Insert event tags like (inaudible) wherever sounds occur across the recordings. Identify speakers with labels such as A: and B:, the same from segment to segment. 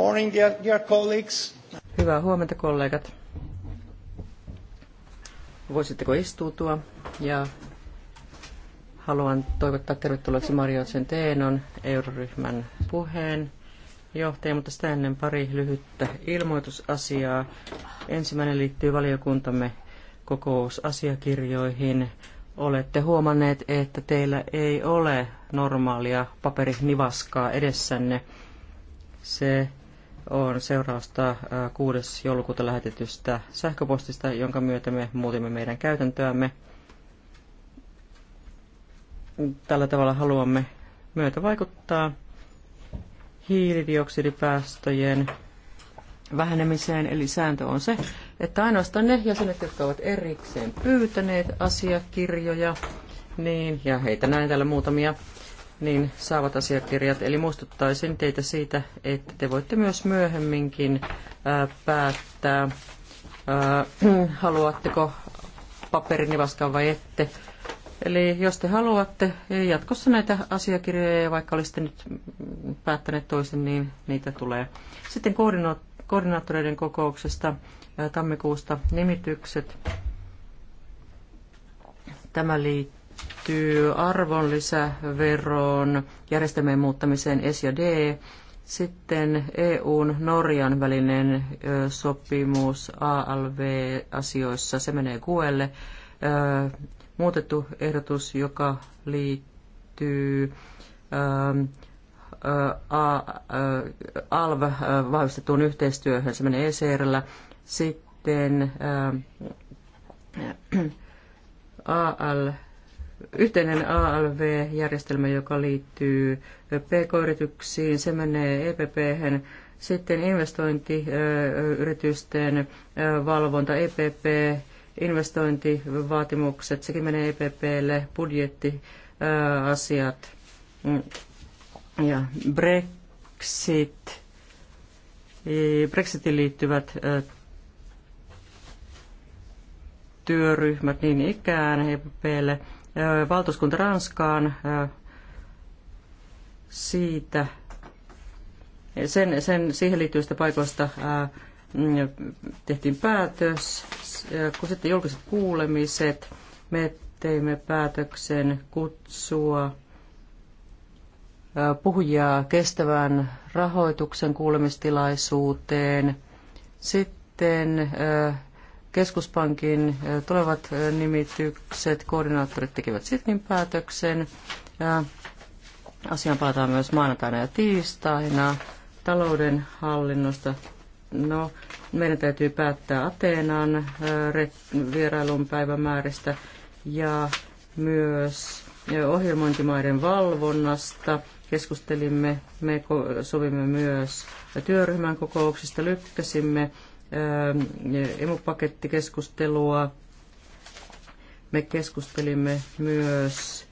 A: morning, dear, dear colleagues. Hyvää huomenta, kollegat. Voisitteko istuutua? Ja haluan toivottaa tervetulleeksi Mario Centenon, euroryhmän puheen johtaja, mutta sitä ennen pari lyhyttä ilmoitusasiaa. Ensimmäinen liittyy valiokuntamme kokousasiakirjoihin. Olette huomanneet, että teillä ei ole normaalia paperinivaskaa edessänne. Se on seurausta 6. Äh, joulukuuta lähetetystä sähköpostista, jonka myötä me muutimme meidän käytäntöämme. Tällä tavalla haluamme myötä vaikuttaa hiilidioksidipäästöjen vähenemiseen, eli sääntö on se, että ainoastaan ne jäsenet, jotka ovat erikseen pyytäneet asiakirjoja, niin, ja heitä näin täällä muutamia, niin saavat asiakirjat. Eli muistuttaisin teitä siitä, että te voitte myös myöhemminkin äh, päättää, äh, (clears throat) haluatteko vaskaan vai ette. Eli jos te haluatte jatkossa näitä asiakirjoja, ja vaikka olisitte nyt päättäneet toisen, niin niitä tulee. Sitten koordinaattoreiden kokouksesta äh, tammikuusta nimitykset. Tämä liittyy liittyy arvonlisäveron järjestelmien muuttamiseen S ja D. Sitten EUn Norjan välinen sopimus ALV-asioissa, se menee kuelle. Muutettu ehdotus, joka liittyy ALV-vahvistettuun yhteistyöhön, se menee ECRllä. Sitten ALV yhteinen ALV-järjestelmä, joka liittyy PK-yrityksiin, se menee epp -hän. Sitten investointiyritysten valvonta, EPP, investointivaatimukset, sekin menee EPPlle, budjettiasiat mm. ja Brexit, Brexitin liittyvät työryhmät niin ikään EPPlle valtuuskunta Ranskaan siitä, sen, sen siihen liittyvistä paikoista mm, tehtiin päätös, kun sitten julkiset kuulemiset, me teimme päätöksen kutsua puhujaa kestävän rahoituksen kuulemistilaisuuteen. Sitten keskuspankin tulevat nimitykset, koordinaattorit tekevät sitten päätöksen. Asiaan palataan myös maanantaina ja tiistaina talouden hallinnosta. No, meidän täytyy päättää Ateenan vierailun päivämääristä ja myös ohjelmointimaiden valvonnasta. Keskustelimme, me sovimme myös työryhmän kokouksista, lykkäsimme emupakettikeskustelua. Me keskustelimme myös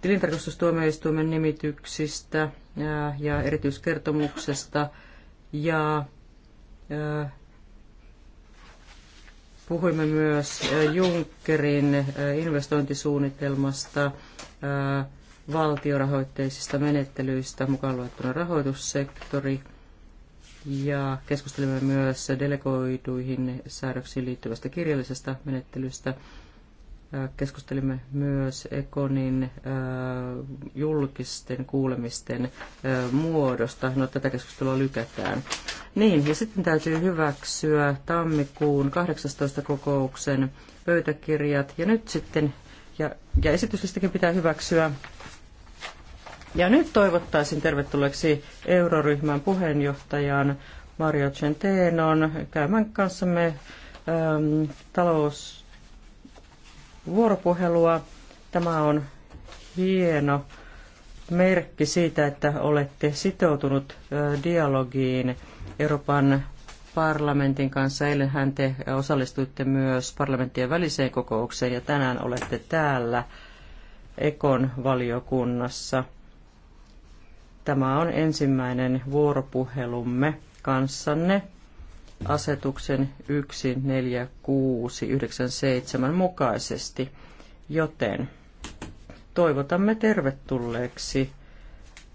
A: tilintarkastustuomioistuimen nimityksistä ja erityiskertomuksesta ja puhuimme myös Junckerin investointisuunnitelmasta, valtiorahoitteisista menettelyistä, mukaan luettuna rahoitussektori – ja keskustelimme myös delegoiduihin säädöksiin liittyvästä kirjallisesta menettelystä. Keskustelimme myös Ekonin julkisten kuulemisten muodosta. No, tätä keskustelua lykätään. Niin, ja sitten täytyy hyväksyä tammikuun 18. kokouksen pöytäkirjat. Ja nyt sitten, ja, ja esityslistakin pitää hyväksyä ja nyt toivottaisin tervetulleeksi euroryhmän puheenjohtajan Mario Centenon käymään kanssamme äm, talousvuoropuhelua. Tämä on hieno merkki siitä, että olette sitoutunut äh, dialogiin Euroopan parlamentin kanssa. Eilenhän te osallistuitte myös parlamenttien väliseen kokoukseen ja tänään olette täällä Ekon valiokunnassa. Tämä on ensimmäinen vuoropuhelumme kanssanne asetuksen 14697 mukaisesti, joten toivotamme tervetulleeksi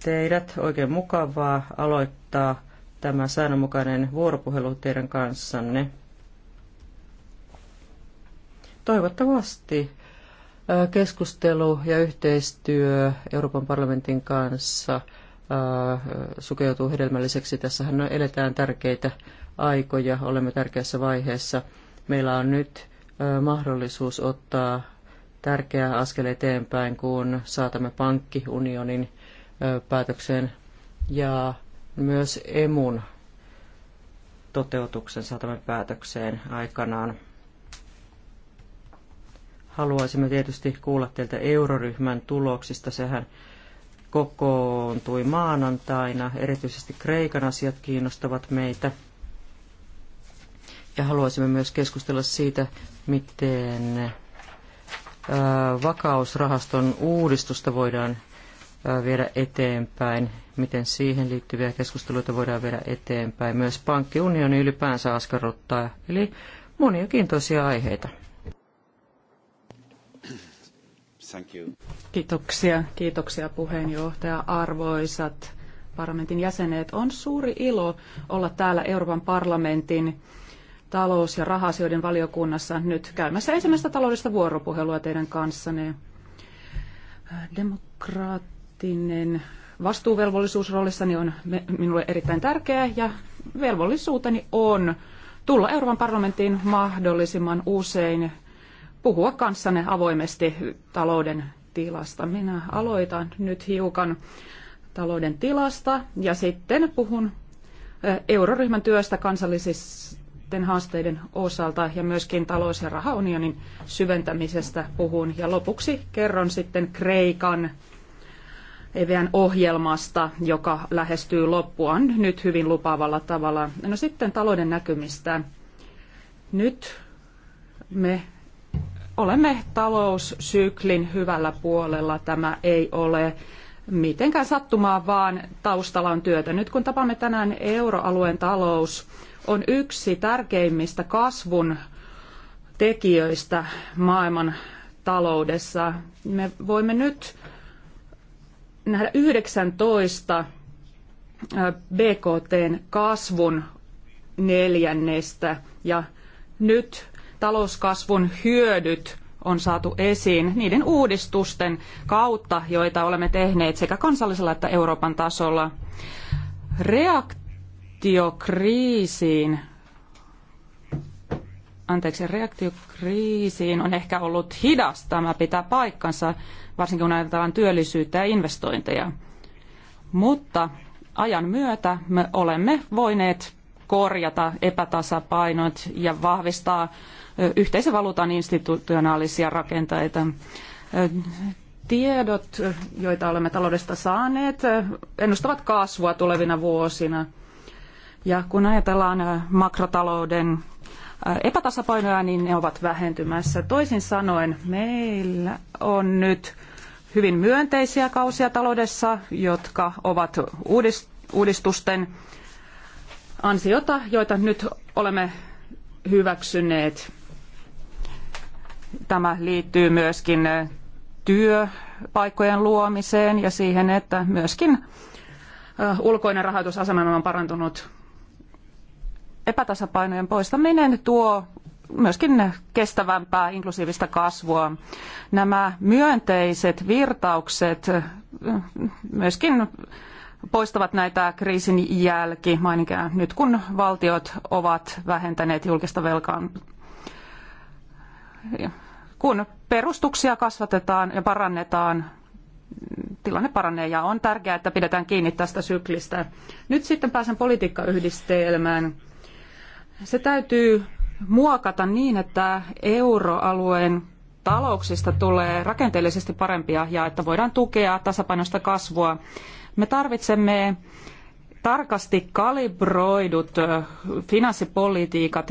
A: teidät. Oikein mukavaa aloittaa tämä säännönmukainen vuoropuhelu teidän kanssanne. Toivottavasti keskustelu ja yhteistyö Euroopan parlamentin kanssa – sukeutuu hedelmälliseksi. Tässähän no, eletään tärkeitä aikoja, olemme tärkeässä vaiheessa. Meillä on nyt mahdollisuus ottaa tärkeä askel eteenpäin, kun saatamme pankkiunionin päätökseen ja myös emun toteutuksen saatamme päätökseen aikanaan. Haluaisimme tietysti kuulla teiltä euroryhmän tuloksista. Sehän kokoontui maanantaina. Erityisesti Kreikan asiat kiinnostavat meitä. Ja haluaisimme myös keskustella siitä, miten vakausrahaston uudistusta voidaan viedä eteenpäin, miten siihen liittyviä keskusteluita voidaan viedä eteenpäin. Myös pankkiunioni ylipäänsä askarruttaa, eli moniakin tosia aiheita. Thank you.
B: Kiitoksia, kiitoksia puheenjohtaja. Arvoisat parlamentin jäsenet, on suuri ilo olla täällä Euroopan parlamentin talous- ja rahasioiden valiokunnassa nyt käymässä ensimmäistä taloudellista vuoropuhelua teidän kanssanne. Demokraattinen vastuuvelvollisuus roolissani on minulle erittäin tärkeä ja velvollisuuteni on tulla Euroopan parlamenttiin mahdollisimman usein puhua kanssanne avoimesti talouden tilasta. Minä aloitan nyt hiukan talouden tilasta ja sitten puhun eh, euroryhmän työstä kansallisisten haasteiden osalta ja myöskin talous- ja rahaunionin syventämisestä puhun. Ja lopuksi kerron sitten Kreikan EVN ohjelmasta, joka lähestyy loppuaan nyt hyvin lupaavalla tavalla. No sitten talouden näkymistä. Nyt me olemme taloussyklin hyvällä puolella. Tämä ei ole mitenkään sattumaa, vaan taustalla on työtä. Nyt kun tapaamme tänään euroalueen talous, on yksi tärkeimmistä kasvun tekijöistä maailman taloudessa. Me voimme nyt nähdä 19 BKTn kasvun neljännestä ja nyt talouskasvun hyödyt on saatu esiin niiden uudistusten kautta, joita olemme tehneet sekä kansallisella että Euroopan tasolla. Reaktiokriisiin, anteeksi, reaktiokriisiin on ehkä ollut hidas tämä pitää paikkansa, varsinkin kun ajatellaan työllisyyttä ja investointeja. Mutta ajan myötä me olemme voineet korjata epätasapainot ja vahvistaa yhteisövaluutan institutionaalisia rakenteita. Tiedot, joita olemme taloudesta saaneet, ennustavat kasvua tulevina vuosina. Ja kun ajatellaan makrotalouden epätasapainoja, niin ne ovat vähentymässä. Toisin sanoen, meillä on nyt hyvin myönteisiä kausia taloudessa, jotka ovat uudistusten ansiota, joita nyt olemme hyväksyneet. Tämä liittyy myöskin eh, työpaikkojen luomiseen ja siihen, että myöskin eh, ulkoinen rahoitusasema on parantunut. Epätasapainojen poistaminen tuo myöskin kestävämpää inklusiivista kasvua. Nämä myönteiset virtaukset eh, myöskin poistavat näitä kriisin jälki, mainikään nyt kun valtiot ovat vähentäneet julkista velkaan kun perustuksia kasvatetaan ja parannetaan, tilanne paranee ja on tärkeää, että pidetään kiinni tästä syklistä. Nyt sitten pääsen politiikkayhdistelmään. Se täytyy muokata niin, että euroalueen talouksista tulee rakenteellisesti parempia ja että voidaan tukea tasapainoista kasvua. Me tarvitsemme tarkasti kalibroidut finanssipolitiikat,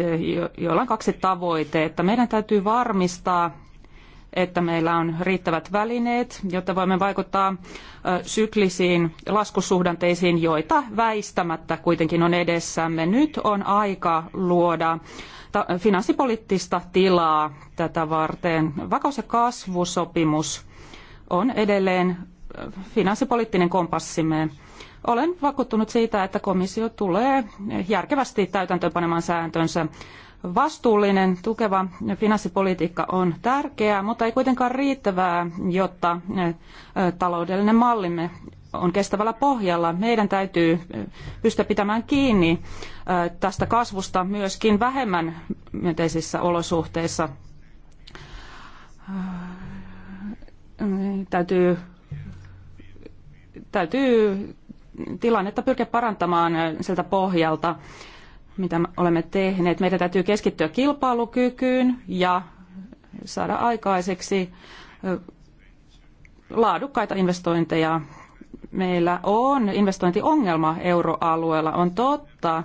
B: joilla on kaksi tavoitetta. Meidän täytyy varmistaa, että meillä on riittävät välineet, jotta voimme vaikuttaa syklisiin laskusuhdanteisiin, joita väistämättä kuitenkin on edessämme. Nyt on aika luoda finanssipoliittista tilaa tätä varten. Vakaus- ja kasvusopimus on edelleen finanssipoliittinen kompassimme olen vakuuttunut siitä, että komissio tulee järkevästi täytäntöönpanemaan sääntönsä. Vastuullinen, tukeva finanssipolitiikka on tärkeää, mutta ei kuitenkaan riittävää, jotta eh, taloudellinen mallimme on kestävällä pohjalla. Meidän täytyy eh, pystyä pitämään kiinni eh, tästä kasvusta myöskin vähemmän myönteisissä olosuhteissa. Täytyy, täytyy tilannetta pyrkiä parantamaan siltä pohjalta, mitä olemme tehneet. Meidän täytyy keskittyä kilpailukykyyn ja saada aikaiseksi laadukkaita investointeja. Meillä on investointiongelma euroalueella. On totta,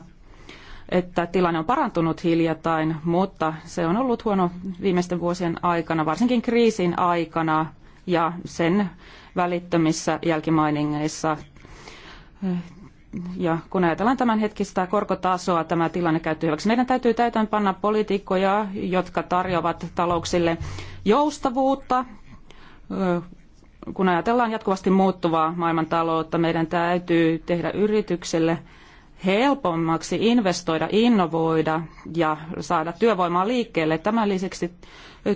B: että tilanne on parantunut hiljattain, mutta se on ollut huono viimeisten vuosien aikana, varsinkin kriisin aikana ja sen välittömissä jälkimainingeissa ja kun ajatellaan tämän hetkistä korkotasoa, tämä tilanne käyttöön hyväksi. Meidän täytyy täytän panna poliitikkoja, jotka tarjoavat talouksille joustavuutta. Kun ajatellaan jatkuvasti muuttuvaa maailmantaloutta, meidän täytyy tehdä yritykselle helpommaksi investoida, innovoida ja saada työvoimaa liikkeelle. Tämän lisäksi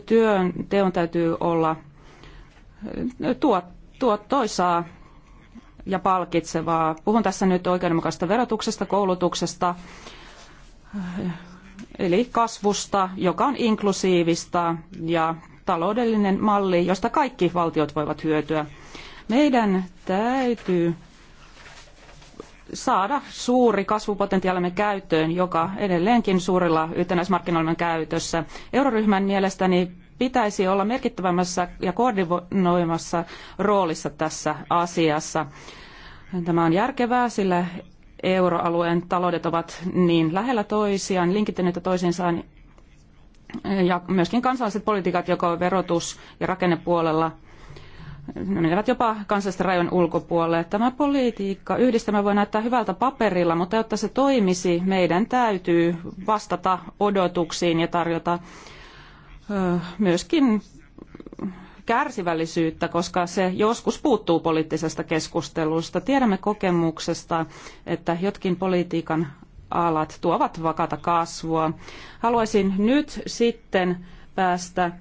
B: työn teon täytyy olla tuottoisaa ja palkitsevaa. Puhun tässä nyt oikeudenmukaisesta verotuksesta, koulutuksesta, eli kasvusta, joka on inklusiivista ja taloudellinen malli, josta kaikki valtiot voivat hyötyä. Meidän täytyy saada suuri kasvupotentiaalimme käyttöön, joka edelleenkin suurilla yhtenäismarkkinoilla on käytössä. Euroryhmän mielestäni pitäisi olla merkittävämmässä ja koordinoimassa roolissa tässä asiassa. Tämä on järkevää, sillä euroalueen taloudet ovat niin lähellä toisiaan, linkittyneitä toisiinsa ja myöskin kansalliset politiikat, joko verotus- ja rakennepuolella, ne menevät jopa kansallisten rajojen ulkopuolelle. Tämä politiikka yhdistämä voi näyttää hyvältä paperilla, mutta jotta se toimisi, meidän täytyy vastata odotuksiin ja tarjota myöskin kärsivällisyyttä, koska se joskus puuttuu poliittisesta keskustelusta. Tiedämme kokemuksesta, että jotkin politiikan alat tuovat vakata kasvua. Haluaisin nyt sitten päästä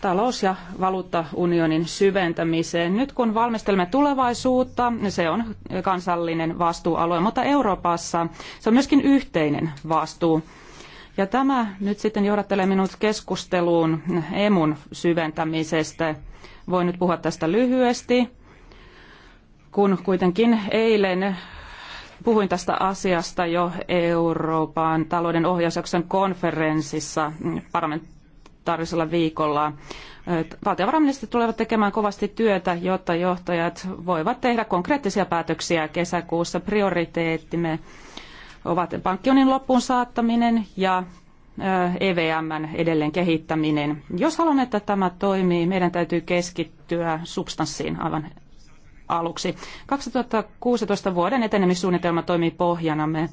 B: talous- ja valuuttaunionin syventämiseen. Nyt kun valmistelemme tulevaisuutta, se on kansallinen vastuualue, mutta Euroopassa se on myöskin yhteinen vastuu. Ja tämä nyt sitten johdattelee minut keskusteluun emun syventämisestä. Voin nyt puhua tästä lyhyesti, kun kuitenkin eilen puhuin tästä asiasta jo Euroopan talouden ohjausjakson konferenssissa parlamentaarisella viikolla. Valtiovarainministerit tulevat tekemään kovasti työtä, jotta johtajat voivat tehdä konkreettisia päätöksiä kesäkuussa prioriteettimme ovat pankkionin loppuun saattaminen ja EVMn edelleen kehittäminen. Jos haluamme, että tämä toimii, meidän täytyy keskittyä substanssiin aivan aluksi. 2016 vuoden etenemissuunnitelma toimii pohjanamme.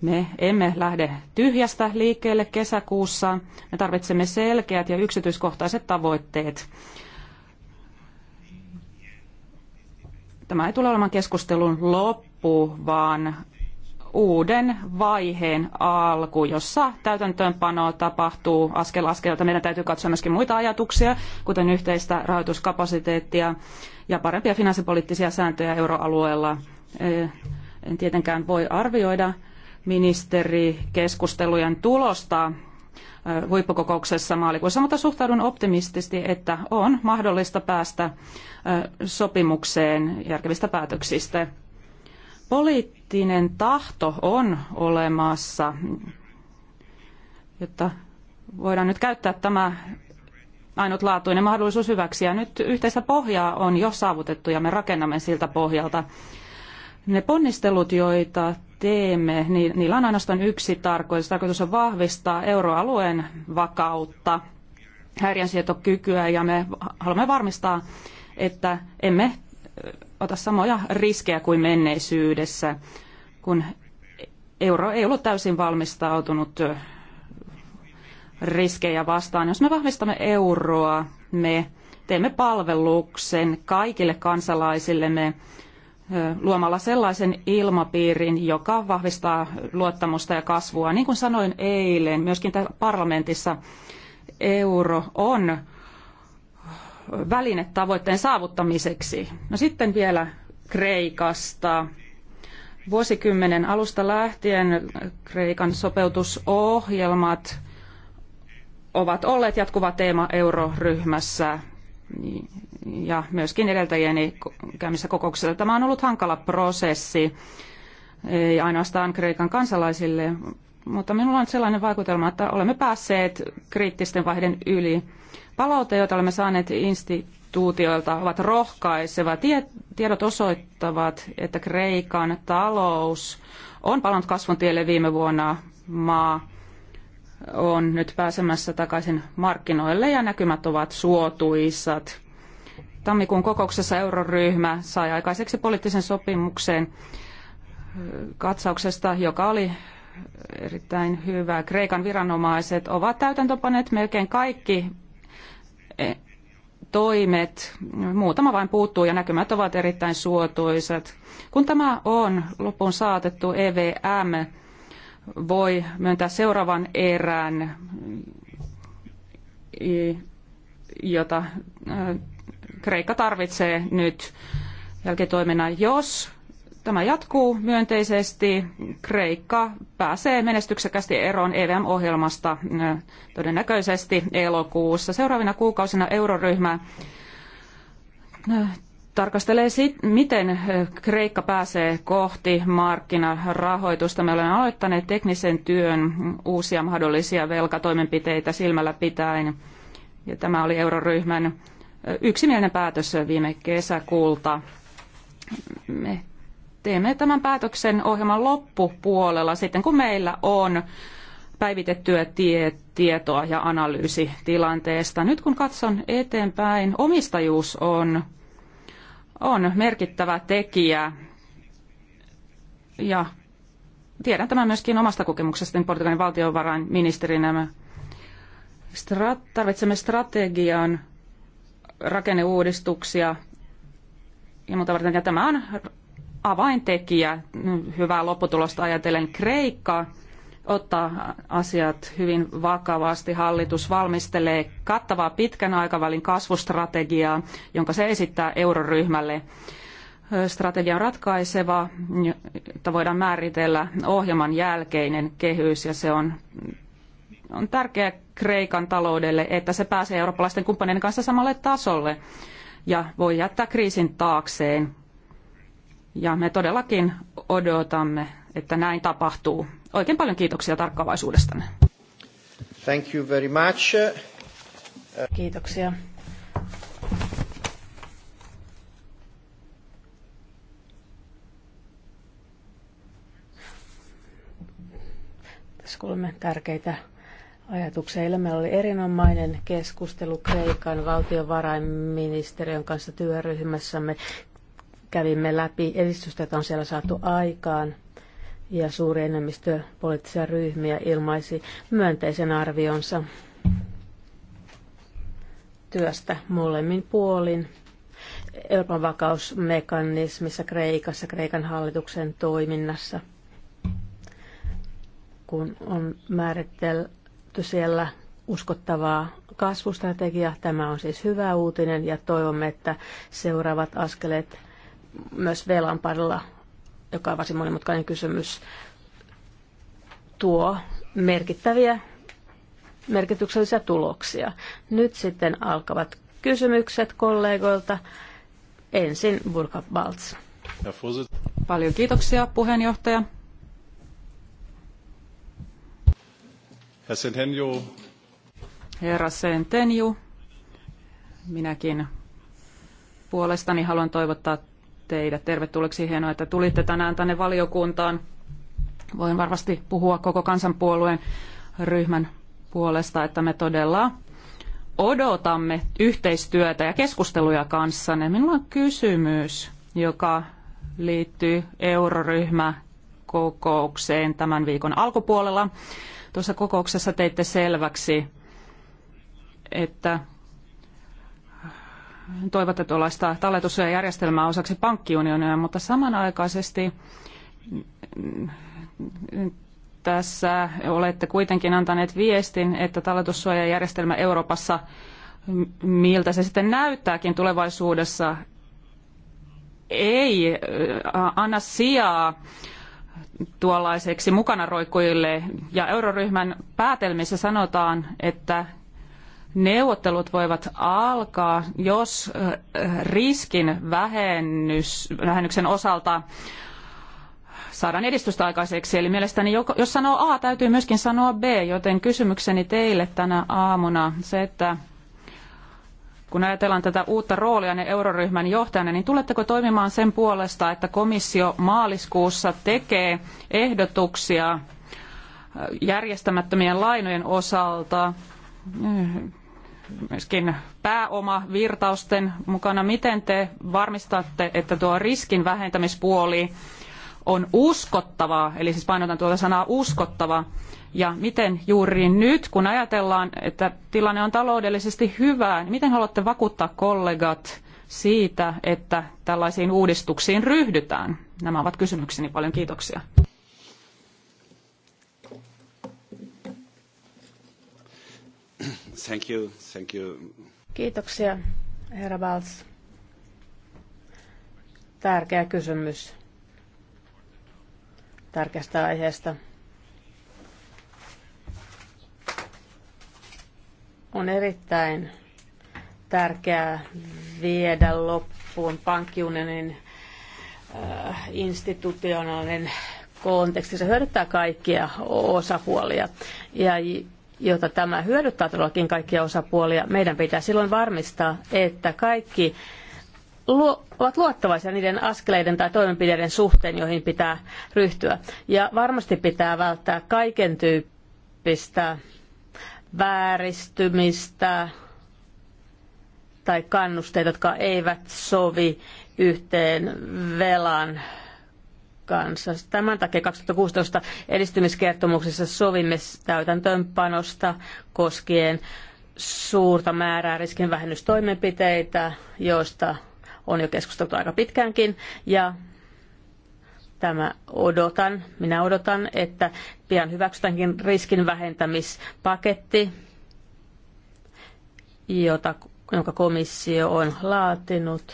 B: Me emme lähde tyhjästä liikkeelle kesäkuussa. Me tarvitsemme selkeät ja yksityiskohtaiset tavoitteet. Tämä ei tule olemaan keskustelun loppu, vaan uuden vaiheen alku, jossa täytäntöönpano tapahtuu askel askelta. Meidän täytyy katsoa myöskin muita ajatuksia, kuten yhteistä rahoituskapasiteettia ja parempia finanssipoliittisia sääntöjä euroalueella. E, en tietenkään voi arvioida ministerikeskustelujen tulosta e, huippukokouksessa maalikuussa, mutta suhtaudun optimistisesti, että on mahdollista päästä e, sopimukseen järkevistä päätöksistä. Poli- poliittinen tahto on olemassa, jotta voidaan nyt käyttää tämä ainutlaatuinen mahdollisuus hyväksi. Ja nyt yhteistä pohjaa on jo saavutettu ja me rakennamme siltä pohjalta. Ne ponnistelut, joita teemme, niin niillä on ainoastaan yksi tarkoitus. Tarkoitus on vahvistaa euroalueen vakautta, häiriönsietokykyä ja me haluamme varmistaa, että emme ota samoja riskejä kuin menneisyydessä, kun euro ei ollut täysin valmistautunut riskejä vastaan. Jos me vahvistamme euroa, me teemme palveluksen kaikille kansalaisillemme luomalla sellaisen ilmapiirin, joka vahvistaa luottamusta ja kasvua. Niin kuin sanoin eilen, myöskin täällä parlamentissa euro on väline tavoitteen saavuttamiseksi. No sitten vielä Kreikasta. Vuosikymmenen alusta lähtien Kreikan sopeutusohjelmat ovat olleet jatkuva teema euroryhmässä ja myöskin edeltäjieni käymissä kokouksissa. Tämä on ollut hankala prosessi, ei ainoastaan Kreikan kansalaisille, mutta minulla on sellainen vaikutelma, että olemme päässeet kriittisten vaiheiden yli. Palaute, jota olemme saaneet instituutioilta, ovat rohkaiseva. Tiedot osoittavat, että Kreikan talous on palannut kasvun tielle viime vuonna. Maa on nyt pääsemässä takaisin markkinoille ja näkymät ovat suotuisat. Tammikuun kokouksessa euroryhmä sai aikaiseksi poliittisen sopimuksen katsauksesta, joka oli erittäin hyvä. Kreikan viranomaiset ovat täytäntöpaneet melkein kaikki toimet, muutama vain puuttuu ja näkymät ovat erittäin suotuisat. Kun tämä on loppuun saatettu, EVM voi myöntää seuraavan erän, jota äh, Kreikka tarvitsee nyt jälkitoimena, jos tämä jatkuu myönteisesti. Kreikka pääsee menestyksekästi eroon EVM-ohjelmasta todennäköisesti elokuussa. Seuraavina kuukausina euroryhmä tarkastelee sit, miten Kreikka pääsee kohti markkinarahoitusta. Me olemme aloittaneet teknisen työn uusia mahdollisia velkatoimenpiteitä silmällä pitäen. Ja tämä oli euroryhmän yksimielinen päätös viime kesäkuulta. Me teemme tämän päätöksen ohjelman loppupuolella sitten, kun meillä on päivitettyä tie- tietoa ja analyysi tilanteesta. Nyt kun katson eteenpäin, omistajuus on, on merkittävä tekijä ja tiedän tämän myöskin omasta kokemuksestani niin Portugalin valtiovarainministerinä. Me tarvitsemme strategian, rakenneuudistuksia ja muuta varten. Ja tämä on avaintekijä hyvää lopputulosta ajatellen. Kreikka ottaa asiat hyvin vakavasti. Hallitus valmistelee kattavaa pitkän aikavälin kasvustrategiaa, jonka se esittää euroryhmälle. Strategia on ratkaiseva, että voidaan määritellä ohjelman jälkeinen kehys ja se on, on tärkeä Kreikan taloudelle, että se pääsee eurooppalaisten kumppaneiden kanssa samalle tasolle ja voi jättää kriisin taakseen ja me todellakin odotamme, että näin tapahtuu. Oikein paljon kiitoksia tarkkaavaisuudestanne.
C: Thank you very much. Kiitoksia.
D: Tässä kuulemme tärkeitä ajatuksia. Eilen meillä oli erinomainen keskustelu Kreikan valtiovarainministeriön kanssa työryhmässämme kävimme läpi edistystä, jota on siellä saatu aikaan, ja suuri enemmistö poliittisia ryhmiä ilmaisi myönteisen arvionsa työstä molemmin puolin. Euroopan vakausmekanismissa Kreikassa, Kreikan hallituksen toiminnassa, kun on määritelty siellä uskottavaa kasvustrategiaa. Tämä on siis hyvä uutinen ja toivomme, että seuraavat askeleet myös velan parilla, joka on varsin monimutkainen kysymys, tuo merkittäviä merkityksellisiä tuloksia. Nyt sitten alkavat kysymykset kollegoilta. Ensin Burka Balz.
B: Paljon kiitoksia puheenjohtaja. Herra Sentenju, minäkin puolestani haluan toivottaa teidät tervetulleeksi. Hienoa, että tulitte tänään tänne valiokuntaan. Voin varmasti puhua koko kansanpuolueen ryhmän puolesta, että me todella odotamme yhteistyötä ja keskusteluja kanssanne. Minulla on kysymys, joka liittyy euroryhmä kokoukseen tämän viikon alkupuolella. Tuossa kokouksessa teitte selväksi, että toivotte tuollaista talletussuojajärjestelmää osaksi pankkiunionia, mutta samanaikaisesti mm, tässä olette kuitenkin antaneet viestin, että talletussuojajärjestelmä Euroopassa, miltä se sitten näyttääkin tulevaisuudessa, ei äh, anna sijaa tuollaiseksi mukana roikkujille. Ja euroryhmän päätelmissä sanotaan, että neuvottelut voivat alkaa, jos riskin vähennys, vähennyksen osalta saadaan edistystä aikaiseksi. Eli mielestäni jos sanoo A, täytyy myöskin sanoa B, joten kysymykseni teille tänä aamuna se, että kun ajatellaan tätä uutta roolia ne euroryhmän johtajana, niin tuletteko toimimaan sen puolesta, että komissio maaliskuussa tekee ehdotuksia järjestämättömien lainojen osalta myöskin pääomavirtausten mukana. Miten te varmistatte, että tuo riskin vähentämispuoli on uskottavaa, eli siis painotan tuota sanaa uskottava, ja miten juuri nyt, kun ajatellaan, että tilanne on taloudellisesti hyvä, niin miten haluatte vakuuttaa kollegat siitä, että tällaisiin uudistuksiin ryhdytään? Nämä ovat kysymykseni. Paljon kiitoksia.
C: Thank you, thank you.
B: Kiitoksia,
D: herra Tärkeä kysymys tärkeästä aiheesta. On erittäin tärkeää viedä loppuun pankkiunionin äh, institutionaalinen konteksti. Se hyödyttää kaikkia osapuolia. Ja jota tämä hyödyttää todellakin kaikkia osapuolia, meidän pitää silloin varmistaa, että kaikki ovat luottavaisia niiden askeleiden tai toimenpiteiden suhteen, joihin pitää ryhtyä. Ja varmasti pitää välttää kaiken tyyppistä vääristymistä tai kannusteita, jotka eivät sovi yhteen velan kanssa. Tämän takia 2016 edistymiskertomuksessa sovimme täytäntöönpanosta koskien suurta määrää riskinvähennystoimenpiteitä, joista on jo keskusteltu aika pitkäänkin. Ja tämä odotan, minä odotan, että pian hyväksytäänkin riskin vähentämispaketti, jota, jonka komissio on laatinut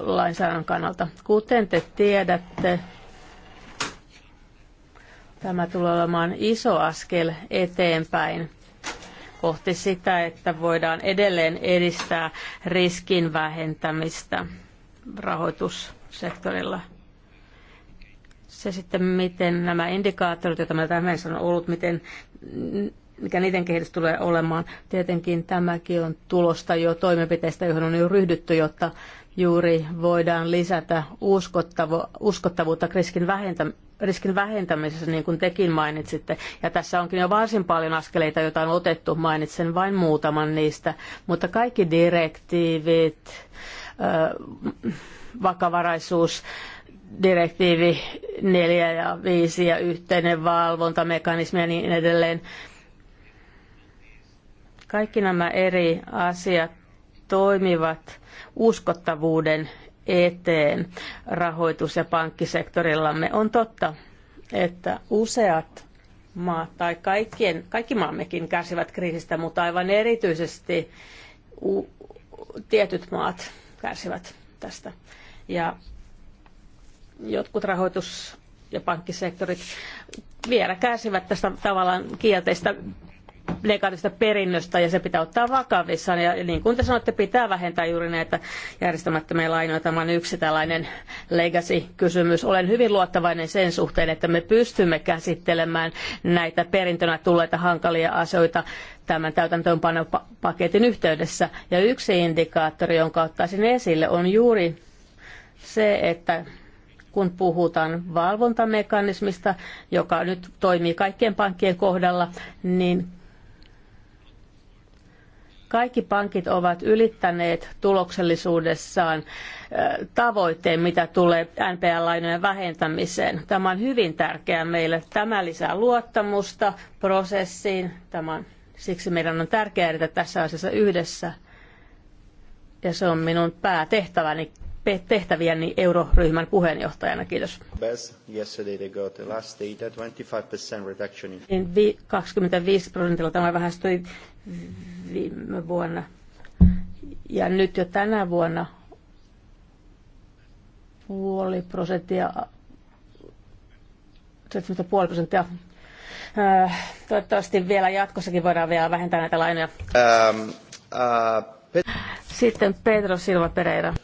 D: lainsäädännön kannalta. Kuten te tiedätte, tämä tulee olemaan iso askel eteenpäin kohti sitä, että voidaan edelleen edistää riskin vähentämistä rahoitussektorilla. Se sitten, miten nämä indikaattorit, joita meillä tähän mennessä on ollut, miten, mikä niiden kehitys tulee olemaan. Tietenkin tämäkin on tulosta jo toimenpiteistä, johon on jo ryhdytty, jotta juuri voidaan lisätä uskottavuutta riskin, vähentämiseen, riskin vähentämisessä, niin kuin tekin mainitsitte. Ja tässä onkin jo varsin paljon askeleita, joita on otettu. Mainitsen vain muutaman niistä, mutta kaikki direktiivit, vakavaraisuus, direktiivi 4 ja 5 ja yhteinen valvontamekanismi ja niin edelleen. Kaikki nämä eri asiat toimivat uskottavuuden eteen rahoitus- ja pankkisektorillamme. On totta, että useat maat tai kaikkien, kaikki maammekin kärsivät kriisistä, mutta aivan erityisesti u- tietyt maat kärsivät tästä. Ja jotkut rahoitus- ja pankkisektorit vielä kärsivät tästä tavallaan kielteistä legaalista perinnöstä ja se pitää ottaa vakavissaan. Ja niin kuin te sanoitte, pitää vähentää juuri näitä järjestämättömiä lainoja. Tämä on yksi tällainen legacy-kysymys. Olen hyvin luottavainen sen suhteen, että me pystymme käsittelemään näitä perintönä tulleita hankalia asioita tämän täytäntöönpanopaketin yhteydessä. Ja yksi indikaattori, jonka ottaisin esille, on juuri se, että kun puhutaan valvontamekanismista, joka nyt toimii kaikkien pankkien kohdalla, niin kaikki pankit ovat ylittäneet tuloksellisuudessaan tavoitteen, mitä tulee NPL-lainojen vähentämiseen. Tämä on hyvin tärkeää meille. Tämä lisää luottamusta prosessiin. Tämä on, siksi meidän on tärkeää edetä tässä asiassa yhdessä. Ja se on minun päätehtäväni tehtäviäni euroryhmän puheenjohtajana. Kiitos. 25 niin prosentilla tämä vähästyi viime vuonna. Ja nyt jo tänä vuonna puoli prosenttia, 7,5 prosenttia. Toivottavasti vielä jatkossakin voidaan vielä vähentää näitä lainoja.
C: Um, uh,
A: Pet- Sitten Pedro Silva Pereira.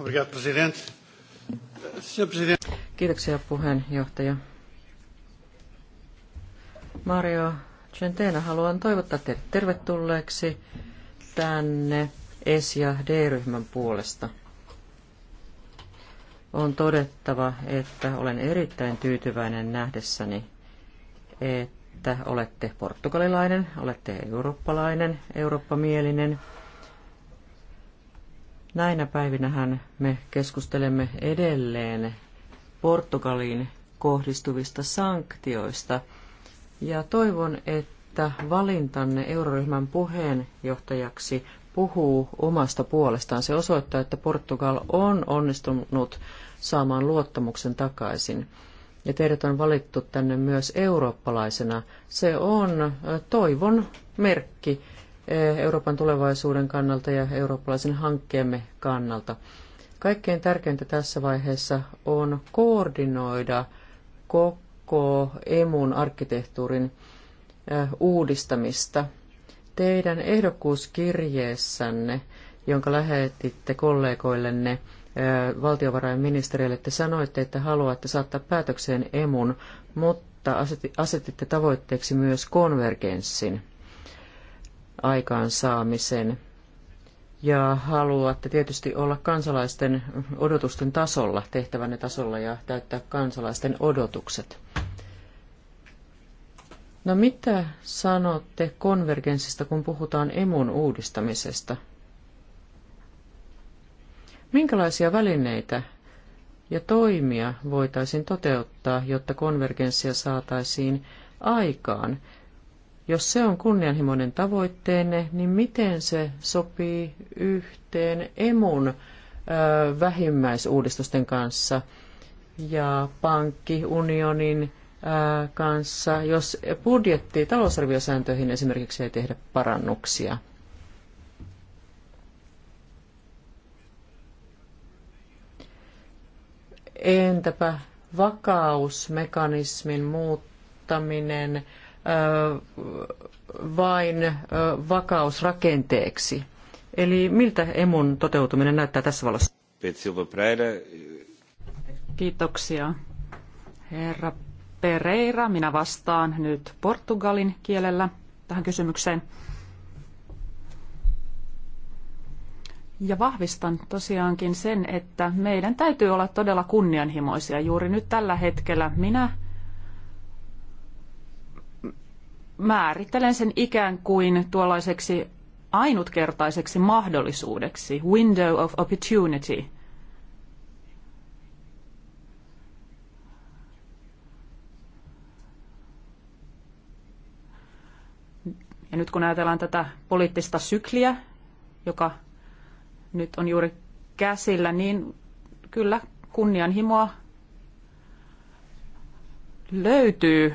C: Obrigado, president.
A: Kiitoksia puheenjohtaja. Mario Chenteenä haluan toivottaa teidät tervetulleeksi tänne S- ja D-ryhmän puolesta. On todettava, että olen erittäin tyytyväinen nähdessäni, että olette portugalilainen, olette eurooppalainen, eurooppamielinen. Näinä päivinähän me keskustelemme edelleen Portugaliin kohdistuvista sanktioista – ja toivon, että valintanne euroryhmän puheenjohtajaksi puhuu omasta puolestaan. Se osoittaa, että Portugal on onnistunut saamaan luottamuksen takaisin. Ja teidät on valittu tänne myös eurooppalaisena. Se on toivon merkki Euroopan tulevaisuuden kannalta ja eurooppalaisen hankkeemme kannalta. Kaikkein tärkeintä tässä vaiheessa on koordinoida koko koko emun arkkitehtuurin uudistamista. Teidän ehdokkuuskirjeessänne, jonka lähetitte kollegoillenne, valtiovarainministeriölle, te sanoitte, että haluatte saattaa päätökseen emun, mutta asetitte tavoitteeksi myös konvergenssin aikaansaamisen. Ja haluatte tietysti olla kansalaisten odotusten tasolla, tehtävänne tasolla ja täyttää kansalaisten odotukset. No mitä sanotte konvergenssista, kun puhutaan emun uudistamisesta? Minkälaisia välineitä ja toimia voitaisiin toteuttaa, jotta konvergenssia saataisiin aikaan? Jos se on kunnianhimoinen tavoitteenne, niin miten se sopii yhteen emun ö, vähimmäisuudistusten kanssa ja pankkiunionin kanssa, jos budjetti talousarviosääntöihin esimerkiksi ei tehdä parannuksia. Entäpä vakausmekanismin muuttaminen vain vakausrakenteeksi? Eli miltä emun toteutuminen näyttää tässä valossa?
B: Kiitoksia, herra Pereira. Minä vastaan nyt portugalin kielellä tähän kysymykseen. Ja vahvistan tosiaankin sen, että meidän täytyy olla todella kunnianhimoisia. Juuri nyt tällä hetkellä minä määrittelen sen ikään kuin tuollaiseksi ainutkertaiseksi mahdollisuudeksi, window of opportunity – Ja nyt kun ajatellaan tätä poliittista sykliä, joka nyt on juuri käsillä, niin kyllä kunnianhimoa löytyy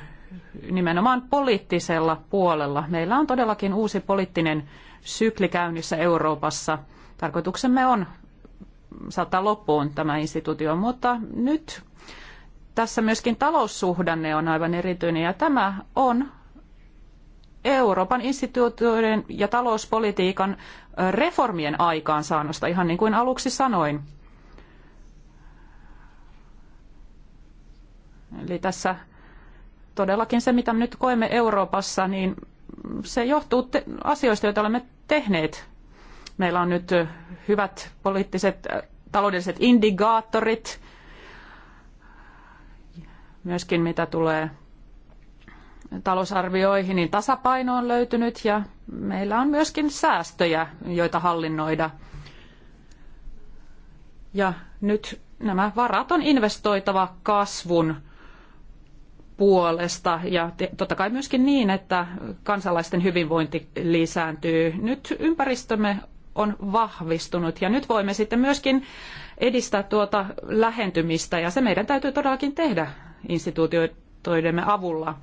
B: nimenomaan poliittisella puolella. Meillä on todellakin uusi poliittinen sykli käynnissä Euroopassa. Tarkoituksemme on saattaa loppuun tämä instituutio, mutta nyt tässä myöskin taloussuhdanne on aivan erityinen ja tämä on Euroopan instituutioiden ja talouspolitiikan reformien aikaansaannosta, ihan niin kuin aluksi sanoin. Eli tässä todellakin se, mitä me nyt koemme Euroopassa, niin se johtuu asioista, joita olemme tehneet. Meillä on nyt hyvät poliittiset taloudelliset indikaattorit, myöskin mitä tulee talousarvioihin, niin tasapaino on löytynyt ja meillä on myöskin säästöjä, joita hallinnoida. Ja nyt nämä varat on investoitava kasvun puolesta ja totta kai myöskin niin, että kansalaisten hyvinvointi lisääntyy. Nyt ympäristömme on vahvistunut ja nyt voimme sitten myöskin edistää tuota lähentymistä ja se meidän täytyy todellakin tehdä instituutioidemme avulla.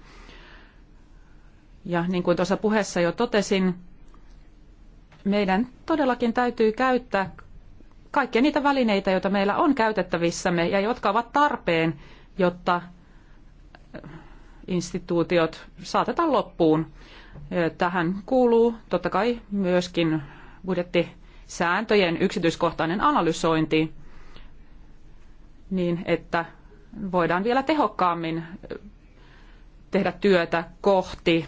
B: Ja niin kuin tuossa puheessa jo totesin, meidän todellakin täytyy käyttää kaikkia niitä välineitä, joita meillä on käytettävissämme ja jotka ovat tarpeen, jotta eh, instituutiot saatetaan loppuun. Eh, tähän kuuluu totta kai myöskin budjettisääntöjen yksityiskohtainen analysointi, niin että voidaan vielä tehokkaammin eh, tehdä työtä kohti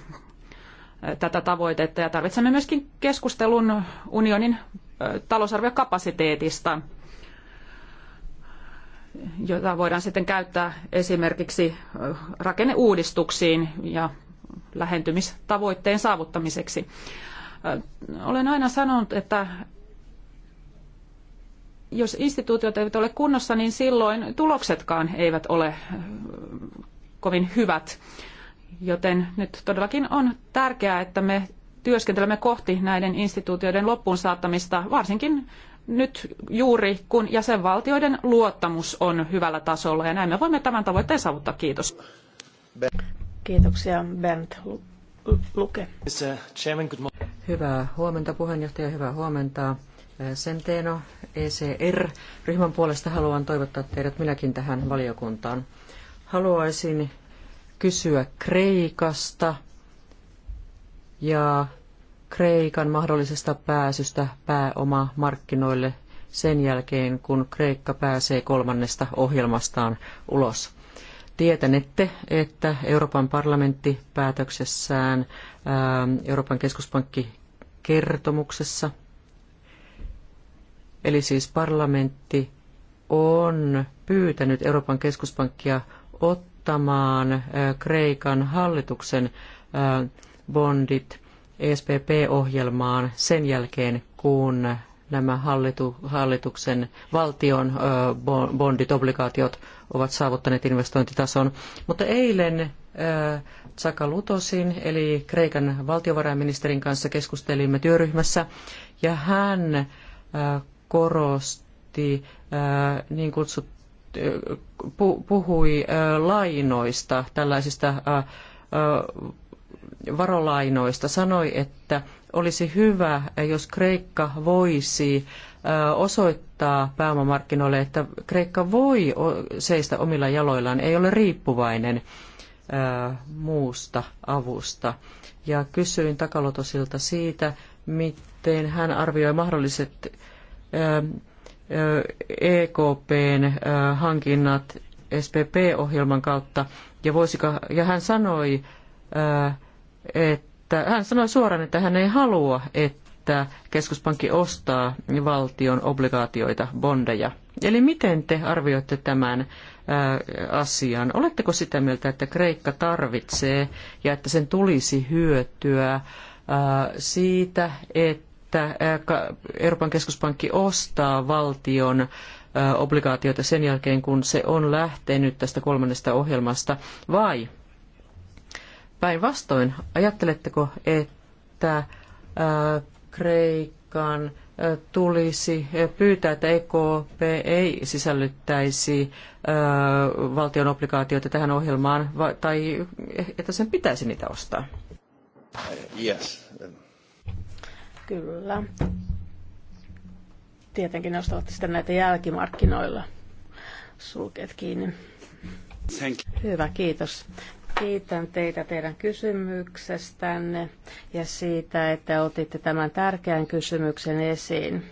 B: tätä tavoitetta ja tarvitsemme myöskin keskustelun unionin talousarviokapasiteetista, jota voidaan sitten käyttää esimerkiksi rakenneuudistuksiin ja lähentymistavoitteen saavuttamiseksi. Olen aina sanonut, että jos instituutiot eivät ole kunnossa, niin silloin tuloksetkaan eivät ole kovin hyvät joten nyt todellakin on tärkeää, että me työskentelemme kohti näiden instituutioiden loppuun saattamista, varsinkin nyt juuri kun jäsenvaltioiden luottamus on hyvällä tasolla ja näin me voimme tämän tavoitteen saavuttaa. Kiitos.
D: Kiitoksia Bernd Luke.
A: Hyvää huomenta puheenjohtaja, hyvää huomenta. Senteeno eh, ECR-ryhmän puolesta haluan toivottaa teidät minäkin tähän valiokuntaan. Haluaisin kysyä Kreikasta ja Kreikan mahdollisesta pääsystä pääomamarkkinoille sen jälkeen, kun Kreikka pääsee kolmannesta ohjelmastaan ulos. Tietänette, että Euroopan parlamentti päätöksessään ähm, Euroopan keskuspankki kertomuksessa, eli siis parlamentti on pyytänyt Euroopan keskuspankkia ottamaan ottamaan Kreikan hallituksen bondit SPP-ohjelmaan sen jälkeen, kun nämä hallitu, hallituksen valtion bondit, obligaatiot ovat saavuttaneet investointitason. Mutta eilen Tsaka Lutosin, eli Kreikan valtiovarainministerin kanssa keskustelimme työryhmässä, ja hän korosti niin kutsuttua puhui lainoista, tällaisista varolainoista, sanoi, että olisi hyvä, jos Kreikka voisi osoittaa pääomamarkkinoille, että Kreikka voi seistä omilla jaloillaan, ei ole riippuvainen muusta avusta. Ja kysyin Takalotosilta siitä, miten hän arvioi mahdolliset EKPn hankinnat SPP-ohjelman kautta, ja, voisiko, ja hän sanoi, että hän sanoi suoraan, että hän ei halua, että keskuspankki ostaa valtion obligaatioita, bondeja. Eli miten te arvioitte tämän asian? Oletteko sitä mieltä, että Kreikka tarvitsee ja että sen tulisi hyötyä siitä, että että äh, Euroopan keskuspankki ostaa valtion äh, obligaatioita sen jälkeen, kun se on lähtenyt tästä kolmannesta ohjelmasta, vai päinvastoin, ajatteletteko, että äh, Kreikan tulisi pyytää, että EKP ei sisällyttäisi valtion obligaatioita tähän ohjelmaan, tai eh, että sen pitäisi niitä ostaa? Yes.
D: Kyllä. Tietenkin ne ostavat sitten näitä jälkimarkkinoilla sulkeet kiinni. Thank you. Hyvä, kiitos. Kiitän teitä teidän kysymyksestänne ja siitä, että otitte tämän tärkeän kysymyksen esiin.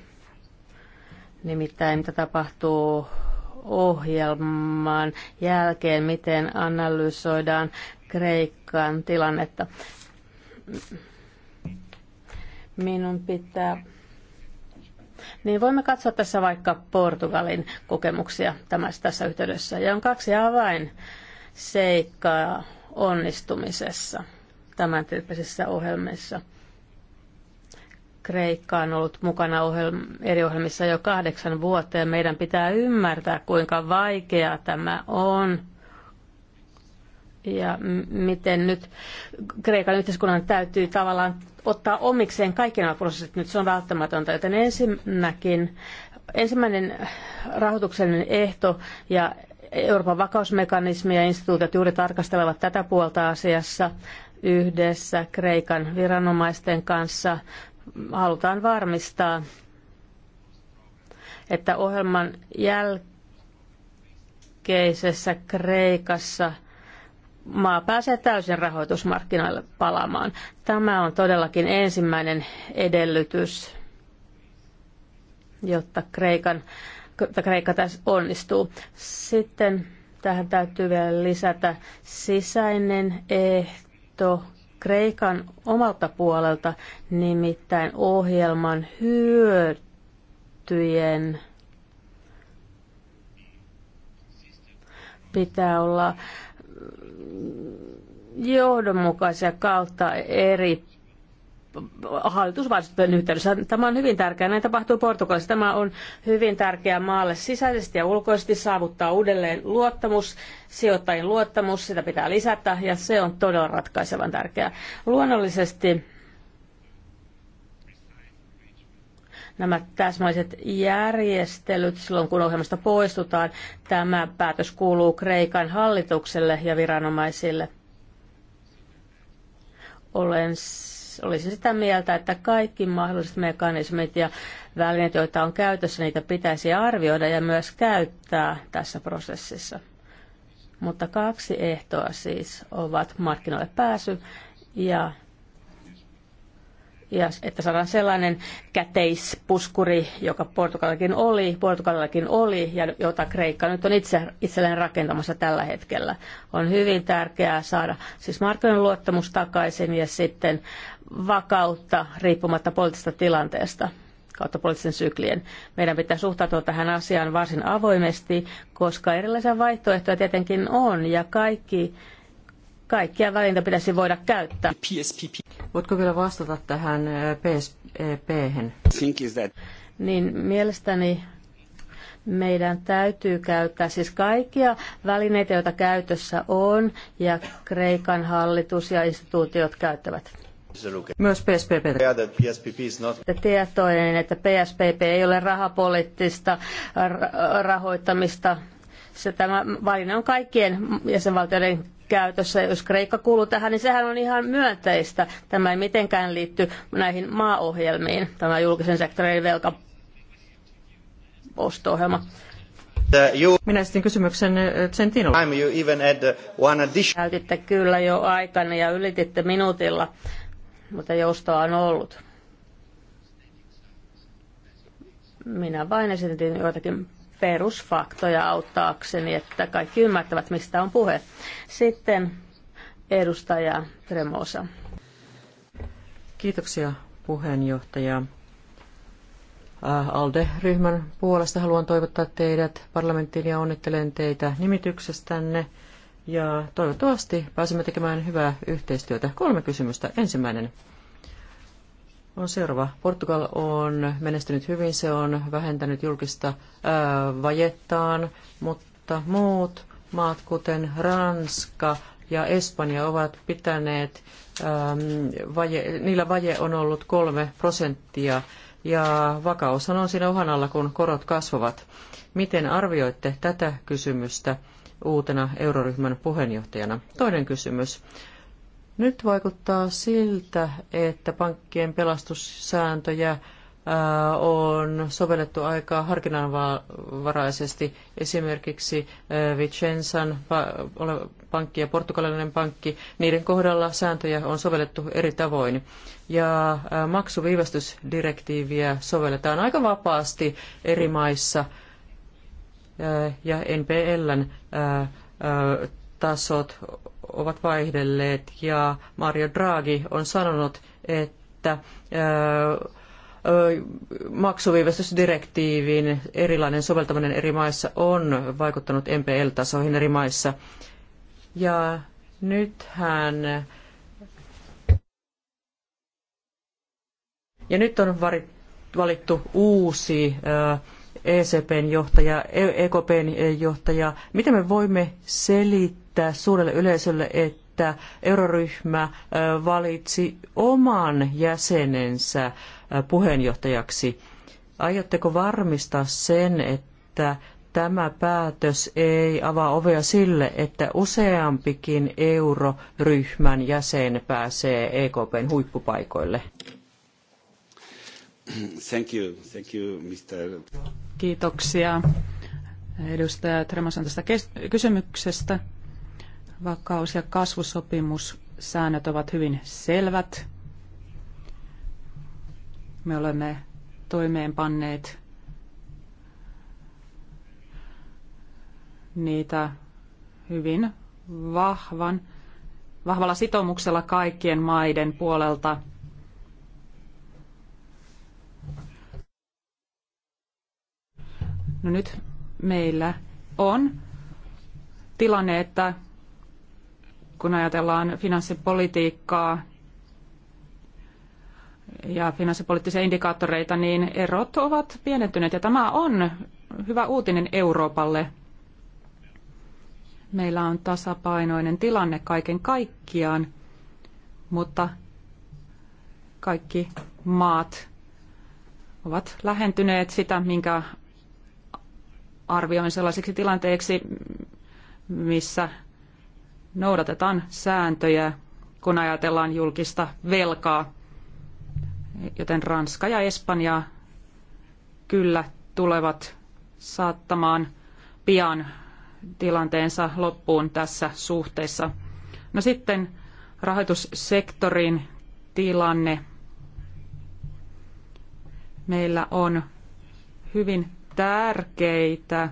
D: Nimittäin mitä tapahtuu ohjelman jälkeen, miten analysoidaan Kreikan tilannetta minun pitää... Niin voimme katsoa tässä vaikka Portugalin kokemuksia tässä yhteydessä. Ja on kaksi avainseikkaa onnistumisessa tämän tyyppisissä ohjelmissa. Kreikka on ollut mukana ohjelma, eri ohjelmissa jo kahdeksan vuotta ja meidän pitää ymmärtää, kuinka vaikeaa tämä on ja miten nyt Kreikan yhteiskunnan täytyy tavallaan ottaa omikseen kaikki nämä prosessit nyt, se on välttämätöntä. Joten ensinnäkin, ensimmäinen rahoituksellinen ehto ja Euroopan vakausmekanismi ja instituutiot juuri tarkastelevat tätä puolta asiassa yhdessä Kreikan viranomaisten kanssa. Halutaan varmistaa, että ohjelman jälkeisessä Kreikassa – maa pääsee täysin rahoitusmarkkinoille palaamaan. Tämä on todellakin ensimmäinen edellytys, jotta Kreikan, että Kreikka tässä onnistuu. Sitten tähän täytyy vielä lisätä sisäinen ehto Kreikan omalta puolelta, nimittäin ohjelman hyötyjen pitää olla johdonmukaisia kautta eri hallitusvastuuden yhteydessä. Tämä on hyvin tärkeää. Näin tapahtuu Portugalissa. Tämä on hyvin tärkeää maalle sisäisesti ja ulkoisesti saavuttaa uudelleen luottamus, sijoittajien luottamus. Sitä pitää lisätä ja se on todella ratkaisevan tärkeää. Luonnollisesti nämä täsmäiset järjestelyt silloin, kun ohjelmasta poistutaan. Tämä päätös kuuluu Kreikan hallitukselle ja viranomaisille. Olen olisin sitä mieltä, että kaikki mahdolliset mekanismit ja välineet, joita on käytössä, niitä pitäisi arvioida ja myös käyttää tässä prosessissa. Mutta kaksi ehtoa siis ovat markkinoille pääsy ja ja että saadaan sellainen käteispuskuri, joka Portugalillakin oli, Portugalillakin oli ja jota Kreikka nyt on itse, itselleen rakentamassa tällä hetkellä. On hyvin tärkeää saada siis markkinoiden luottamus takaisin ja sitten vakautta riippumatta poliittisesta tilanteesta kautta poliittisen syklien. Meidän pitää suhtautua tähän asiaan varsin avoimesti, koska erilaisia vaihtoehtoja tietenkin on ja kaikki kaikkia välineitä pitäisi voida käyttää. PSPP. Voitko vielä vastata tähän psp eh, Niin mielestäni meidän täytyy käyttää siis kaikkia välineitä, joita käytössä on, ja Kreikan hallitus ja instituutiot käyttävät.
A: Myös PSPP.
D: Tietoinen, että PSPP ei ole rahapoliittista rahoittamista. Se tämä valinta on kaikkien jäsenvaltioiden käytössä. Jos Kreikka kuuluu tähän, niin sehän on ihan myönteistä. Tämä ei mitenkään liitty näihin maaohjelmiin, tämä julkisen sektorin velka osto-ohjelma. Minä esitin kysymyksen Centinolle. Eh, eh, Käytitte kyllä jo aikana ja ylititte minuutilla, mutta joustoa on ollut. Minä vain esitin joitakin perusfaktoja auttaakseni, että kaikki ymmärtävät, mistä on puhe. Sitten edustaja Tremosa.
A: Kiitoksia puheenjohtaja. Äh, ALDE-ryhmän puolesta haluan toivottaa teidät parlamenttiin ja onnittelen teitä nimityksestänne. Ja toivottavasti pääsemme tekemään hyvää yhteistyötä. Kolme kysymystä. Ensimmäinen on seuraava. Portugal on menestynyt hyvin, se on vähentänyt julkista ää, vajettaan, mutta muut maat, kuten Ranska ja Espanja, ovat pitäneet, ää, vaje, niillä vaje on ollut kolme prosenttia ja vakaus on siinä uhan alla, kun korot kasvavat. Miten arvioitte tätä kysymystä uutena euroryhmän puheenjohtajana? Toinen kysymys. Nyt vaikuttaa siltä, että pankkien pelastussääntöjä äh, on sovellettu aika harkinnanvaraisesti. Esimerkiksi äh, Vicenzan pankki ja portugalilainen pankki, niiden kohdalla sääntöjä on sovellettu eri tavoin. Ja äh, maksuviivästysdirektiiviä sovelletaan aika vapaasti eri maissa ja NPLn tasot ovat vaihdelleet ja Mario Draghi on sanonut, että maksuviivästysdirektiivin erilainen soveltaminen eri maissa on vaikuttanut MPL-tasoihin eri maissa. Ja nythän... Ja nyt on valittu uusi ECPn johtaja, EKPn e johtaja. Miten me voimme selittää? välittää suurelle yleisölle, että euroryhmä valitsi oman jäsenensä puheenjohtajaksi. Aiotteko varmistaa sen, että tämä päätös ei avaa ovea sille, että useampikin euroryhmän jäsen pääsee EKPn huippupaikoille?
C: Thank you. Thank you, Mr.
B: Kiitoksia edustaja Tremasan tästä kysymyksestä. Vakaus- ja kasvusopimussäännöt ovat hyvin selvät. Me olemme toimeenpanneet niitä hyvin vahvan, vahvalla sitoumuksella kaikkien maiden puolelta. No nyt meillä on tilanne, että kun ajatellaan finanssipolitiikkaa ja finanssipoliittisia indikaattoreita, niin erot ovat pienentyneet ja tämä on hyvä uutinen Euroopalle. Meillä on tasapainoinen tilanne kaiken kaikkiaan, mutta kaikki maat ovat lähentyneet sitä, minkä arvioin sellaiseksi tilanteeksi, missä noudatetaan sääntöjä, kun ajatellaan julkista velkaa. Joten Ranska ja Espanja kyllä tulevat saattamaan pian tilanteensa loppuun tässä suhteessa. No sitten rahoitussektorin tilanne. Meillä on hyvin tärkeitä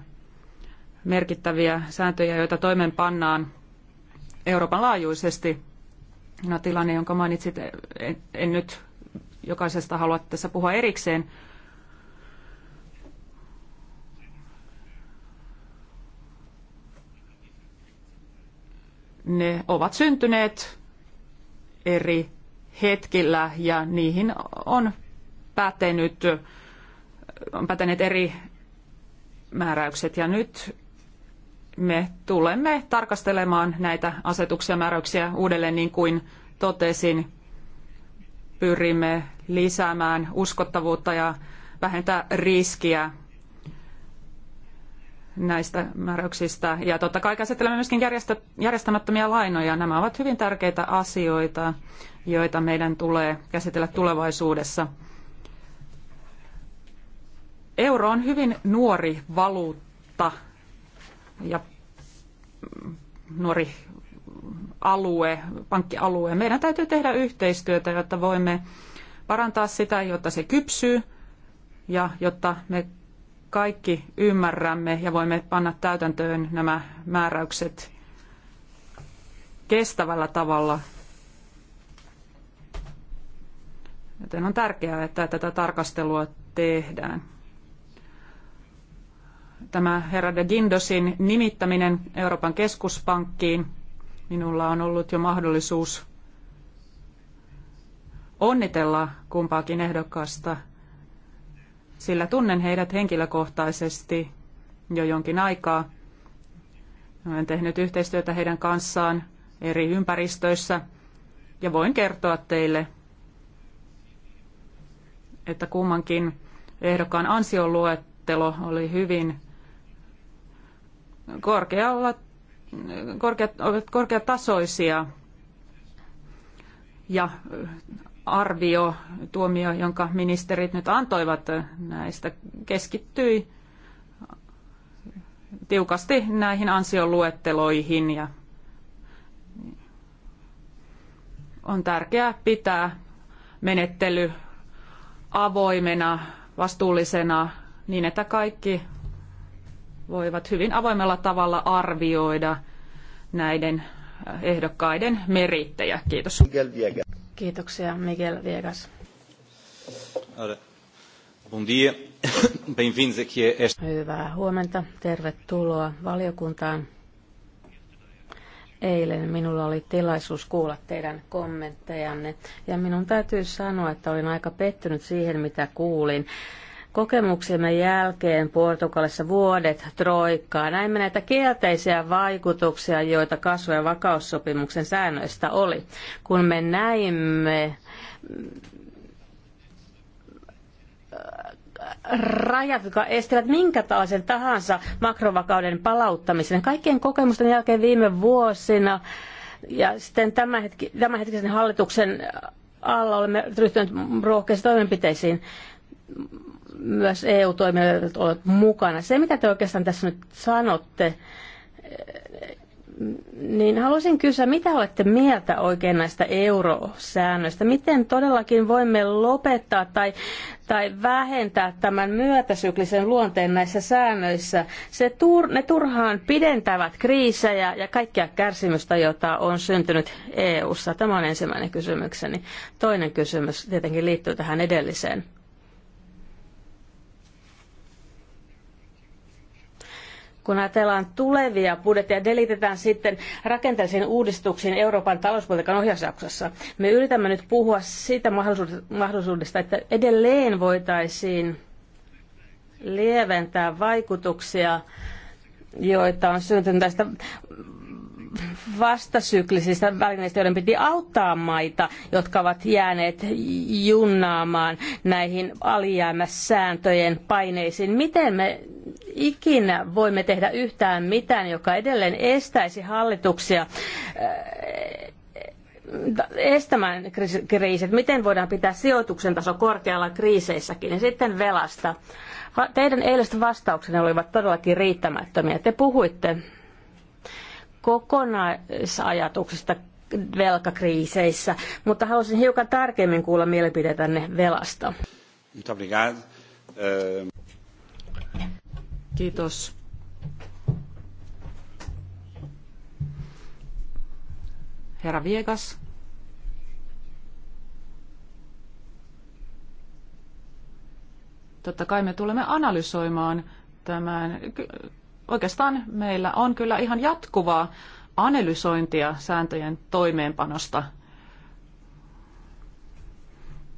B: merkittäviä sääntöjä, joita toimeenpannaan Euroopan laajuisesti. No, tilanne, jonka mainitsit, en, en nyt jokaisesta halua tässä puhua erikseen. Ne ovat syntyneet eri hetkillä ja niihin on pätenyt, on päteneet eri määräykset. Ja nyt me tulemme tarkastelemaan näitä asetuksia ja määräyksiä uudelleen, niin kuin totesin. Pyrimme lisäämään uskottavuutta ja vähentää riskiä näistä määräyksistä. Ja totta kai käsittelemme myöskin järjestämättömiä lainoja. Nämä ovat hyvin tärkeitä asioita, joita meidän tulee käsitellä tulevaisuudessa. Euro on hyvin nuori valuutta ja nuori alue, pankkialue. Meidän täytyy tehdä yhteistyötä, jotta voimme parantaa sitä, jotta se kypsyy ja jotta me kaikki ymmärrämme ja voimme panna täytäntöön nämä määräykset kestävällä tavalla. Joten on tärkeää, että tätä tarkastelua tehdään tämä herra de Gindosin nimittäminen Euroopan keskuspankkiin. Minulla on ollut jo mahdollisuus onnitella kumpaakin ehdokasta, sillä tunnen heidät henkilökohtaisesti jo jonkin aikaa. Olen tehnyt yhteistyötä heidän kanssaan eri ympäristöissä ja voin kertoa teille, että kummankin ehdokkaan ansioluettelo oli hyvin korkealla, korkeat, korkeatasoisia ja äh, arvio, tuomio, jonka ministerit nyt antoivat äh, näistä, keskittyi äh, tiukasti näihin ansioluetteloihin ja on tärkeää pitää menettely avoimena, vastuullisena, niin että kaikki voivat hyvin avoimella tavalla arvioida näiden äh, ehdokkaiden merittejä. Kiitos. Miguel Viegas. Kiitoksia, Miguel Viegas. Bon dia. (coughs) bem aqui esta...
D: Hyvää huomenta. Tervetuloa valiokuntaan. Eilen minulla oli tilaisuus kuulla teidän kommenttejanne ja minun täytyy sanoa, että olin aika pettynyt siihen, mitä kuulin. Kokemuksemme jälkeen Portugalissa vuodet troikkaa. Näimme näitä kielteisiä vaikutuksia, joita kasvu- ja vakaussopimuksen säännöistä oli. Kun me näimme rajat, jotka estävät minkä tahansa, tahansa makrovakauden palauttamisen. Kaikkien kokemusten jälkeen viime vuosina ja sitten tämän hetkisen hallituksen alla olemme ryhtyneet rohkeisiin toimenpiteisiin myös EU-toimijat ovat mukana. Se, mitä te oikeastaan tässä nyt sanotte, niin haluaisin kysyä, mitä olette mieltä oikein näistä eurosäännöistä? Miten todellakin voimme lopettaa tai, tai vähentää tämän myötäsyklisen luonteen näissä säännöissä? Se tur, ne turhaan pidentävät kriisejä ja kaikkia kärsimystä, jota on syntynyt EU-ssa. Tämä on ensimmäinen kysymykseni. Toinen kysymys tietenkin liittyy tähän edelliseen kun ajatellaan tulevia budjetteja, delitetään sitten rakenteellisiin uudistuksiin Euroopan talouspolitiikan ohjausjaksossa. Me yritämme nyt puhua siitä mahdollisuudesta, että edelleen voitaisiin lieventää vaikutuksia, joita on syntynyt tästä vastasyklisistä välineistä, joiden piti auttaa maita, jotka ovat jääneet junnaamaan näihin alijäämäsääntöjen paineisiin. Miten me ikinä voimme tehdä yhtään mitään, joka edelleen estäisi hallituksia äh, estämään kriisit? Miten voidaan pitää sijoituksen taso korkealla kriiseissäkin? Ja sitten velasta. Teidän eiliset vastauksenne olivat todellakin riittämättömiä. Te puhuitte kokonaisajatuksesta velkakriiseissä, mutta haluaisin hiukan tarkemmin kuulla mielipiteitänne velasta.
C: Eh,
B: Kiitos. Herra Viegas. Totta kai me tulemme analysoimaan tämän Oikeastaan meillä on kyllä ihan jatkuvaa analysointia sääntöjen toimeenpanosta.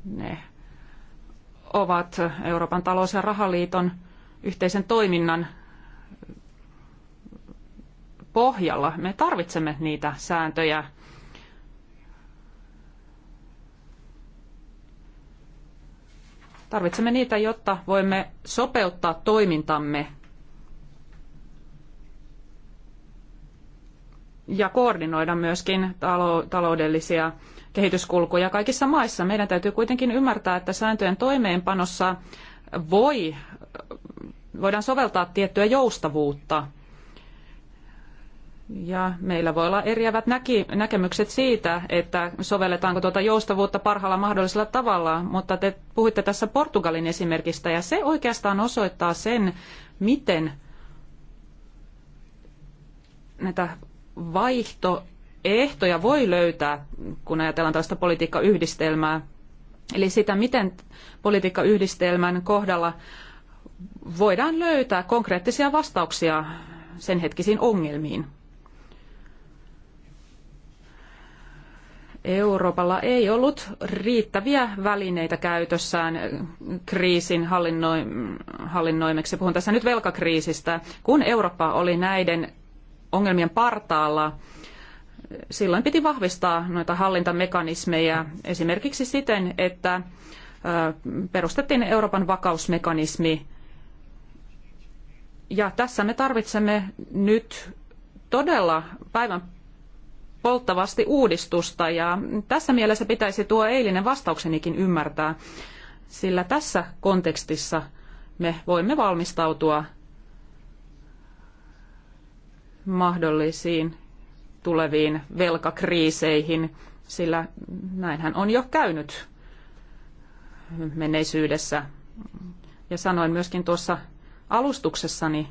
B: Ne ovat Euroopan talous- ja rahaliiton yhteisen toiminnan pohjalla. Me tarvitsemme niitä sääntöjä. Tarvitsemme niitä, jotta voimme sopeuttaa toimintamme ja koordinoida myöskin taloudellisia kehityskulkuja kaikissa maissa. Meidän täytyy kuitenkin ymmärtää, että sääntöjen toimeenpanossa voi, voidaan soveltaa tiettyä joustavuutta. Ja meillä voi olla eriävät näki, näkemykset siitä, että sovelletaanko tuota joustavuutta parhaalla mahdollisella tavalla, mutta te puhuitte tässä Portugalin esimerkistä ja se oikeastaan osoittaa sen, miten näitä vaihtoehtoja voi löytää, kun ajatellaan tällaista politiikkayhdistelmää. Eli sitä, miten politiikkayhdistelmän kohdalla voidaan löytää konkreettisia vastauksia sen hetkisiin ongelmiin. Euroopalla ei ollut riittäviä välineitä käytössään kriisin hallinnoi, hallinnoimeksi. Puhun tässä nyt velkakriisistä. Kun Eurooppa oli näiden ongelmien partaalla, silloin piti vahvistaa noita hallintamekanismeja esimerkiksi siten, että perustettiin Euroopan vakausmekanismi. Ja tässä me tarvitsemme nyt todella päivän polttavasti uudistusta ja tässä mielessä pitäisi tuo eilinen vastauksenikin ymmärtää, sillä tässä kontekstissa me voimme valmistautua mahdollisiin tuleviin velkakriiseihin, sillä näinhän on jo käynyt menneisyydessä. Ja sanoin myöskin tuossa alustuksessani,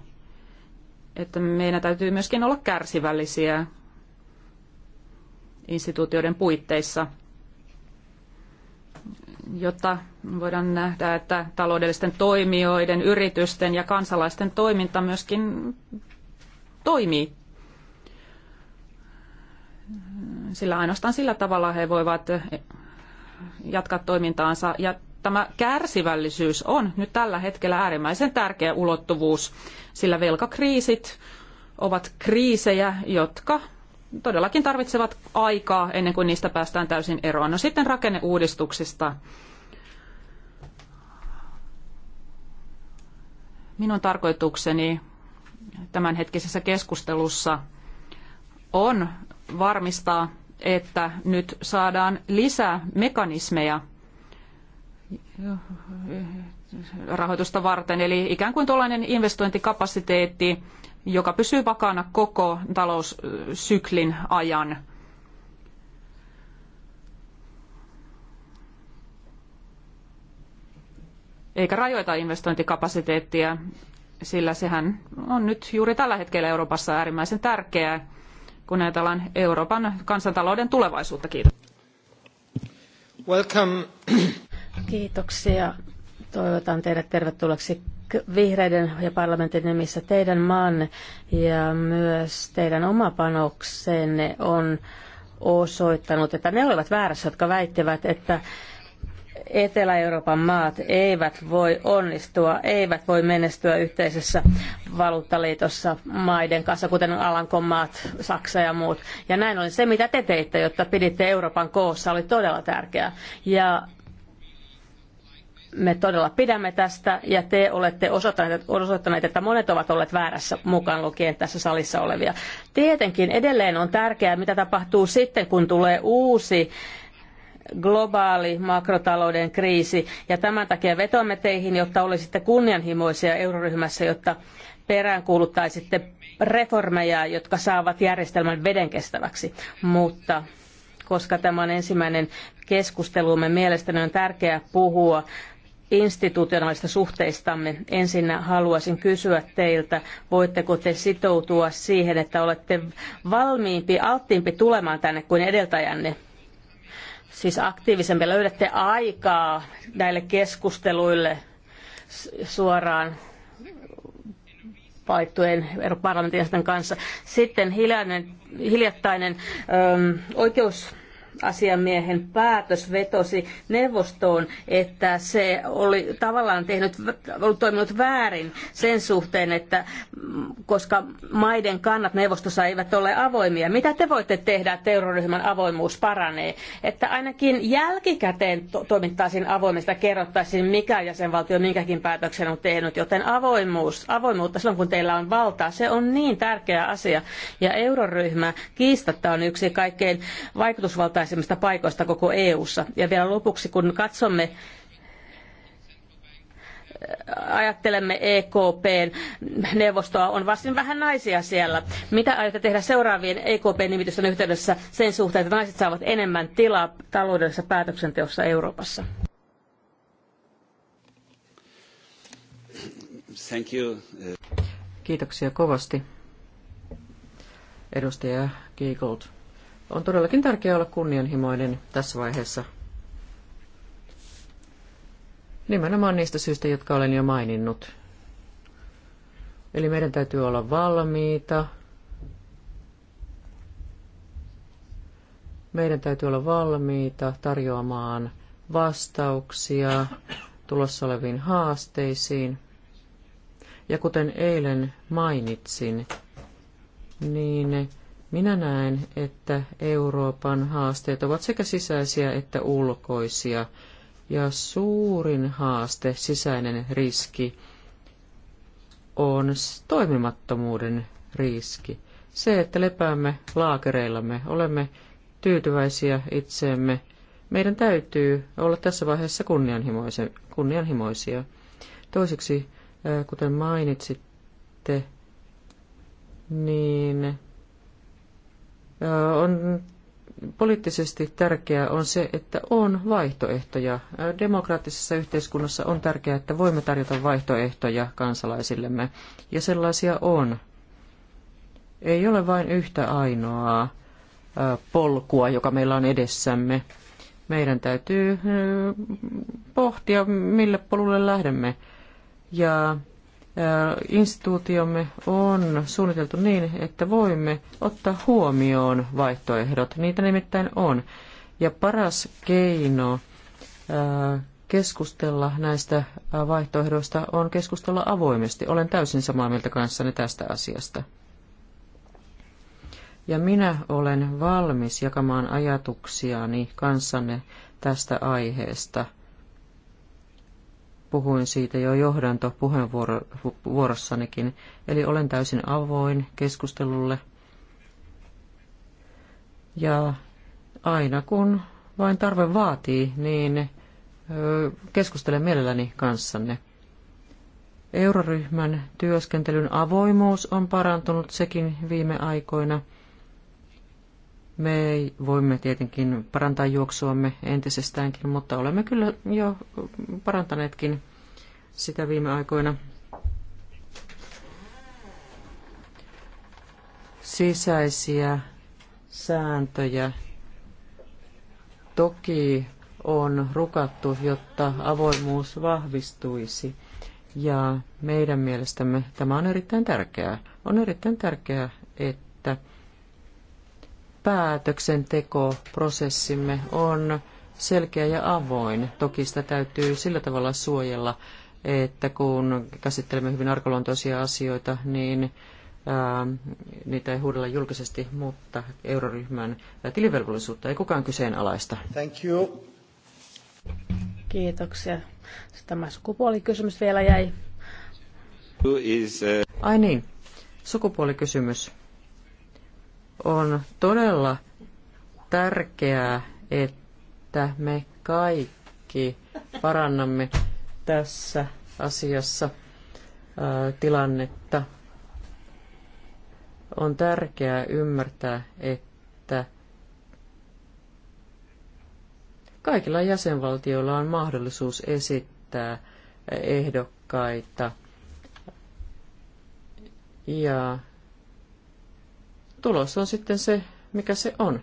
B: että meidän täytyy myöskin olla kärsivällisiä instituutioiden puitteissa, jotta voidaan nähdä, että taloudellisten toimijoiden, yritysten ja kansalaisten toiminta myöskin toimii. Sillä ainoastaan sillä tavalla he voivat jatkaa toimintaansa. Ja tämä kärsivällisyys on nyt tällä hetkellä äärimmäisen tärkeä ulottuvuus, sillä velkakriisit ovat kriisejä, jotka todellakin tarvitsevat aikaa ennen kuin niistä päästään täysin eroon. No sitten rakenneuudistuksista. Minun tarkoitukseni tämänhetkisessä keskustelussa on varmistaa, että nyt saadaan lisää mekanismeja rahoitusta varten, eli ikään kuin tuollainen investointikapasiteetti, joka pysyy vakaana koko taloussyklin ajan. Eikä rajoita investointikapasiteettia sillä sehän on nyt juuri tällä hetkellä Euroopassa äärimmäisen tärkeää, kun ajatellaan Euroopan kansantalouden tulevaisuutta. Kiitos. Welcome. Kiitoksia.
D: Toivotan teidät tervetulleeksi vihreiden ja parlamentin nimissä teidän maanne ja myös teidän oma panoksenne on osoittanut, että ne olivat väärässä, jotka väittivät, että Etelä-Euroopan maat eivät voi onnistua, eivät voi menestyä yhteisessä valuuttaliitossa maiden kanssa, kuten Alankomaat, Saksa ja muut. Ja näin oli se, mitä te teitte, jotta piditte Euroopan koossa, oli todella tärkeää. Ja me todella pidämme tästä ja te olette osoittaneet, osoittaneet, että monet ovat olleet väärässä mukaan lukien tässä salissa olevia. Tietenkin edelleen on tärkeää, mitä tapahtuu sitten, kun tulee uusi globaali makrotalouden kriisi. Ja tämän takia vetoamme teihin, jotta olisitte kunnianhimoisia euroryhmässä, jotta peräänkuuluttaisitte reformeja, jotka saavat järjestelmän vedenkestäväksi. Mutta koska tämä on ensimmäinen keskustelumme, mielestäni on tärkeää puhua institutionaalista suhteistamme. Ensin haluaisin kysyä teiltä, voitteko te sitoutua siihen, että olette valmiimpi, alttiimpi tulemaan tänne kuin edeltäjänne siis aktiivisemmin löydätte aikaa näille keskusteluille suoraan valittujen parlamentin kanssa. Sitten hiljattainen äm, oikeus asiamiehen päätös vetosi neuvostoon, että se oli tavallaan tehnyt, ollut toiminut väärin sen suhteen, että mm, koska maiden kannat neuvostossa eivät ole avoimia. Mitä te voitte tehdä, että euroryhmän avoimuus paranee? Että ainakin jälkikäteen to- toimittaisiin avoimesta, kerrottaisiin mikä jäsenvaltio minkäkin päätöksen on tehnyt, joten avoimuus, avoimuutta silloin kun teillä on valtaa, se on niin tärkeä asia. Ja euroryhmä kiistatta on yksi kaikkein vaikutusvaltaisimmista varhaisimmista paikoista koko EU:ssa. Ja vielä lopuksi, kun katsomme äh, ajattelemme EKPn neuvostoa, on varsin vähän naisia siellä. Mitä aiotte tehdä seuraavien EKP-nimitysten yhteydessä sen suhteen, että naiset saavat enemmän tilaa taloudellisessa päätöksenteossa Euroopassa?
C: Thank you.
A: Kiitoksia kovasti. Edustaja Giegold. On todellakin tärkeää olla kunnianhimoinen tässä vaiheessa. Nimenomaan niistä syistä, jotka olen jo maininnut. Eli meidän täytyy olla valmiita. Meidän täytyy olla valmiita tarjoamaan vastauksia tulossa oleviin haasteisiin. Ja kuten eilen mainitsin, niin minä näen, että Euroopan haasteet ovat sekä sisäisiä että ulkoisia, ja suurin haaste, sisäinen riski, on toimimattomuuden riski. Se, että lepäämme laakereillamme, olemme tyytyväisiä itseemme, meidän täytyy olla tässä vaiheessa kunnianhimoisia. Toiseksi, kuten mainitsitte, niin on poliittisesti tärkeää on se, että on vaihtoehtoja. Demokraattisessa yhteiskunnassa on tärkeää, että voimme tarjota vaihtoehtoja kansalaisillemme, ja sellaisia on. Ei ole vain yhtä ainoaa polkua, joka meillä on edessämme. Meidän täytyy pohtia, mille polulle lähdemme. Ja instituutiomme on suunniteltu niin, että voimme ottaa huomioon vaihtoehdot. Niitä nimittäin on. Ja paras keino keskustella näistä vaihtoehdoista on keskustella avoimesti. Olen täysin samaa mieltä kanssanne tästä asiasta. Ja minä olen valmis jakamaan ajatuksiani kanssanne tästä aiheesta – puhuin siitä jo johdantopuheenvuorossanikin, eli olen täysin avoin keskustelulle. Ja aina kun vain tarve vaatii, niin keskustelen mielelläni kanssanne. Euroryhmän työskentelyn avoimuus on parantunut sekin viime aikoina – me voimme tietenkin parantaa juoksuamme entisestäänkin, mutta olemme kyllä jo parantaneetkin sitä viime aikoina. Sisäisiä sääntöjä toki on rukattu, jotta avoimuus vahvistuisi. Ja meidän mielestämme tämä on erittäin tärkeää. On erittäin tärkeää, että päätöksentekoprosessimme on selkeä ja avoin. Toki sitä täytyy sillä tavalla suojella, että kun käsittelemme hyvin arkaluontoisia asioita, niin ää, niitä ei huudella julkisesti, mutta euroryhmän tilivelvollisuutta ei kukaan kyseenalaista.
D: Thank you. Kiitoksia. tämä
A: sukupuolikysymys vielä jäi. Is, Ai niin, sukupuolikysymys. On todella tärkeää, että me kaikki parannamme tässä asiassa tilannetta. On tärkeää ymmärtää, että kaikilla jäsenvaltioilla on mahdollisuus esittää ehdokkaita ja tulos on sitten se, mikä se on.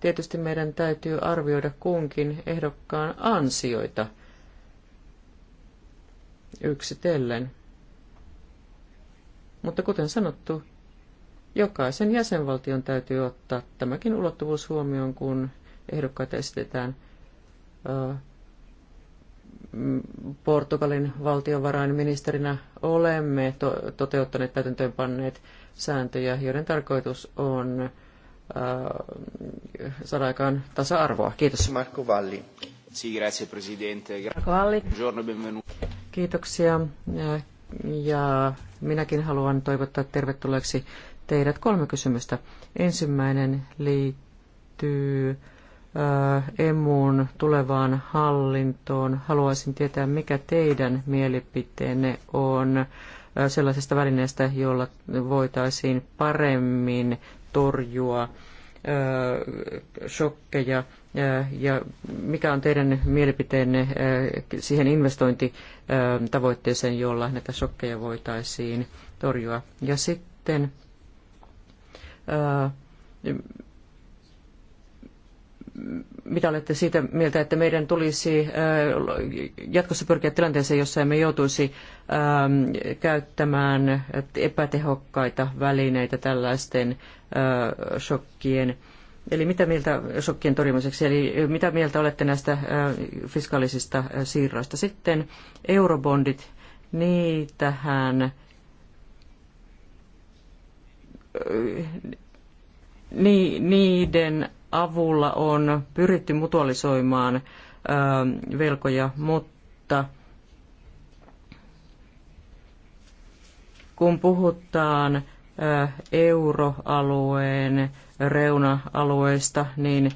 A: Tietysti meidän täytyy arvioida kunkin ehdokkaan ansioita yksitellen. Mutta kuten sanottu, jokaisen jäsenvaltion täytyy ottaa tämäkin ulottuvuus huomioon, kun ehdokkaita esitetään. Portugalin valtiovarainministerinä olemme to- toteuttaneet täytäntöönpanneet sääntöjä, joiden tarkoitus on äh, saada aikaan tasa-arvoa. Kiitos.
C: Marco Valli. Sì, grazie Presidente. Marco Valli. Buongiorno, e benvenuto.
A: Kiitoksia. Äh, ja minäkin haluan toivottaa tervetulleeksi teidät kolme kysymystä. Ensimmäinen liittyy äh, emun tulevaan hallintoon. Haluaisin tietää, mikä teidän mielipiteenne on sellaisesta välineestä, jolla voitaisiin paremmin torjua shokkeja ja mikä on teidän mielipiteenne siihen investointitavoitteeseen, jolla näitä shokkeja voitaisiin torjua. Ja sitten mitä olette siitä mieltä, että meidän tulisi jatkossa pyrkiä tilanteeseen, jossa emme joutuisi käyttämään epätehokkaita välineitä tällaisten shokkien Eli mitä mieltä shokkien torjumiseksi, eli mitä mieltä olette näistä fiskaalisista siirroista? Sitten eurobondit, niitähän niiden avulla on pyritty mutualisoimaan velkoja, mutta kun puhutaan euroalueen reuna-alueista, niin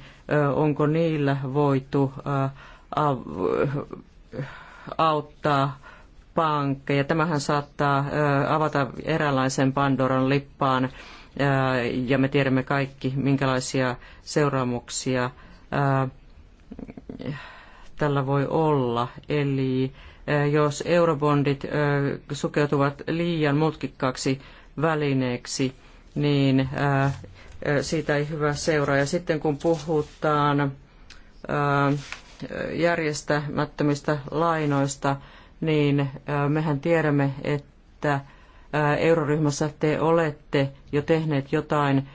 A: onko niillä voitu auttaa pankkeja? Tämähän saattaa avata eräänlaisen Pandoran lippaan ja me tiedämme kaikki, minkälaisia seuraamuksia tällä voi olla. Eli jos eurobondit sukeutuvat liian mutkikkaaksi välineeksi, niin siitä ei hyvä seuraa. Ja sitten kun puhutaan järjestämättömistä lainoista, niin mehän tiedämme, että euroryhmässä te olette jo tehneet jotain,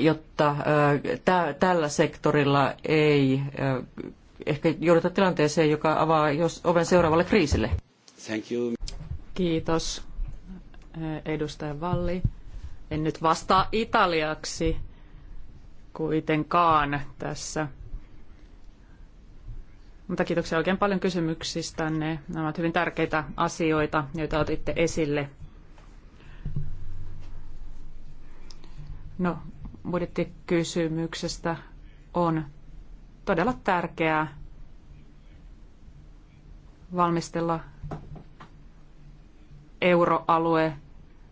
A: jotta tällä sektorilla ei ehkä jouduta tilanteeseen, joka avaa jos oven seuraavalle kriisille.
B: Thank you. Kiitos, edustaja Valli. En nyt vastaa italiaksi kuitenkaan tässä mutta kiitoksia oikein paljon kysymyksistänne. Nämä ovat hyvin tärkeitä asioita, joita otitte esille. No, budjettikysymyksestä on todella tärkeää valmistella euroalue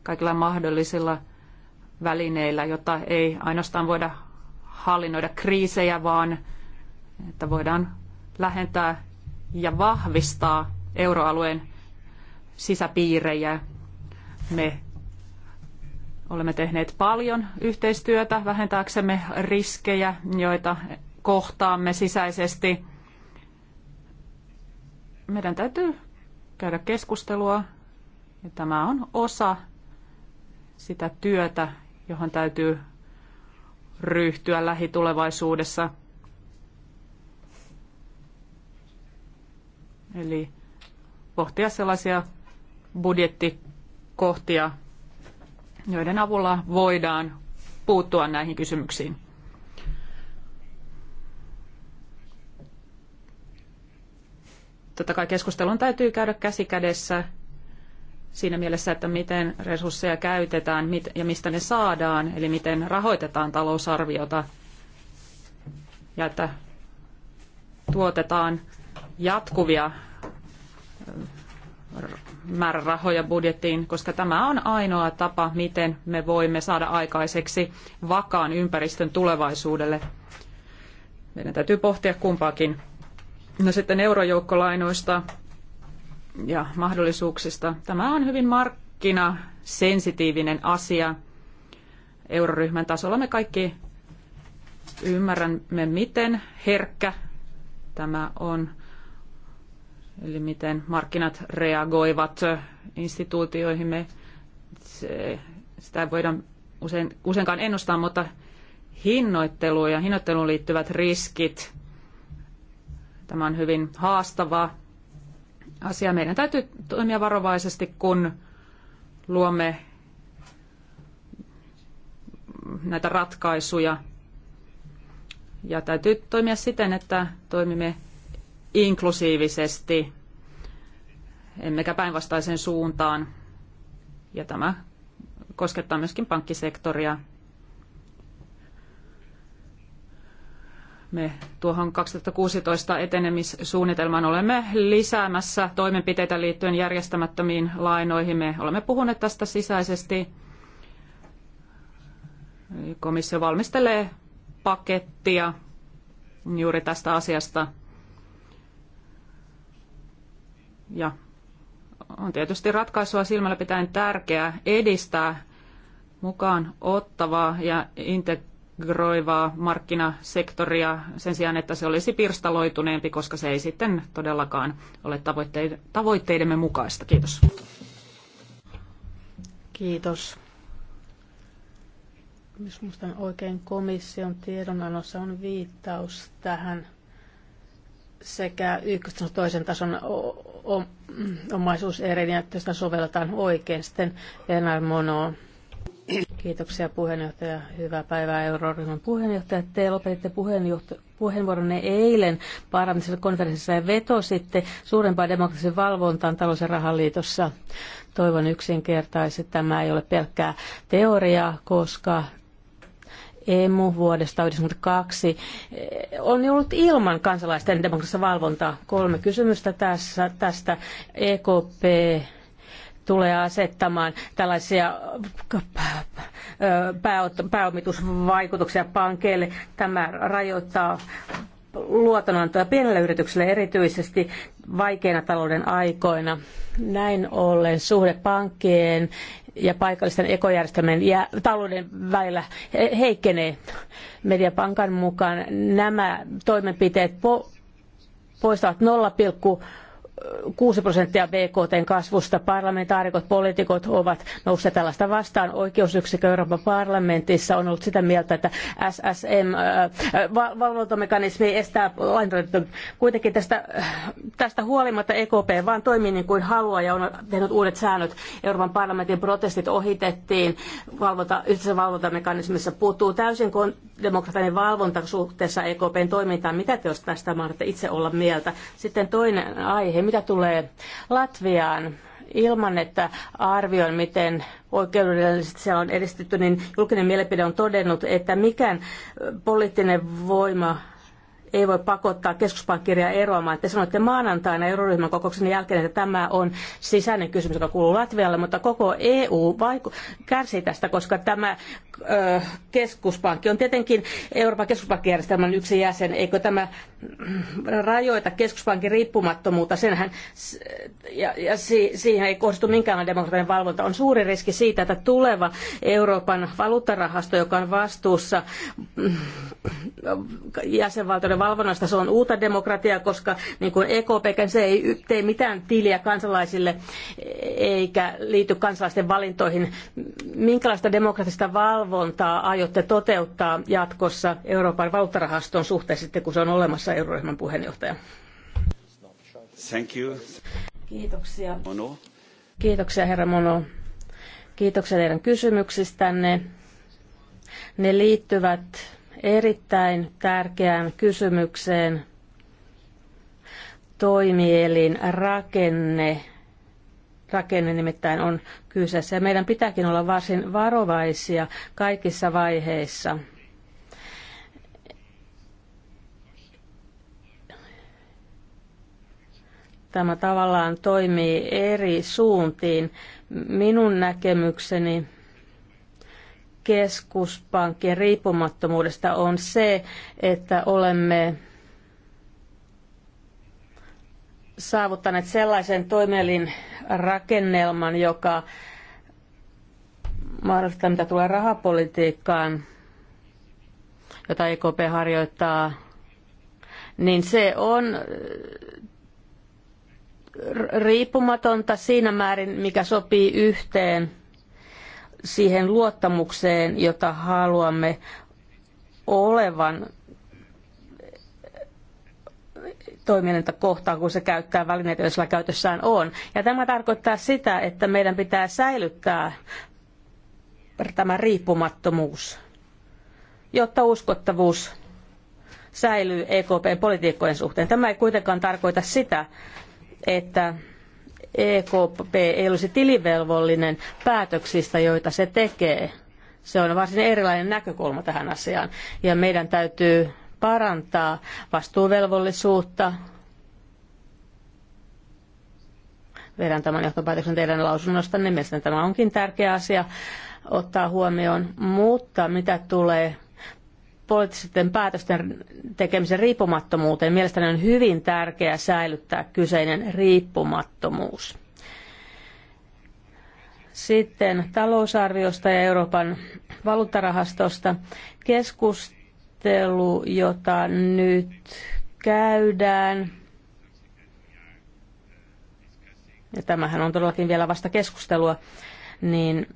B: kaikilla mahdollisilla välineillä, jotta ei ainoastaan voida hallinnoida kriisejä, vaan että voidaan lähentää ja vahvistaa euroalueen sisäpiirejä. Me olemme tehneet paljon yhteistyötä vähentääksemme riskejä, joita kohtaamme sisäisesti. Meidän täytyy käydä keskustelua ja tämä on osa sitä työtä, johon täytyy ryhtyä lähitulevaisuudessa – Eli pohtia sellaisia budjettikohtia, joiden avulla voidaan puuttua näihin kysymyksiin. Totta kai keskustelun täytyy käydä käsi kädessä siinä mielessä, että miten resursseja käytetään ja mistä ne saadaan, eli miten rahoitetaan talousarviota ja että tuotetaan jatkuvia määrärahoja budjettiin, koska tämä on ainoa tapa, miten me voimme saada aikaiseksi vakaan ympäristön tulevaisuudelle. Meidän täytyy pohtia kumpaakin. No sitten eurojoukkolainoista ja mahdollisuuksista. Tämä on hyvin markkinasensitiivinen asia euroryhmän tasolla. Me kaikki ymmärrämme, miten herkkä tämä on eli miten markkinat reagoivat instituutioihimme. Se, sitä voidaan voida usein, useinkaan ennustaa, mutta hinnoittelu ja hinnoitteluun liittyvät riskit, tämä on hyvin haastava asia. Meidän täytyy toimia varovaisesti, kun luomme näitä ratkaisuja. Ja täytyy toimia siten, että toimimme inklusiivisesti, emmekä päinvastaiseen suuntaan. Ja tämä koskettaa myöskin pankkisektoria. Me tuohon 2016 etenemissuunnitelmaan olemme lisäämässä toimenpiteitä liittyen järjestämättömiin lainoihin. Me olemme puhuneet tästä sisäisesti. Komissio valmistelee pakettia juuri tästä asiasta – ja on tietysti ratkaisua silmällä pitäen tärkeää edistää mukaan ottavaa ja integroivaa markkinasektoria sen sijaan, että se olisi pirstaloituneempi, koska se ei sitten todellakaan ole tavoitteidemme mukaista. Kiitos. Kiitos.
D: Jos muistan oikein, komission tiedonannossa on viittaus tähän sekä ykkösen toisen tason omaisuuserin ja sitä sovelletaan oikein. Sitten Lennart Monoon. Kiitoksia puheenjohtaja. Hyvää päivää euroryhmän puheenjohtaja. Te lopetitte puheenjohtaja puheenvuoronne eilen parlamentissa konferenssissa ja vetositte suurempaan demokratian valvontaan talous- ja rahaliitossa. Toivon yksinkertaisesti, että tämä ei ole pelkkää teoriaa, koska EMU vuodesta 1992 on ollut ilman kansalaisten demokratiassa valvontaa. Kolme kysymystä tässä, tästä. EKP tulee asettamaan tällaisia pääomitusvaikutuksia pankeille. Tämä rajoittaa luotonantoja pienille yrityksille erityisesti vaikeina talouden aikoina. Näin ollen suhde pankkien ja paikallisten ekojärjestelmien ja talouden välillä heikkenee. Mediapankan mukaan nämä toimenpiteet po- poistavat 0,6 6 prosenttia BKTn kasvusta. Parlamentaarikot, poliitikot ovat nousseet tällaista vastaan. Oikeusyksikkö Euroopan parlamentissa on ollut sitä mieltä, että SSM, äh, äh, valvontamekanismi estää lainsäädäntö. Kuitenkin tästä, tästä huolimatta EKP vaan toimii niin kuin haluaa ja on tehnyt uudet säännöt. Euroopan parlamentin protestit ohitettiin, valvota yhteisessä valvontamekanismissa puuttuu täysin kon- demokratian valvonta suhteessa EKPn toimintaan. Mitä te jos tästä mahdollista itse olla mieltä? Sitten toinen aihe, mitä tulee Latviaan? Ilman, että arvioin, miten oikeudellisesti se on edistetty, niin julkinen mielipide on todennut, että mikään poliittinen voima ei voi pakottaa keskuspankkiria eroamaan. Te sanoitte maanantaina euroryhmän kokouksen jälkeen, että tämä on sisäinen kysymys, joka kuuluu Latvialle, mutta koko EU vaiku- kärsii tästä, koska tämä ö, keskuspankki on tietenkin Euroopan keskuspankkijärjestelmän yksi jäsen. Eikö tämä rajoita keskuspankin riippumattomuutta? Senhän, ja, ja si, siihen ei kohdistu minkäänlainen demokratian valvonta. On suuri riski siitä, että tuleva Euroopan valuuttarahasto, joka on vastuussa mm, jäsenvaltioiden valvonnasta. Se on uutta demokratiaa, koska niin kuin EKP, se ei tee mitään tiliä kansalaisille eikä liity kansalaisten valintoihin. Minkälaista demokratista valvontaa aiotte toteuttaa jatkossa Euroopan valuuttarahaston suhteen sitten, kun se on olemassa euroryhmän puheenjohtaja?
C: Thank you. Kiitoksia. Mono.
D: Kiitoksia herra Mono. Kiitoksia teidän kysymyksistänne. Ne liittyvät erittäin tärkeään kysymykseen toimielin rakenne. Rakenne nimittäin on kyseessä ja meidän pitääkin olla varsin varovaisia kaikissa vaiheissa. Tämä tavallaan toimii eri suuntiin. Minun näkemykseni keskuspankkien riippumattomuudesta on se, että olemme saavuttaneet sellaisen toimielin rakennelman, joka mahdollistaa, mitä tulee rahapolitiikkaan, jota EKP harjoittaa, niin se on äh, riippumatonta siinä määrin, mikä sopii yhteen – siihen luottamukseen, jota haluamme olevan toiminnanta kohtaan, kun se käyttää välineitä, joilla sillä käytössään on. Ja tämä tarkoittaa sitä, että meidän pitää säilyttää tämä riippumattomuus, jotta uskottavuus säilyy EKPn politiikkojen suhteen. Tämä ei kuitenkaan tarkoita sitä, että EKP ei olisi tilivelvollinen päätöksistä, joita se tekee. Se on varsin erilainen näkökulma tähän asiaan. Ja meidän täytyy parantaa vastuuvelvollisuutta. Vedän tämän johtopäätöksen teidän lausunnostanne. Mielestäni tämä onkin tärkeä asia ottaa huomioon. Mutta mitä tulee poliittisten päätösten tekemisen riippumattomuuteen, mielestäni on hyvin tärkeää säilyttää kyseinen riippumattomuus. Sitten talousarviosta ja Euroopan valuuttarahastosta. Keskustelu, jota nyt käydään, ja tämähän on todellakin vielä vasta keskustelua, niin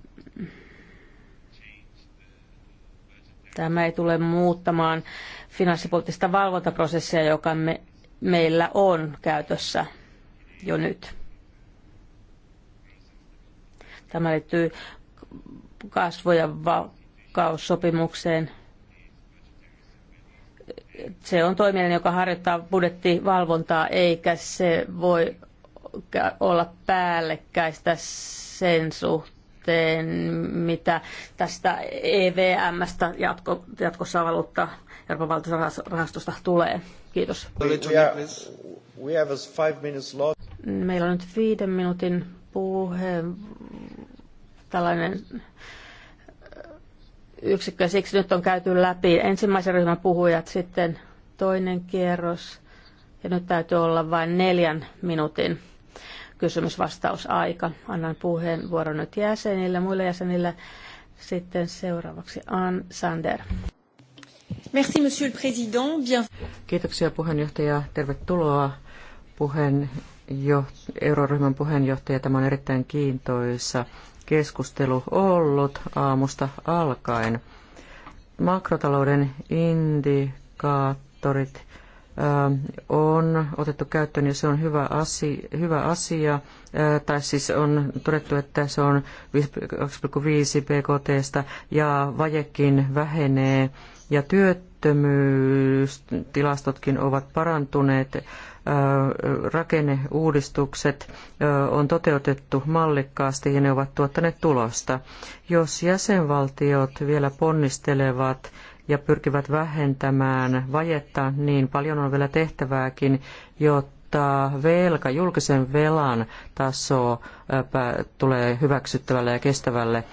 D: Tämä ei tule muuttamaan finanssipoliittista valvontaprosessia, joka me, meillä on käytössä jo nyt. Tämä liittyy kasvu- ja vakaussopimukseen. Se on toimielin, joka harjoittaa budjettivalvontaa, eikä se voi olla päällekkäistä sen suhteen suhteen, mitä tästä EVMstä jatko, jatkossa valuutta Euroopan valtiorahastosta tulee. Kiitos. Meillä on nyt viiden minuutin puhe, tällainen äh, yksikkö, siksi nyt on käyty läpi ensimmäisen ryhmän puhujat, sitten toinen kierros, ja nyt täytyy olla vain neljän minuutin kysymysvastausaika. Annan puheenvuoron nyt jäsenille, muille jäsenille. Sitten seuraavaksi Ann Sander.
B: Merci, monsieur le président. Bien...
A: Kiitoksia puheenjohtaja. Tervetuloa puheenjoht- euroryhmän puheenjohtaja. Tämä on erittäin kiintoisa keskustelu ollut aamusta alkaen. Makrotalouden indikaattorit on otettu käyttöön ja se on hyvä asia, hyvä asia tai siis on todettu, että se on 2,5 BKTstä ja vajekin vähenee ja työttömyystilastotkin ovat parantuneet rakenneuudistukset on toteutettu mallikkaasti ja ne ovat tuottaneet tulosta. Jos jäsenvaltiot vielä ponnistelevat ja pyrkivät vähentämään vajetta, niin paljon on vielä tehtävääkin, jotta velka, julkisen velan taso tulee hyväksyttävälle ja kestävälle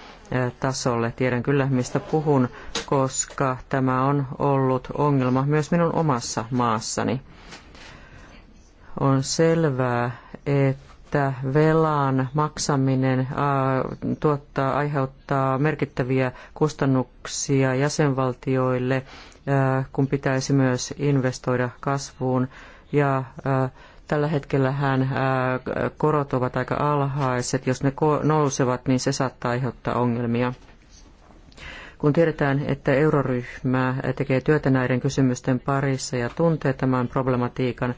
A: tasolle. Tiedän kyllä, mistä puhun, koska tämä on ollut ongelma myös minun omassa maassani. On selvää, että että velan maksaminen tuottaa, aiheuttaa merkittäviä kustannuksia jäsenvaltioille, kun pitäisi myös investoida kasvuun. Ja tällä hetkellähän korot ovat aika alhaiset. Jos ne nousevat, niin se saattaa aiheuttaa ongelmia. Kun tiedetään, että euroryhmä tekee työtä näiden kysymysten parissa ja tuntee tämän problematiikan,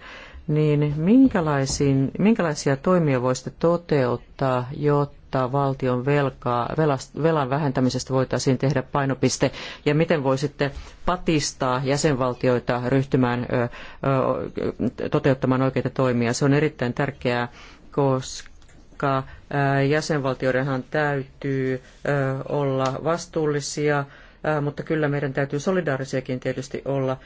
A: niin minkälaisia toimia voisitte toteuttaa, jotta valtion velkaa, velan vähentämisestä voitaisiin tehdä painopiste, ja miten voisitte patistaa jäsenvaltioita ryhtymään toteuttamaan oikeita toimia? Se on erittäin tärkeää, koska jäsenvaltioidenhan täytyy olla vastuullisia, mutta kyllä meidän täytyy solidaarisiakin tietysti olla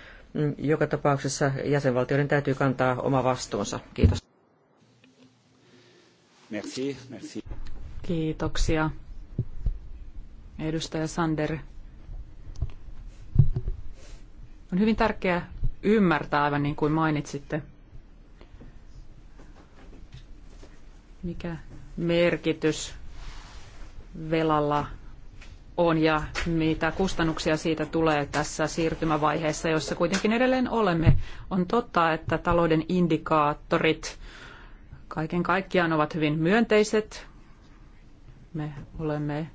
A: joka tapauksessa jäsenvaltioiden täytyy kantaa oma vastuunsa. Kiitos.
C: Merci, merci.
B: Kiitoksia. Edustaja Sander. On hyvin tärkeää ymmärtää, aivan niin kuin mainitsitte, mikä merkitys velalla on ja mitä kustannuksia siitä tulee tässä siirtymävaiheessa, jossa kuitenkin edelleen olemme. On totta, että talouden indikaattorit kaiken kaikkiaan ovat hyvin myönteiset. Me olemme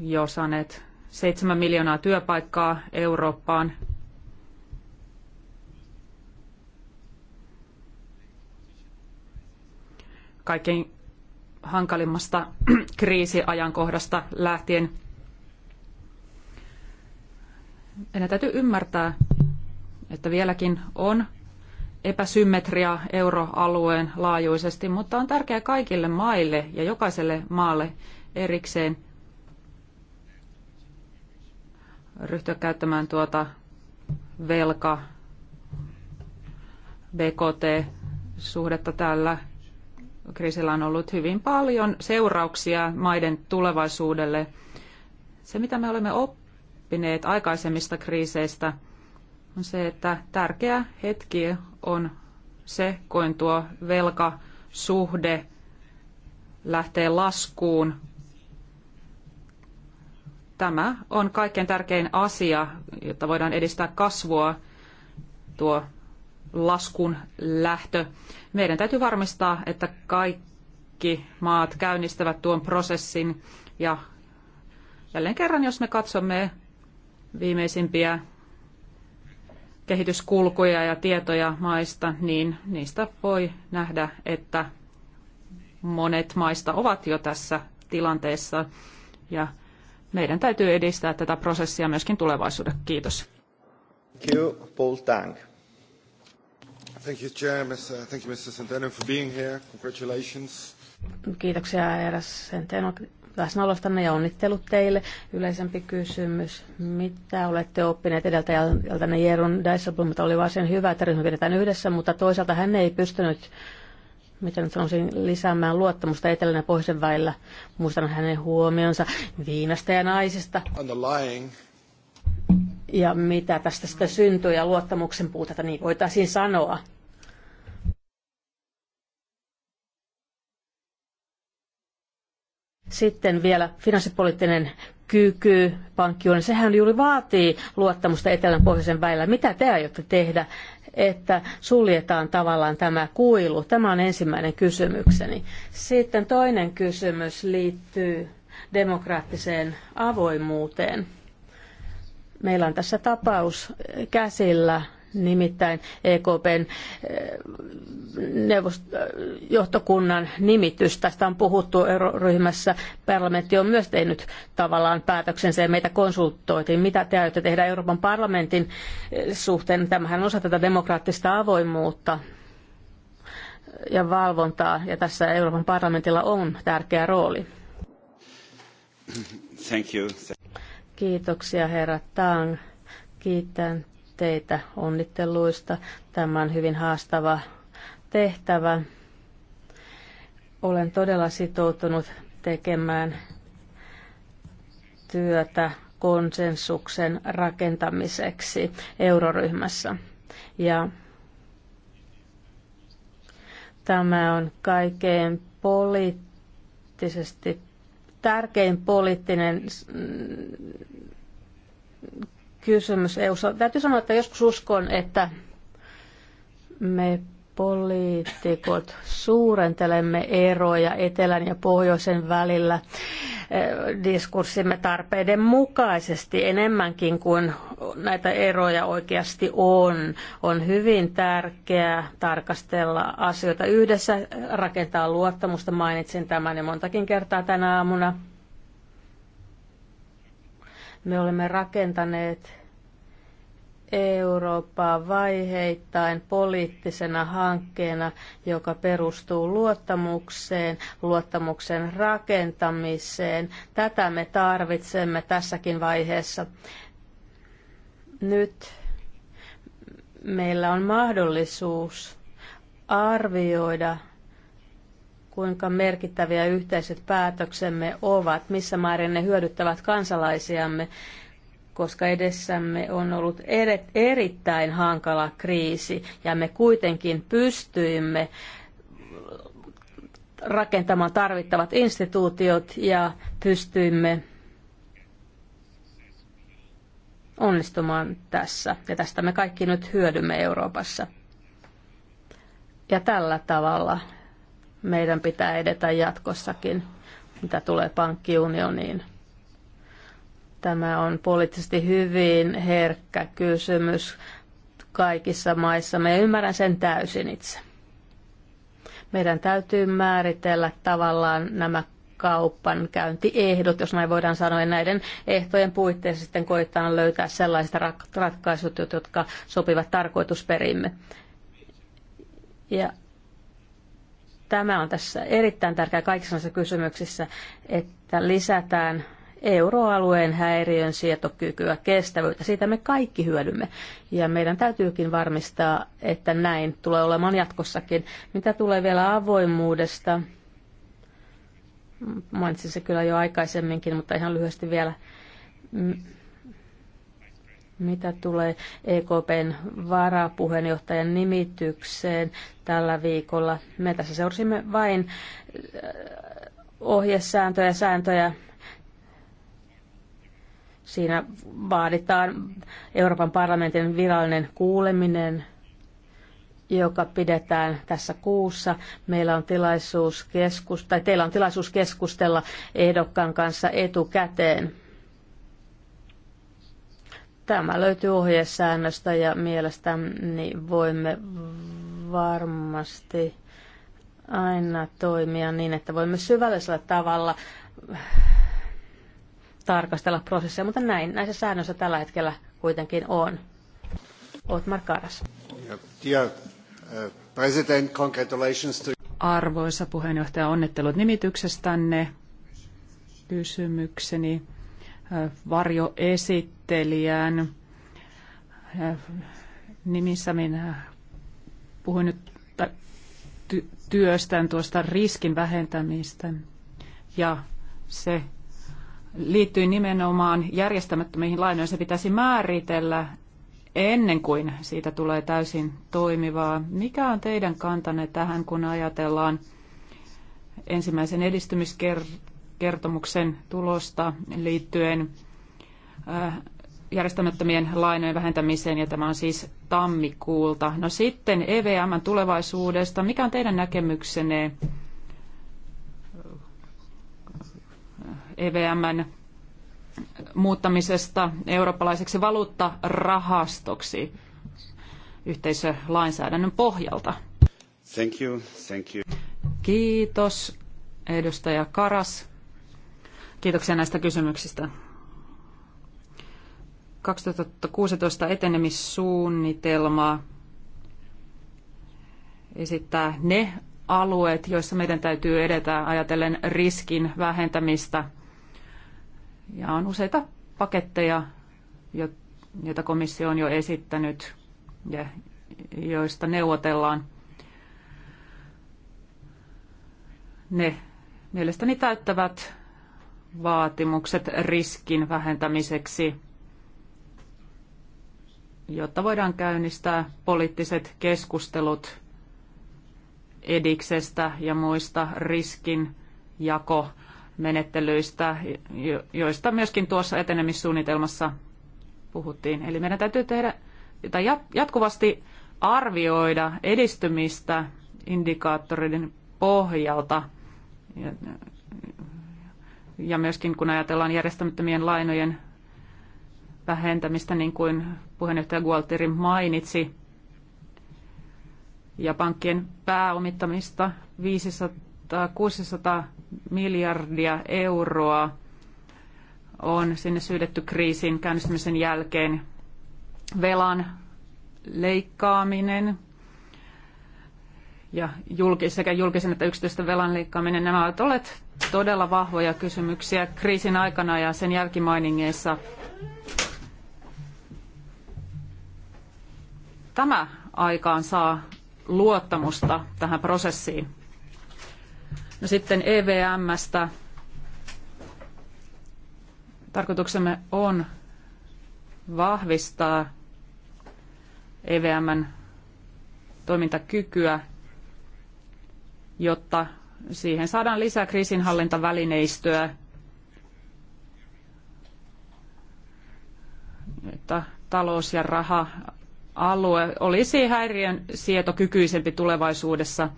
B: jo saaneet 7 miljoonaa työpaikkaa Eurooppaan. Kaikkein hankalimmasta (clears throat) kriisiajankohdasta lähtien meidän täytyy ymmärtää, että vieläkin on epäsymmetria euroalueen laajuisesti, mutta on tärkeää kaikille maille ja jokaiselle maalle erikseen ryhtyä käyttämään tuota velka BKT-suhdetta tällä kriisillä on ollut hyvin paljon seurauksia maiden tulevaisuudelle. Se, mitä me olemme oppineet, oppineet aikaisemmista kriiseistä, on se, että tärkeä hetki on se, kun tuo velkasuhde lähtee laskuun. Tämä on kaikkein tärkein asia, jotta voidaan edistää kasvua, tuo laskun lähtö. Meidän täytyy varmistaa, että kaikki maat käynnistävät tuon prosessin ja jälleen kerran, jos me katsomme viimeisimpiä kehityskulkuja ja tietoja maista, niin niistä voi nähdä, että monet maista ovat jo tässä tilanteessa ja meidän täytyy edistää tätä prosessia myöskin tulevaisuudessa. Kiitos.
C: Thank you, Paul Tang. Thank you, Chair. Uh, thank you, Mr. Centeno, for being here. Congratulations.
D: Kiitoksia, Eräs Centeno läsnäolostanne ja onnittelut teille. Yleisempi kysymys, mitä olette oppineet edeltäjältänne Jerun Dijsselblomilta? Oli varsin hyvä, että ryhmä pidetään yhdessä, mutta toisaalta hän ei pystynyt miten nyt sanoisin, lisäämään luottamusta etelän ja pohjoisen väillä. Muistan hänen huomionsa viinasta ja naisista. Ja mitä tästä sitten syntyy ja luottamuksen puutetta, niin voitaisiin sanoa. Sitten vielä finanssipoliittinen kyky pankkiun, sehän juuri vaatii luottamusta etelän pohjoisen välillä. Mitä te aiotte tehdä, että suljetaan tavallaan tämä kuilu? Tämä on ensimmäinen kysymykseni. Sitten toinen kysymys liittyy demokraattiseen avoimuuteen. Meillä on tässä tapaus käsillä, nimittäin EKPn eh, neuvost- eh, johtokunnan nimitys. Tästä on puhuttu euroryhmässä. Parlamentti on myös tehnyt tavallaan päätöksensä ja meitä konsultoitiin. Mitä te aiotte tehdä Euroopan parlamentin eh, suhteen? Tämähän on osa tätä demokraattista avoimuutta ja valvontaa, ja tässä Euroopan parlamentilla on tärkeä rooli. Thank you. Kiitoksia herra Tang. Kiitän teitä onnitteluista. Tämä on hyvin haastava tehtävä. Olen todella sitoutunut tekemään työtä konsensuksen rakentamiseksi euroryhmässä. Ja tämä on kaikkein poliittisesti tärkein poliittinen kysymys eu Täytyy sanoa, että joskus uskon, että me poliitikot suurentelemme eroja etelän ja pohjoisen välillä eh, diskurssimme tarpeiden mukaisesti enemmänkin kuin näitä eroja oikeasti on. On hyvin tärkeää tarkastella asioita yhdessä, rakentaa luottamusta. Mainitsin tämän jo montakin kertaa tänä aamuna. Me olemme rakentaneet Eurooppaa vaiheittain poliittisena hankkeena, joka perustuu luottamukseen, luottamuksen rakentamiseen. Tätä me tarvitsemme tässäkin vaiheessa. Nyt meillä on mahdollisuus arvioida kuinka merkittäviä yhteiset päätöksemme ovat, missä määrin ne hyödyttävät kansalaisiamme, koska edessämme on ollut erittäin hankala kriisi ja me kuitenkin pystyimme rakentamaan tarvittavat instituutiot ja pystyimme onnistumaan tässä. Ja tästä me kaikki nyt hyödymme Euroopassa. Ja tällä tavalla meidän pitää edetä jatkossakin, mitä tulee pankkiunioniin. Tämä on poliittisesti hyvin herkkä kysymys kaikissa maissa. Me ymmärrän sen täysin itse. Meidän täytyy määritellä tavallaan nämä kaupankäyntiehdot, jos näin voidaan sanoa, ja näiden ehtojen puitteissa sitten koitetaan löytää sellaiset ratkaisut, jotka sopivat tarkoitusperimme. Ja Tämä on tässä erittäin tärkeää kaikissa näissä kysymyksissä, että lisätään euroalueen häiriön sietokykyä, kestävyyttä. Siitä me kaikki hyödymme. Ja meidän täytyykin varmistaa, että näin tulee olemaan jatkossakin. Mitä tulee vielä avoimuudesta, mainitsin se kyllä jo aikaisemminkin, mutta ihan lyhyesti vielä mitä tulee EKPn varapuheenjohtajan nimitykseen tällä viikolla? Me tässä seurasimme vain äh, ohjesääntöjä, sääntöjä. Siinä vaaditaan Euroopan parlamentin virallinen kuuleminen, joka pidetään tässä kuussa. Meillä on tilaisuus keskus, tai teillä on tilaisuus keskustella ehdokkaan kanssa etukäteen Tämä löytyy ohjesäännöstä ja mielestäni voimme varmasti aina toimia niin, että voimme syvällisellä tavalla tarkastella prosessia, mutta näin näissä säännöissä tällä hetkellä kuitenkin on. Otmar Karas. Uh, Arvoisa
B: puheenjohtaja, onnittelut nimityksestänne. Kysymykseni varjoesittelijän nimissä minä puhuin nyt työstään tuosta riskin vähentämistä ja se liittyy nimenomaan järjestämättömiin lainoihin. Se pitäisi määritellä ennen kuin siitä tulee täysin toimivaa. Mikä on teidän kantanne tähän, kun ajatellaan ensimmäisen edistymiskertomuksen kertomuksen tulosta liittyen äh, järjestämättömien lainojen vähentämiseen, ja tämä on siis tammikuulta. No sitten EVM tulevaisuudesta. Mikä on teidän näkemyksenne äh, EVMn muuttamisesta eurooppalaiseksi valuuttarahastoksi yhteisölainsäädännön pohjalta?
C: Thank you, thank you.
B: Kiitos, edustaja Karas. Kiitoksia näistä kysymyksistä. 2016 etenemissuunnitelma esittää ne alueet, joissa meidän täytyy edetä ajatellen riskin vähentämistä. Ja on useita paketteja, joita komissio on jo esittänyt ja joista neuvotellaan. Ne mielestäni täyttävät vaatimukset riskin vähentämiseksi, jotta voidaan käynnistää poliittiset keskustelut ediksestä ja muista riskin jako menettelyistä, joista myöskin tuossa etenemissuunnitelmassa puhuttiin. Eli meidän täytyy tehdä tai jatkuvasti arvioida edistymistä indikaattoreiden pohjalta ja myöskin kun ajatellaan järjestämättömien lainojen vähentämistä, niin kuin puheenjohtaja Gualteri mainitsi, ja pankkien pääomittamista 500-600 miljardia euroa on sinne syydetty kriisin käynnistymisen jälkeen. Velan leikkaaminen ja julkis, sekä julkisen että yksityisten velan liikkaaminen, nämä ovat olleet todella vahvoja kysymyksiä kriisin aikana ja sen jälkimainingeissa. Tämä aikaan saa luottamusta tähän prosessiin. No sitten EVMstä. Tarkoituksemme on vahvistaa EVMn toimintakykyä jotta siihen saadaan lisää kriisinhallintavälineistöä, että talous- ja raha-alue olisi häiriön sietokykyisempi tulevaisuudessa.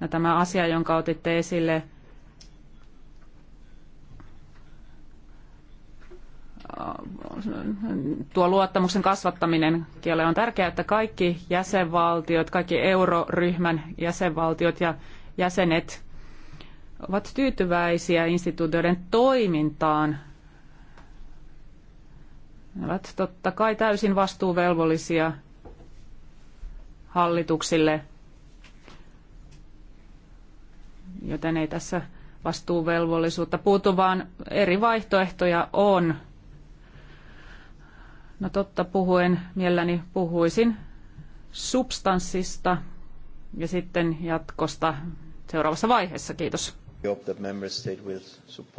B: Ja tämä asia, jonka otitte esille, tuo luottamuksen kasvattaminen kielellä on tärkeää, että kaikki jäsenvaltiot, kaikki euroryhmän jäsenvaltiot ja jäsenet ovat tyytyväisiä instituutioiden toimintaan. Ne ovat totta kai täysin vastuuvelvollisia hallituksille, joten ei tässä vastuuvelvollisuutta puutu, vaan eri vaihtoehtoja on. No totta puhuen, mielelläni puhuisin substanssista ja sitten jatkosta, seuraavassa vaiheessa. Kiitos.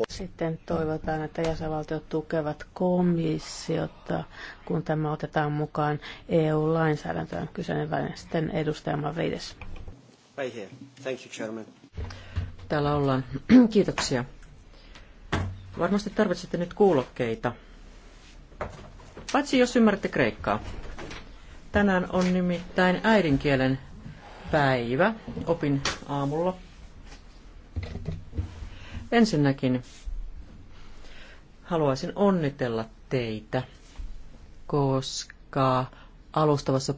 B: Sitten toivotaan, että jäsenvaltiot tukevat
D: komissiota, kun tämä otetaan mukaan EU-lainsäädäntöön kyseinen väline. Sitten edustaja Mavides.
C: Right here. Thank you, Chairman.
A: Täällä ollaan. (clears throat) Kiitoksia. Varmasti tarvitsette nyt kuulokkeita. Paitsi jos ymmärrätte kreikkaa. Tänään on nimittäin äidinkielen päivä. Opin aamulla. Ensinnäkin haluaisin onnitella teitä, koska alustavassa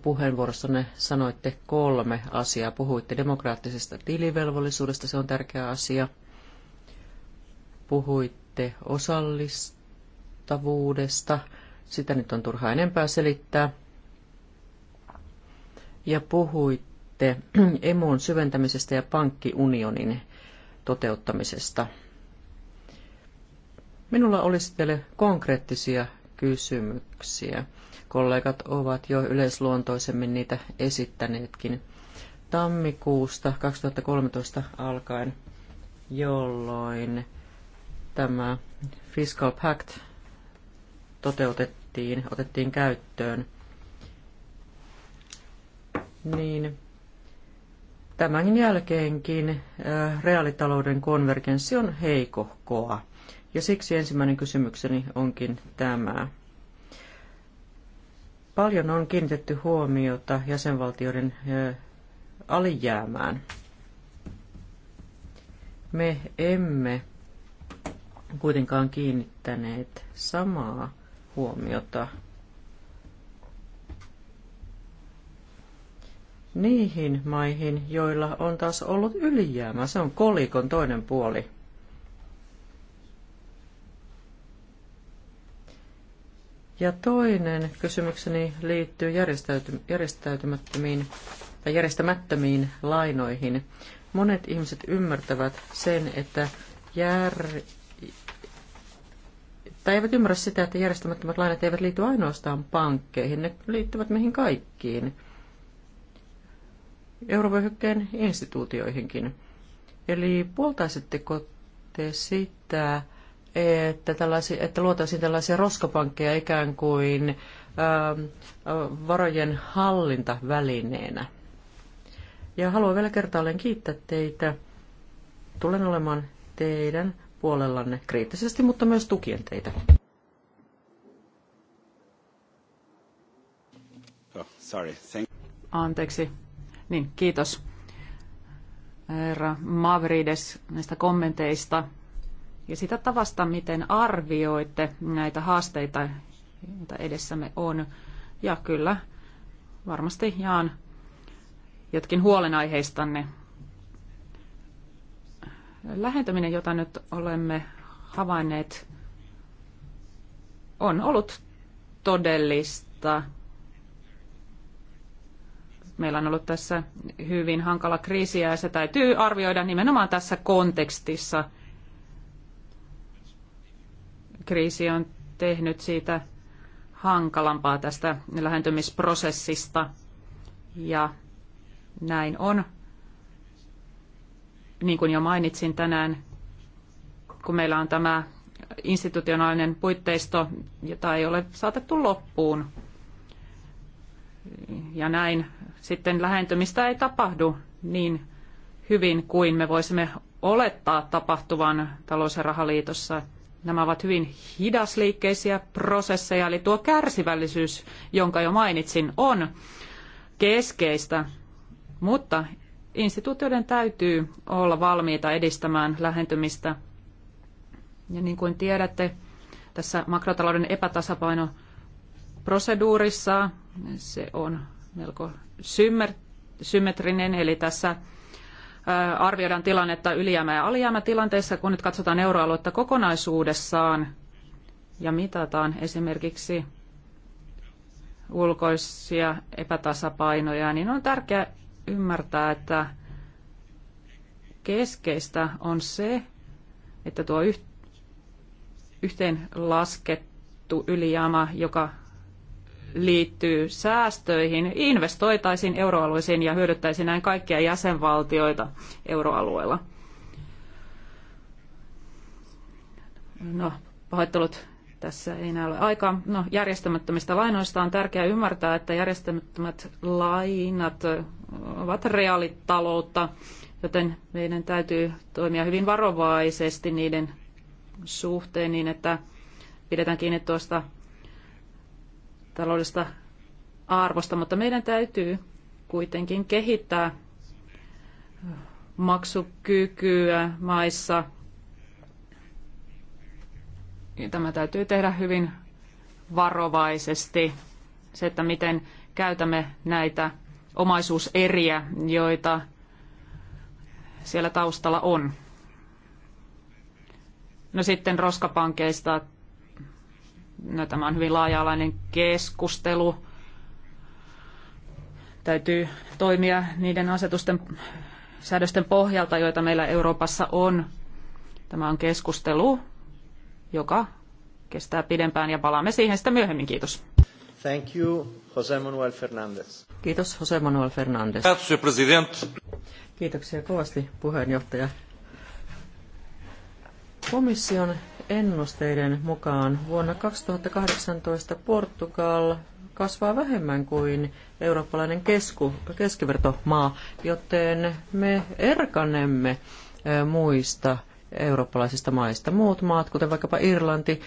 A: ne sanoitte kolme asiaa. Puhuitte demokraattisesta tilivelvollisuudesta, se on tärkeä asia. Puhuitte osallistavuudesta, sitä nyt on turha enempää selittää. Ja puhuitte puhuitte (clears throat) emun syventämisestä ja pankkiunionin toteuttamisesta. Minulla olisi teille konkreettisia kysymyksiä. Kollegat ovat jo yleisluontoisemmin niitä esittäneetkin. Tammikuusta 2013 alkaen, jolloin tämä Fiscal Pact toteutettiin, otettiin käyttöön, niin Tämän jälkeenkin äh, reaalitalouden konvergenssi on heikohkoa. Ja siksi ensimmäinen kysymykseni onkin tämä. Paljon on kiinnitetty huomiota jäsenvaltioiden alijäämään. Me emme kuitenkaan kiinnittäneet samaa huomiota niihin maihin, joilla on taas ollut ylijäämä. Se on kolikon toinen puoli. Ja toinen kysymykseni liittyy järjestäytymättömiin tai järjestämättömiin lainoihin. Monet ihmiset ymmärtävät sen, että jär... tai eivät ymmärrä sitä, että järjestämättömät lainat eivät liity ainoastaan pankkeihin, ne liittyvät meihin kaikkiin eurovyöhykkeen instituutioihinkin. Eli puoltaisitteko te sitä, että, tällaisi, että luotaisiin tällaisia roskapankkeja ikään kuin ää, ähm, varojen hallintavälineenä? Ja haluan vielä kertaalleen kiittää teitä. Tulen olemaan teidän puolellanne kriittisesti, mutta myös tukien teitä.
C: Oh, sorry, thank.
B: Anteeksi, niin, kiitos herra Mavrides näistä kommenteista ja sitä tavasta, miten arvioitte näitä haasteita, joita edessämme on. Ja kyllä, varmasti jaan jotkin huolenaiheistanne. Lähentäminen, jota nyt olemme havainneet, on ollut todellista Meillä on ollut tässä hyvin hankala kriisi ja se täytyy arvioida nimenomaan tässä kontekstissa. Kriisi on tehnyt siitä hankalampaa tästä lähentymisprosessista ja näin on. Niin kuin jo mainitsin tänään, kun meillä on tämä institutionaalinen puitteisto, jota ei ole saatettu loppuun ja näin sitten lähentymistä ei tapahdu niin hyvin kuin me voisimme olettaa tapahtuvan talous- ja rahaliitossa. Nämä ovat hyvin hidasliikkeisiä prosesseja, eli tuo kärsivällisyys, jonka jo mainitsin, on keskeistä, mutta instituutioiden täytyy olla valmiita edistämään lähentymistä. Ja niin kuin tiedätte, tässä makrotalouden epätasapaino proseduurissa. Se on melko symmetrinen, eli tässä arvioidaan tilannetta ylijäämä- ja alijäämätilanteessa, kun nyt katsotaan euroaluetta kokonaisuudessaan ja mitataan esimerkiksi ulkoisia epätasapainoja, niin on tärkeää ymmärtää, että keskeistä on se, että tuo yhteen ylijäämä, joka liittyy säästöihin, investoitaisiin euroalueisiin ja hyödyttäisiin näin kaikkia jäsenvaltioita euroalueella. No, pahoittelut tässä ei näy ole aikaa. No, järjestämättömistä lainoista on tärkeää ymmärtää, että järjestämättömät lainat ovat reaalitaloutta, joten meidän täytyy toimia hyvin varovaisesti niiden suhteen niin, että pidetään kiinni tuosta taloudesta arvosta, mutta meidän täytyy kuitenkin kehittää maksukykyä maissa. Tämä täytyy tehdä hyvin varovaisesti. Se, että miten käytämme näitä omaisuuseriä, joita siellä taustalla on. No sitten roskapankeista No, tämä on hyvin laaja-alainen keskustelu. Täytyy toimia niiden asetusten säädösten pohjalta, joita meillä Euroopassa on. Tämä on keskustelu, joka kestää pidempään ja palaamme siihen sitä myöhemmin. Kiitos.
C: Thank you, Jose Manuel Fernandez.
B: Kiitos, Jose Manuel
A: Fernandez. Kiitoksia kovasti, puheenjohtaja. Komission ennusteiden mukaan vuonna 2018 Portugal kasvaa vähemmän kuin eurooppalainen kesku, keskivertomaa, joten me erkanemme muista eurooppalaisista maista. Muut maat, kuten vaikkapa Irlanti,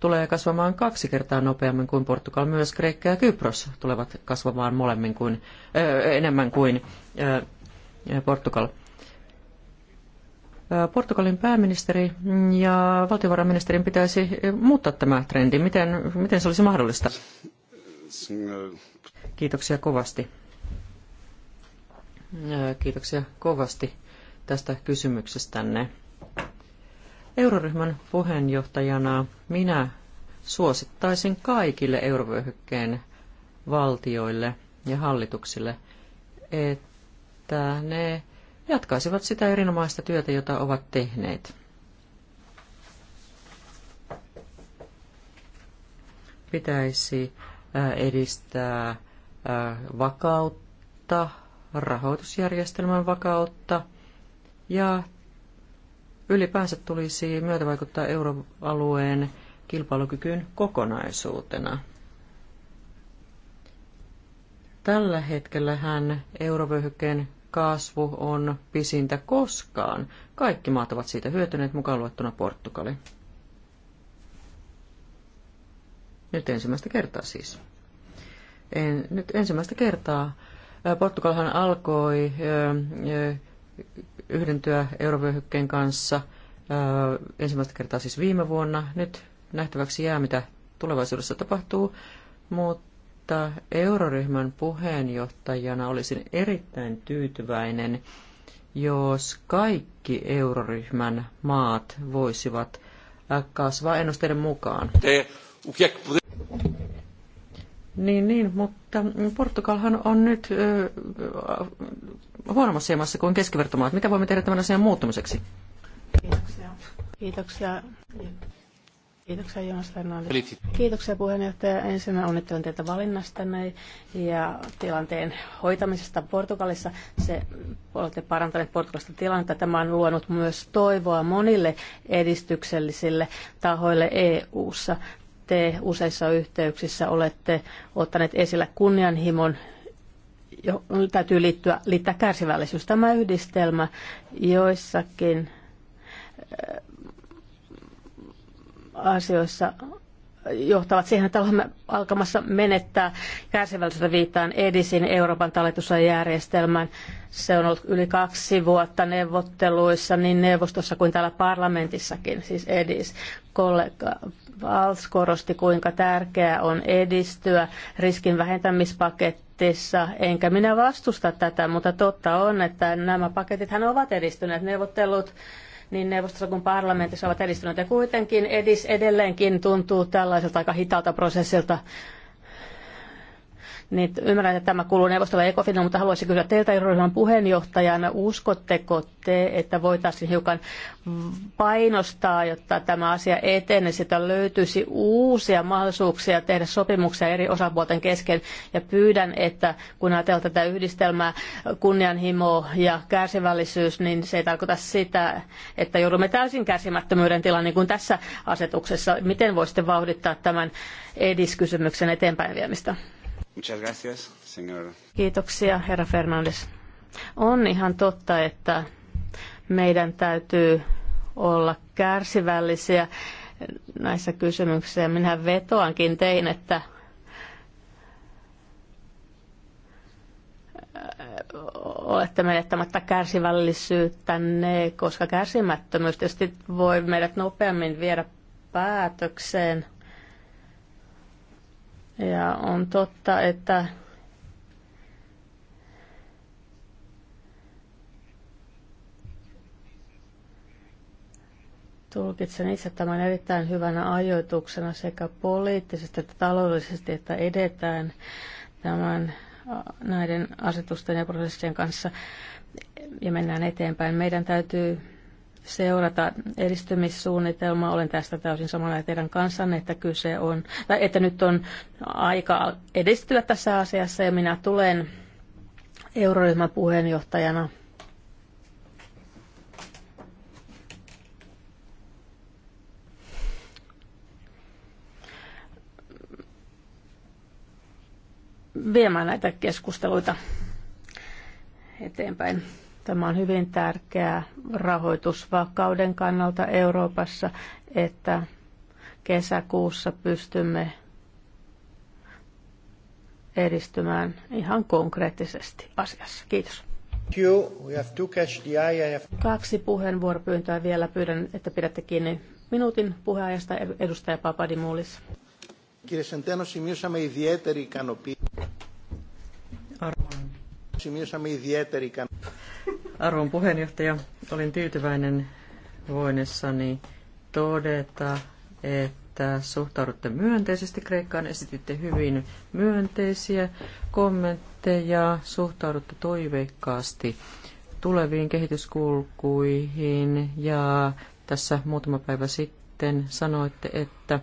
A: tulee kasvamaan kaksi kertaa nopeammin kuin Portugal. Myös Kreikka ja Kypros tulevat kasvamaan molemmin kuin, enemmän kuin Portugal. Portugalin pääministeri ja valtiovarainministerin pitäisi muuttaa tämä trendi. Miten, miten se olisi mahdollista? Kiitoksia kovasti. Äh, kiitoksia kovasti tästä kysymyksestänne. Euroryhmän puheenjohtajana minä suosittaisin kaikille eurovyöhykkeen valtioille ja hallituksille, että ne jatkaisivat sitä erinomaista työtä, jota ovat tehneet. Pitäisi äh, edistää äh, vakautta, rahoitusjärjestelmän vakautta ja ylipäänsä tulisi myötävaikuttaa euroalueen kilpailukykyyn kokonaisuutena. Tällä hetkellä hän eurovyöhykkeen kasvu on pisintä koskaan. Kaikki maat ovat siitä hyötyneet, mukaan luettuna Portugali. Nyt ensimmäistä kertaa siis. En, nyt ensimmäistä kertaa. Portugalhan alkoi yhdentyä eurovyöhykkeen kanssa ensimmäistä kertaa siis viime vuonna. Nyt nähtäväksi jää, mitä tulevaisuudessa tapahtuu, mutta mutta euroryhmän puheenjohtajana olisin erittäin tyytyväinen, jos kaikki euroryhmän maat voisivat äh, kasvaa ennusteiden mukaan. Niin, niin, mutta Portugalhan on nyt äh, huonommassa jamassa kuin keskivertomaat. Mitä voimme tehdä tämän asian muuttumiseksi?
D: Kiitoksia. Kiitoksia. Kiitoksia Jonas Kiitoksia puheenjohtaja. Ensinnä onnittelen teitä valinnastanne ja tilanteen hoitamisesta Portugalissa. Se olette parantaneet Portugalista tilannetta. Tämä on luonut myös toivoa monille edistyksellisille tahoille EU-ssa. Te useissa yhteyksissä olette ottaneet esillä kunnianhimon johon täytyy liittyä, liittää kärsivällisyys. Tämä yhdistelmä joissakin asioissa johtavat siihen, että olemme alkamassa menettää kärsivällisyyttä viittaan Edisin Euroopan talletusjärjestelmään. Se on ollut yli kaksi vuotta neuvotteluissa niin neuvostossa kuin täällä parlamentissakin, siis Edis. Kollega Vals korosti, kuinka tärkeää on edistyä riskin vähentämispakettissa. Enkä minä vastusta tätä, mutta totta on, että nämä paketithan ovat edistyneet. Neuvottelut niin neuvostossa kuin parlamentissa ovat edistyneet. Ja kuitenkin edis edelleenkin tuntuu tällaiselta aika hitaalta prosessilta. Niin ymmärrän, että tämä kuuluu neuvostolle ECOFINille, mutta haluaisin kysyä teiltä euroryhmän puheenjohtajana, uskotteko te, että voitaisiin hiukan painostaa, jotta tämä asia etenisi, että löytyisi uusia mahdollisuuksia tehdä sopimuksia eri osapuolten kesken ja pyydän, että kun ajatellaan tätä yhdistelmää kunnianhimo ja kärsivällisyys, niin se ei tarkoita sitä, että joudumme täysin kärsimättömyyden tilaan, niin kuin tässä asetuksessa. Miten voisitte vauhdittaa tämän ediskysymyksen eteenpäin viemistä?
C: Muchas gracias, señor.
D: Kiitoksia, herra Fernandes. On ihan totta, että meidän täytyy olla kärsivällisiä näissä kysymyksissä. Minä vetoankin tein, että äh, olette menettämättä kärsivällisyyttänne, koska kärsimättömyys tietysti voi meidät nopeammin viedä päätökseen – ja on totta, että Tulkitsen itse tämän erittäin hyvänä ajoituksena sekä poliittisesti että taloudellisesti, että edetään tämän, näiden asetusten ja prosessien kanssa ja mennään eteenpäin. Meidän täytyy seurata edistymissuunnitelmaa. Olen tästä täysin samalla teidän kanssanne, että kyse on, tai että nyt on aika edistyä tässä asiassa ja minä tulen euroryhmän puheenjohtajana viemään näitä keskusteluita eteenpäin. Tämä on hyvin tärkeää rahoitusvakauden kannalta Euroopassa, että kesäkuussa pystymme edistymään ihan konkreettisesti asiassa. Kiitos. Kaksi puheenvuoropyyntöä vielä. Pyydän, että pidätte kiinni minuutin puheajasta edustaja Papadimoulis.
C: Κύριε
A: Arvon puheenjohtaja, olin tyytyväinen voinessani todeta, että suhtaudutte myönteisesti Kreikkaan, esititte hyvin myönteisiä kommentteja, suhtaudutte toiveikkaasti tuleviin kehityskulkuihin ja tässä muutama päivä sitten sanoitte, että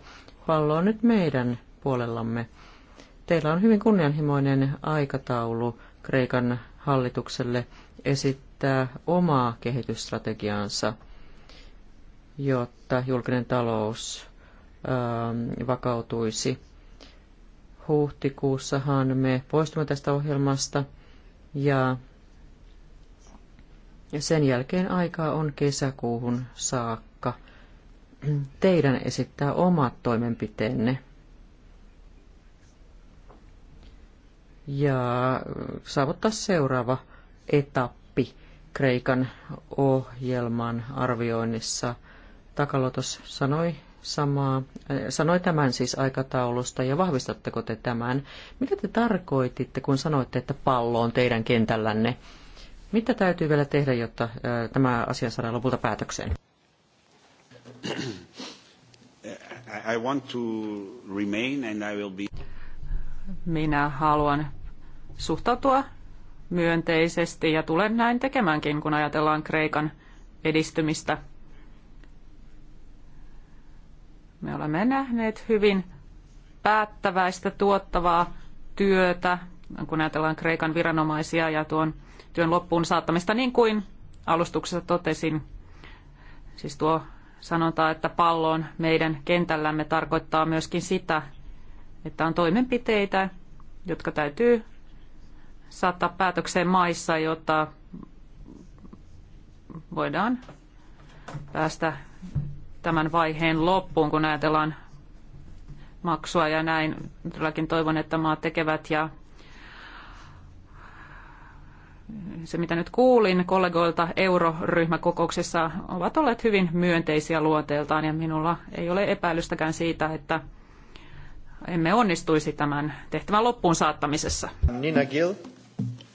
A: pallo on nyt meidän puolellamme. Teillä on hyvin kunnianhimoinen aikataulu Kreikan hallitukselle esittää kehittää omaa kehitysstrategiaansa, jotta julkinen talous ähm, vakautuisi. Huhtikuussahan me poistumme tästä ohjelmasta ja sen jälkeen aikaa on kesäkuuhun saakka teidän esittää omat toimenpiteenne. ja saavuttaa seuraava etappi Kreikan ohjelman arvioinnissa. Takalotos sanoi samaa, äh, sanoi tämän siis aikataulusta ja vahvistatteko te tämän? Mitä te tarkoititte, kun sanoitte, että pallo on teidän kentällänne? Mitä täytyy vielä tehdä, jotta äh, tämä asia saadaan lopulta päätökseen?
C: I want to remain and I will be...
B: Minä haluan suhtautua myönteisesti ja tulen näin tekemäänkin, kun ajatellaan Kreikan edistymistä. Me olemme nähneet hyvin päättäväistä, tuottavaa työtä, kun ajatellaan Kreikan viranomaisia ja tuon työn loppuun saattamista, niin kuin alustuksessa totesin. Siis tuo sanonta, että pallo on meidän kentällämme, tarkoittaa myöskin sitä, että on toimenpiteitä, jotka täytyy saattaa päätökseen maissa, jotta voidaan päästä tämän vaiheen loppuun, kun ajatellaan maksua ja näin. Todellakin toivon, että maat tekevät ja se, mitä nyt kuulin kollegoilta euroryhmäkokouksessa, ovat olleet hyvin myönteisiä luonteeltaan ja minulla ei ole epäilystäkään siitä, että emme onnistuisi tämän tehtävän loppuun saattamisessa. Nina Gill.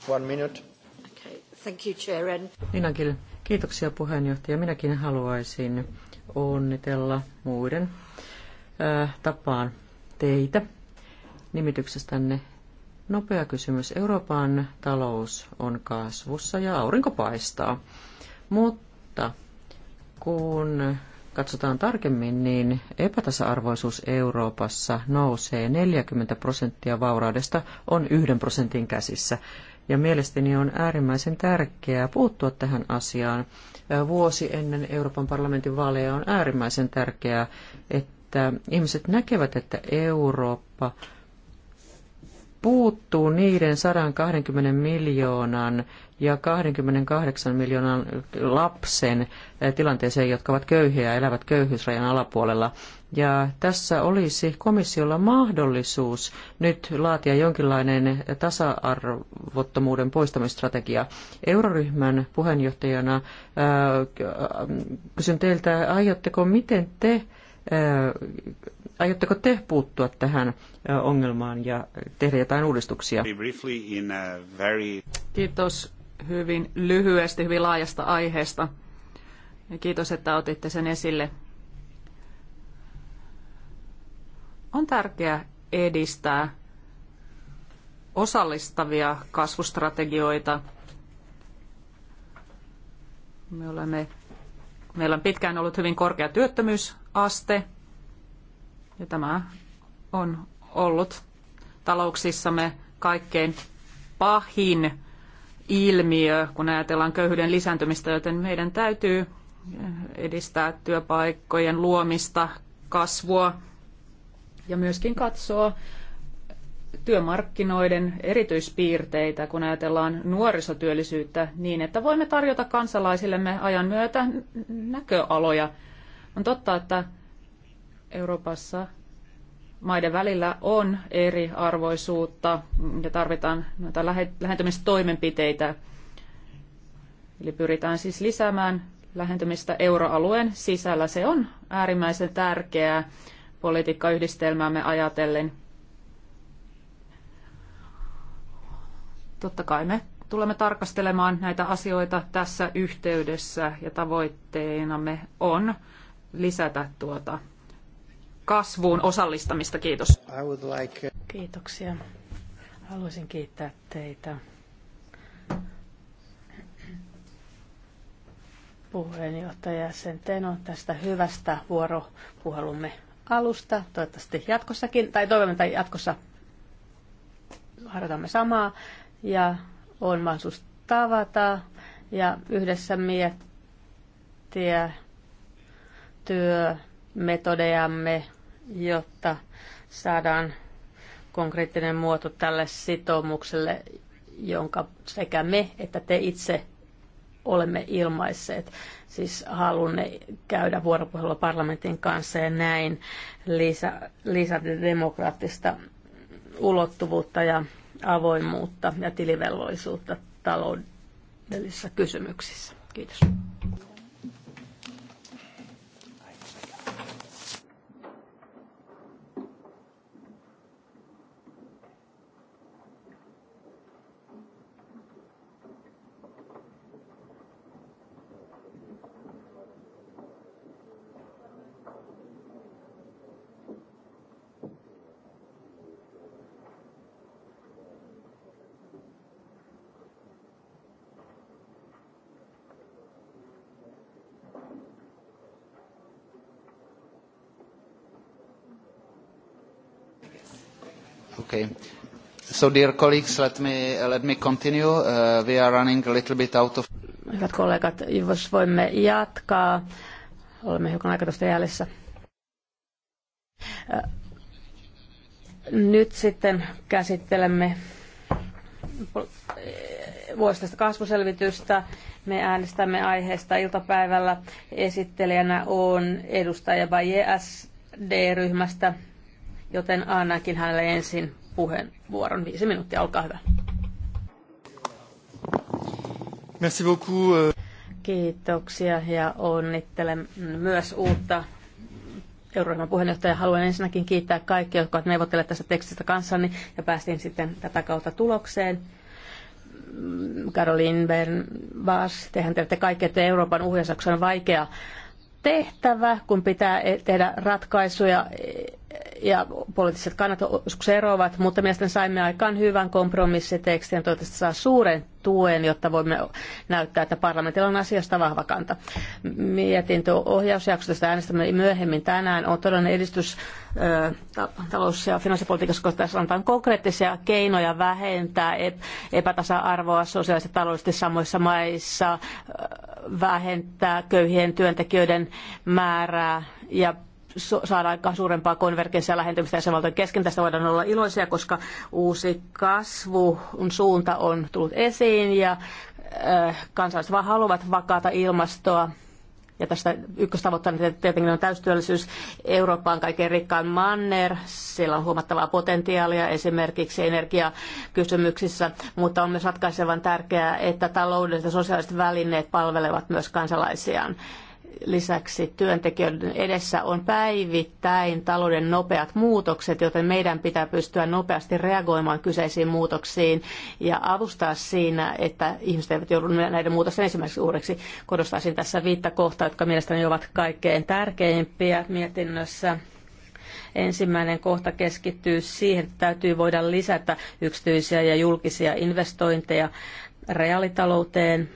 B: One minute.
C: Okay. Thank you, Chair.
B: Minäkin.
A: Kiitoksia puheenjohtaja. Minäkin haluaisin onnitella muiden äh, tapaan teitä nimityksestänne. Nopea kysymys. Euroopan talous on kasvussa ja aurinko paistaa. Mutta kun katsotaan tarkemmin, niin epätasa-arvoisuus Euroopassa nousee 40 prosenttia vauraudesta on yhden prosentin käsissä ja mielestäni on äärimmäisen tärkeää puuttua tähän asiaan. Vuosi ennen Euroopan parlamentin vaaleja on äärimmäisen tärkeää, että ihmiset näkevät, että Eurooppa puuttuu niiden 120 miljoonan ja 28 miljoonan lapsen tilanteeseen, jotka ovat köyhiä ja elävät köyhyysrajan alapuolella. Ja tässä olisi komissiolla mahdollisuus nyt laatia jonkinlainen tasa-arvottomuuden poistamistrategia. Euroryhmän puheenjohtajana ää, äh, kysyn teiltä, aiotteko, miten te, ää, äh, aiotteko te puuttua tähän ää, äh, ongelmaan ja tehdä jotain uudistuksia?
B: Kiitos hyvin lyhyesti, hyvin laajasta aiheesta. Ja kiitos, että otitte sen esille. On tärkeää edistää osallistavia kasvustrategioita. Me olemme, meillä on pitkään ollut hyvin korkea työttömyysaste ja tämä on ollut talouksissamme kaikkein pahin ilmiö, kun ajatellaan köyhyyden lisääntymistä, joten meidän täytyy edistää työpaikkojen luomista, kasvua ja myöskin katsoa työmarkkinoiden erityispiirteitä, kun ajatellaan nuorisotyöllisyyttä, niin että voimme tarjota kansalaisillemme ajan myötä näköaloja. On totta, että Euroopassa maiden välillä on eriarvoisuutta ja tarvitaan noita lähentymistoimenpiteitä. Eli pyritään siis lisäämään lähentymistä euroalueen sisällä. Se on äärimmäisen tärkeää politiikkayhdistelmäämme ajatellen. Totta kai me tulemme tarkastelemaan näitä asioita tässä yhteydessä ja tavoitteenamme on lisätä tuota kasvuun osallistamista. Kiitos. Like... Uh, Kiitoksia.
D: Haluaisin kiittää teitä puheenjohtaja Senteno tästä hyvästä vuoropuhelumme alusta, toivottavasti jatkossakin, tai toivomme, että jatkossa harjoitamme samaa, ja on mahdollisuus tavata ja yhdessä miettiä työmetodejamme, jotta saadaan konkreettinen muoto tälle sitoumukselle, jonka sekä me että te itse olemme ilmaisseet, siis halunne käydä vuoropuhelua parlamentin kanssa ja näin lisätä demokraattista ulottuvuutta ja avoimuutta ja tilivelvollisuutta taloudellisissa kysymyksissä. Kiitos.
C: dear colleagues, let me, let me continue. Uh, we are running a little bit out of...
D: Hyvät kollegat, jos voimme jatkaa, olemme hiukan aikataulusta jäljessä. Nyt sitten käsittelemme vuosista kasvuselvitystä. Me äänestämme aiheesta iltapäivällä. Esittelijänä on edustaja Baye SD-ryhmästä, joten annankin hänelle ensin puheenvuoron. Viisi minuuttia, olkaa hyvä. Merci beaucoup. Euh. Kiitoksia ja onnittelen myös uutta euroryhmän puheenjohtaja. Haluan ensinnäkin kiittää kaikkia, jotka ovat neuvotelleet tästä tekstistä kanssani ja päästiin sitten tätä kautta tulokseen. Karolin Vaas, tehän teette kaikki, että Euroopan uhjasaksa on vaikea tehtävä, kun pitää tehdä ratkaisuja ja poliittiset kannat joskus eroavat, mutta mielestäni saimme aikaan hyvän kompromissitekstin ja toivottavasti saa suuren tuen, jotta voimme näyttää, että parlamentilla on asiasta vahva kanta. Mietintö ohjausjaksosta äänestämme myöhemmin tänään on todellinen edistys talous- ja finanssipolitiikassa, koska tässä antaa konkreettisia keinoja vähentää epätasa-arvoa sosiaalisesti taloudellisesti samoissa maissa, vähentää köyhien työntekijöiden määrää ja saada aikaan suurempaa konvergenssia lähentymistä jäsenvaltojen kesken. Tästä voidaan olla iloisia, koska uusi kasvu suunta on tullut esiin ja äh, kansalaiset vaan haluavat vakaata ilmastoa. Ja tästä ykköstavoitteena tietenkin on täystyöllisyys. Eurooppa on kaikkein rikkain manner. Siellä on huomattavaa potentiaalia esimerkiksi energiakysymyksissä, mutta on myös ratkaisevan tärkeää, että taloudelliset ja sosiaaliset välineet palvelevat myös kansalaisiaan Lisäksi työntekijöiden edessä on päivittäin talouden nopeat muutokset, joten meidän pitää pystyä nopeasti reagoimaan kyseisiin muutoksiin ja avustaa siinä, että ihmiset eivät joudu näiden muutosten ensimmäiseksi uudeksi. Korostaisin tässä viittä kohtaa, jotka mielestäni ovat kaikkein tärkeimpiä mietinnössä. Ensimmäinen kohta keskittyy siihen, että täytyy voida lisätä yksityisiä ja julkisia investointeja reaalitalouteen,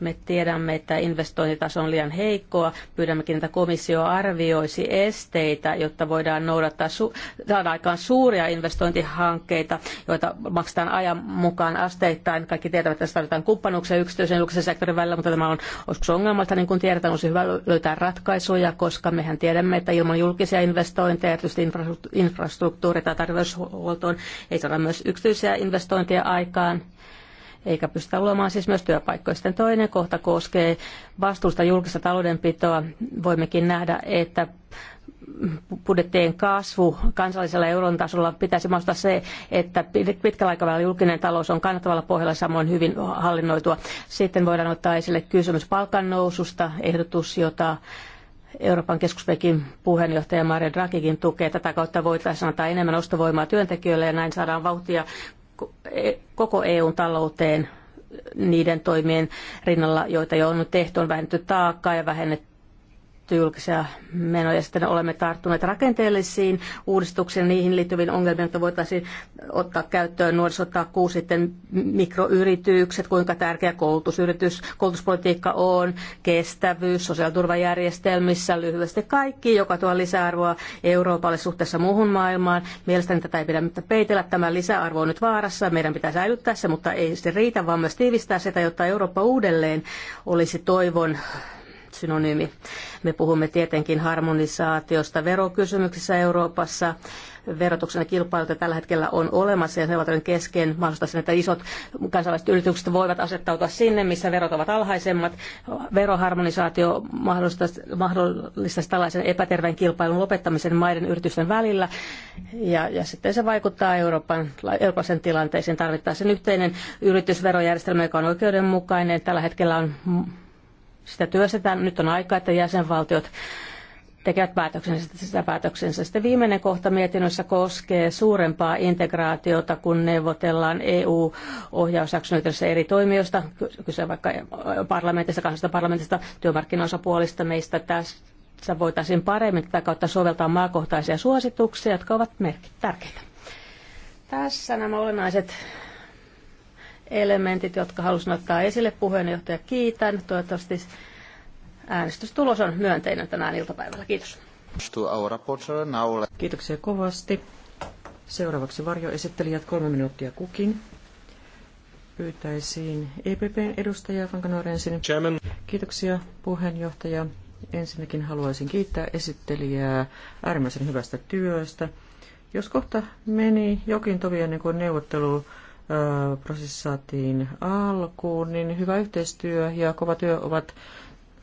D: me tiedämme, että investointitaso on liian heikkoa. Pyydämmekin, että komissio arvioisi esteitä, jotta voidaan noudattaa su- saada aikaan suuria investointihankkeita, joita maksetaan ajan mukaan asteittain. Kaikki tietävät, että tässä tarvitaan kumppanuuksia yksityisen ja julkisen sektorin välillä, mutta tämä on joskus ongelmalta, niin kuin tiedetään, olisi hyvä löytää ratkaisuja, koska mehän tiedämme, että ilman julkisia investointeja, erityisesti infrastruktuuri tai terveyshuoltoon, ei saada myös yksityisiä investointeja aikaan eikä pystytä luomaan siis myös työpaikkoja. Sitten toinen kohta koskee vastuusta julkista taloudenpitoa. Voimmekin nähdä, että budjettien kasvu kansallisella euron tasolla pitäisi mahdollistaa se, että pitkällä aikavälillä julkinen talous on kannattavalla pohjalla samoin hyvin hallinnoitua. Sitten voidaan ottaa esille kysymys palkannoususta, ehdotus, jota Euroopan keskuspankin puheenjohtaja Maria Draghikin tukee. Tätä kautta voitaisiin antaa enemmän ostovoimaa työntekijöille ja näin saadaan vauhtia E, koko EUn talouteen niiden toimien rinnalla, joita jo on tehty, on vähennetty taakkaa ja vähennetty julkisia menoja. Sitten olemme tarttuneet rakenteellisiin uudistuksiin niihin liittyviin ongelmiin, että voitaisiin ottaa käyttöön nuorisotakuu, sitten mikroyritykset, kuinka tärkeä koulutusyritys, koulutuspolitiikka on, kestävyys, sosiaaliturvajärjestelmissä, lyhyesti kaikki, joka tuo lisäarvoa Euroopalle suhteessa muuhun maailmaan. Mielestäni tätä ei pidä mitään peitellä. Tämä lisäarvo on nyt vaarassa. Meidän pitää säilyttää se, mutta ei se riitä, vaan myös tiivistää sitä, jotta Eurooppa uudelleen olisi toivon synonyymi. Me puhumme tietenkin harmonisaatiosta verokysymyksissä Euroopassa. Verotuksen ja tällä hetkellä on olemassa ja sellainen kesken mahdollista sen, että isot kansainväliset yritykset voivat asettautua sinne, missä verot ovat alhaisemmat. Veroharmonisaatio mahdollistaisi, mahdollistaisi tällaisen epäterveen kilpailun lopettamisen maiden yritysten välillä ja, ja sitten se vaikuttaa Euroopan, Euroopan tilanteeseen. Tarvittaisiin yhteinen yritysverojärjestelmä, joka on oikeudenmukainen. Tällä hetkellä on sitä työstetään. Nyt on aika, että jäsenvaltiot tekevät päätöksensä, sitä päätöksensä. Sitten viimeinen kohta mietinnössä koskee suurempaa integraatiota, kun neuvotellaan EU-ohjausjakson yhteydessä eri toimijoista, kyse vaikka parlamentista, kansallisesta parlamentista, työmarkkinaosapuolista meistä tässä voitaisiin paremmin tätä kautta soveltaa maakohtaisia suosituksia, jotka ovat merkit tärkeitä. Tässä nämä olennaiset elementit, jotka halusin ottaa esille. Puheenjohtaja kiitän. Toivottavasti äänestystulos
A: on myönteinen tänään iltapäivällä. Kiitos. Kiitoksia kovasti. Seuraavaksi varjoesittelijät kolme minuuttia kukin. Pyytäisiin EPPn edustajaa Fankanoa ensin. Kiitoksia puheenjohtaja. Ensinnäkin haluaisin kiittää esittelijää äärimmäisen hyvästä työstä. Jos kohta meni jokin tovi ennen kuin neuvottelu prosessi saatiin alkuun, niin hyvä yhteistyö ja kova työ ovat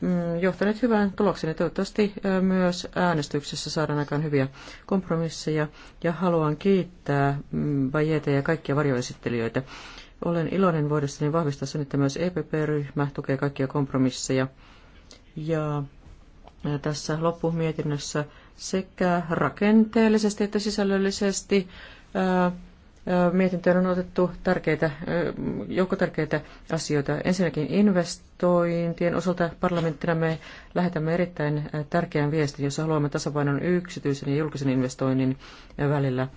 A: mm, johtaneet hyvään tulokseen. Toivottavasti myös äänestyksessä saadaan aikaan hyviä kompromisseja. Ja haluan kiittää mm, Vajeta ja kaikkia varjoesittelijöitä. Olen iloinen voidessani vahvistaa sen, että myös EPP-ryhmä tukee kaikkia kompromisseja. Ja tässä loppumietinnössä sekä rakenteellisesti että sisällöllisesti Mietintöön on otettu tärkeitä, joukko tärkeitä asioita. Ensinnäkin investointien osalta parlamenttina me lähetämme erittäin tärkeän viestin, jossa haluamme tasapainon yksityisen ja julkisen investoinnin välillä.